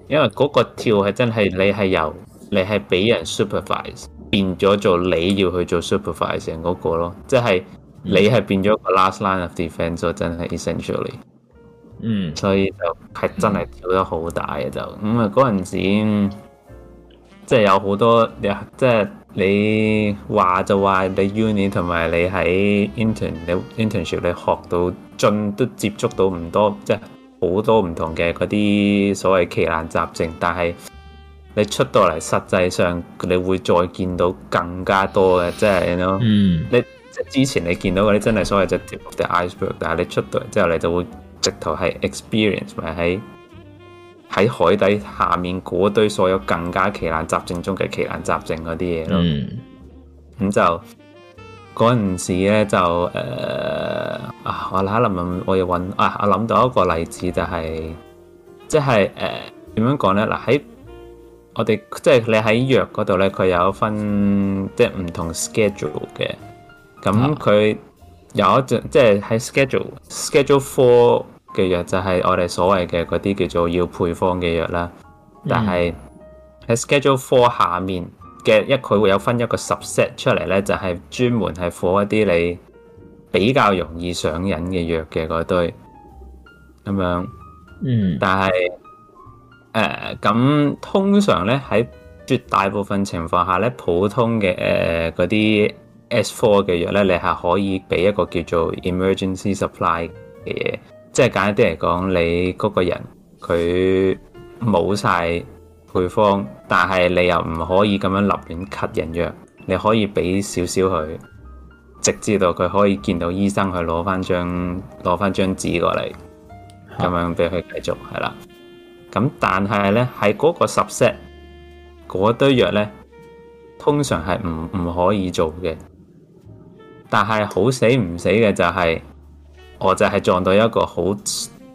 因為嗰個跳係真係你係由你係俾人 supervise 變咗做你要去做 supervise 成嗰個咯，即、就、係、是、你係變咗個 last line of defense 咯，真係 essentially。嗯，所以就係真係跳得好大嘅就咁啊！嗰陣時即係、就是、有好多，你即係你話就話你 uni 同埋你喺 intern 你 internship 你學到盡都接觸到唔多，即係好多唔同嘅嗰啲所謂奇難雜症。但係你出到嚟，實際上你會再見到更加多嘅，即係咯，你即、嗯、之前你見到嗰啲真係所謂就 tip the iceberg，但係你出到嚟之後你就會。直頭係 experience，咪喺喺海底下面嗰堆所有更加奇難雜症中嘅奇難雜症嗰啲嘢咯。咁、嗯、就嗰陣時咧就誒、呃、啊，我諗諗，我又搵啊，我諗到一個例子就係、是，即係誒點樣講咧？嗱、呃、喺我哋即係你喺藥嗰度咧，佢有分即係唔同 schedule 嘅，咁佢。啊有一種即係喺 schedule schedule four 嘅藥就係我哋所謂嘅嗰啲叫做要配方嘅藥啦，嗯、但係喺 schedule four 下面嘅因為佢會有分一個 subset 出嚟咧，就係專門係俾一啲你比較容易上癮嘅藥嘅嗰堆咁樣。嗯，但係誒咁通常咧喺絕大部分情況下咧，普通嘅誒嗰啲。呃 S 四嘅藥呢，你係可以俾一個叫做 emergency supply 嘅嘢，即係簡單啲嚟講，你嗰個人佢冇晒配方，但係你又唔可以咁樣立亂 cut 人藥，你可以俾少少佢，直至到佢可以見到醫生去攞翻張攞翻張紙過嚟，咁樣俾佢繼續係啦。咁但係呢，喺嗰個十 set 嗰堆藥呢，通常係唔唔可以做嘅。但係好死唔死嘅就係，我就係撞到一個好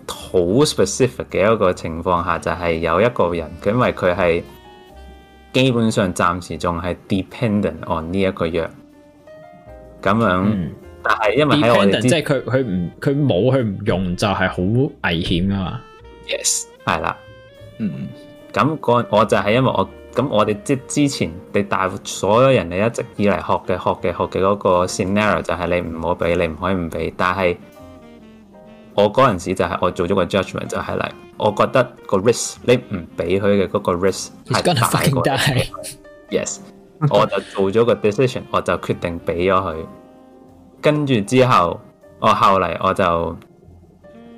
好 specific 嘅一個情況下，就係、是、有一個人，佢因為佢係基本上暫時仲係 dependent on 呢一個藥咁樣。嗯、但係因為喺我 end 即，即係佢佢唔佢冇佢唔用就係好危險吖嘛。Yes，係啦了。嗯，咁我就係因為我。咁我哋即之前你大所有人你一直以嚟學嘅學嘅學嘅嗰個 scenario 就係你唔好俾你唔可以唔俾，但係我嗰陣時就係我做咗個 judgment 就係嚟，我覺得個 risk 你唔俾佢嘅嗰個 risk 係大過，yes Okay. 我就做咗個 decision，我就決定俾咗佢，跟住之後我後嚟我就。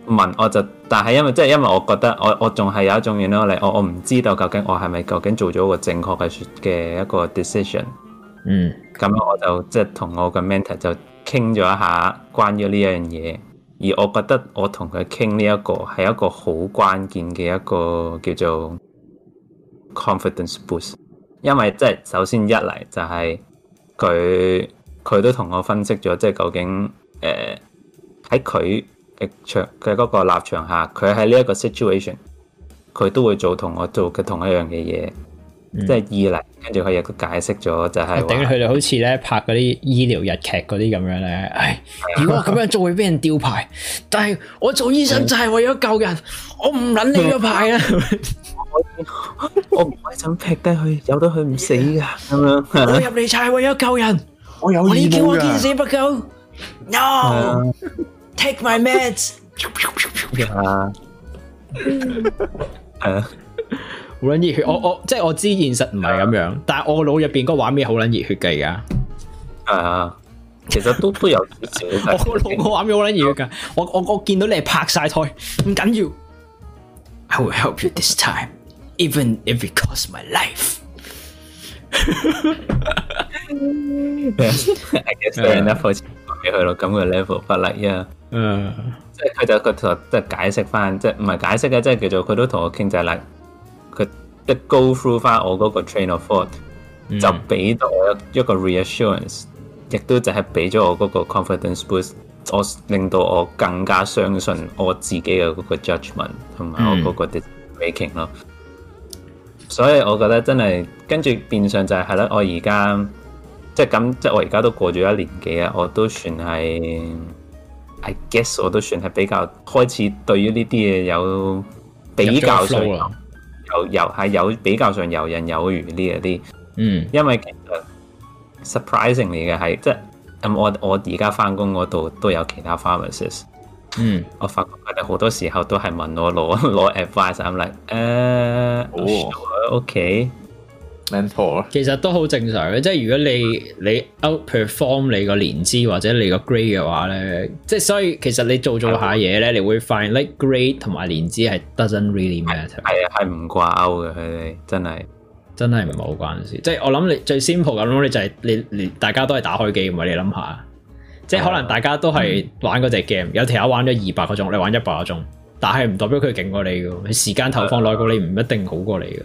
問我就，但係因為即係、就是、因為我覺得我我仲係有一種原因嚟，我我唔知道究竟我係咪究竟做咗個正確嘅嘅一個 decision。嗯，咁我就即係同我嘅 mentor 就傾咗一下關於呢一樣嘢，而我覺得我同佢傾呢一個係一個好關鍵嘅一個叫做 confidence boost，因為即係首先一嚟就係佢佢都同我分析咗，即、就、係、是、究竟誒喺佢。呃嘅場嗰個立場下，佢喺呢一個 situation，佢都會做同我做嘅同一樣嘅嘢，即係二嚟，跟住佢又解釋咗就係，等佢哋好似咧拍嗰啲醫療日劇嗰啲咁樣咧，唉，點啊咁樣做，會俾人吊牌？ 但係我做醫生就係為咗救人， 我唔捻你個牌啊 ！我唔可以一劈低佢，有得佢唔死噶咁樣。 我入嚟就係為咗救人，我有醫術，你叫我見死不救。No。 Take my meds。啊。好撚熱血，我我即係我知現實唔係咁樣，但係我腦入邊嗰個畫面好撚熱血噶而家。啊。其實都都有少少。我腦個畫面好撚熱血噶，我我我見到你係拍晒台，唔緊要。I will help you this time, even if it costs my life。Yeah, I guess there's enough。去咯，咁佢 level 不例啊。嗯，即係佢就佢同即係解釋翻，即係唔係解釋啊，即係叫做佢都同我傾偈啦。佢一 go through 翻我嗰個 train of thought，就俾到我一一個 reassurance，亦都就係俾咗我嗰個 confidence boost。我令到我更加相信我自己嘅嗰個 judgment 同埋我嗰個 decision making 咯。所以我覺得真係跟住變相就係係啦，我而家。即咁，即我而家都過咗一年幾啊，我都算係，I guess 我都算係比較開始對於呢啲嘢有比較上遊遊係有，了了有，有，有比較上游刃有餘呢一啲。嗯，因為其實 surprisingly 嘅係即咁，我我而家翻工嗰度都有其他 pharmacist 嗯，我發覺佢哋好多時候都係問我攞攞 advice，I'm like 誒，哦，OK。and 其實都好正常嘅，即係如果你你 outperform 你個年資或者你個 grade 嘅話咧，即係所以其實你做做下嘢咧，你會 find 呢、like、grade 同埋年資係 doesn't really matter。係啊，係唔掛鈎嘅，佢哋真係真係唔係好關事。即係我諗你最 simple 咁咯，你就係你，你大家都係打開機，唔係你諗下，即係可能大家都係玩嗰隻 game，、uh huh. 有條友玩咗二百個鐘，你玩一百個鐘，但係唔代表佢勁過你噶，你時間投放耐過你唔一定好過你噶。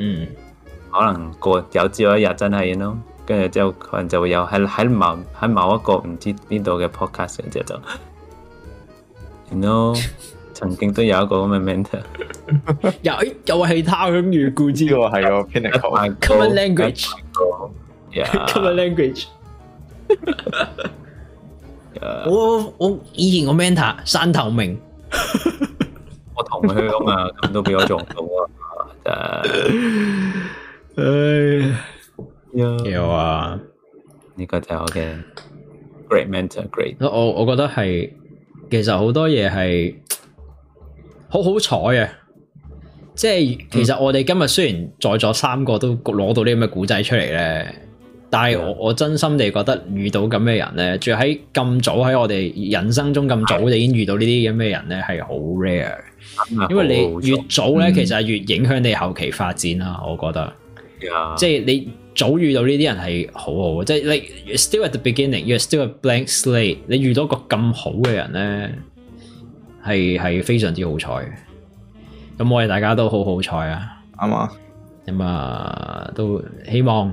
嗯，可能過有朝一日真係咯，跟住之後可能就會有喺喺某喺某一個唔知邊度嘅 podcast 嗰隻就，係咯，曾經都有一個咁嘅 mentor，又又係他鄉遇故知喎，係個 pinnacle common language，common language，我我以前個 mentor 山頭明， 我同鄉啊，咁都俾我撞到有啊，呢個就係我嘅 mentor，great，我我覺得係，其實好多嘢係好好彩啊。即係其實我哋今日雖然在座三個都攞到啲咁嘅古仔出嚟咧。Mm. 但係我我真心地覺得遇到咁嘅人咧，仲要喺咁早喺我哋人生中咁早的就已經遇到這些呢啲咁嘅人咧，係好 rare。嗯、因為你越早咧，嗯、其實係越影響你後期發展啦。我覺得，Yeah. 即係你早遇到呢啲人係好好嘅，即係、like、你 still at the beginning，you're still a blank slate，你遇到個咁好嘅人咧，係係非常之好彩。咁我哋大家都好好彩啊，啱啊？咁啊，都希望。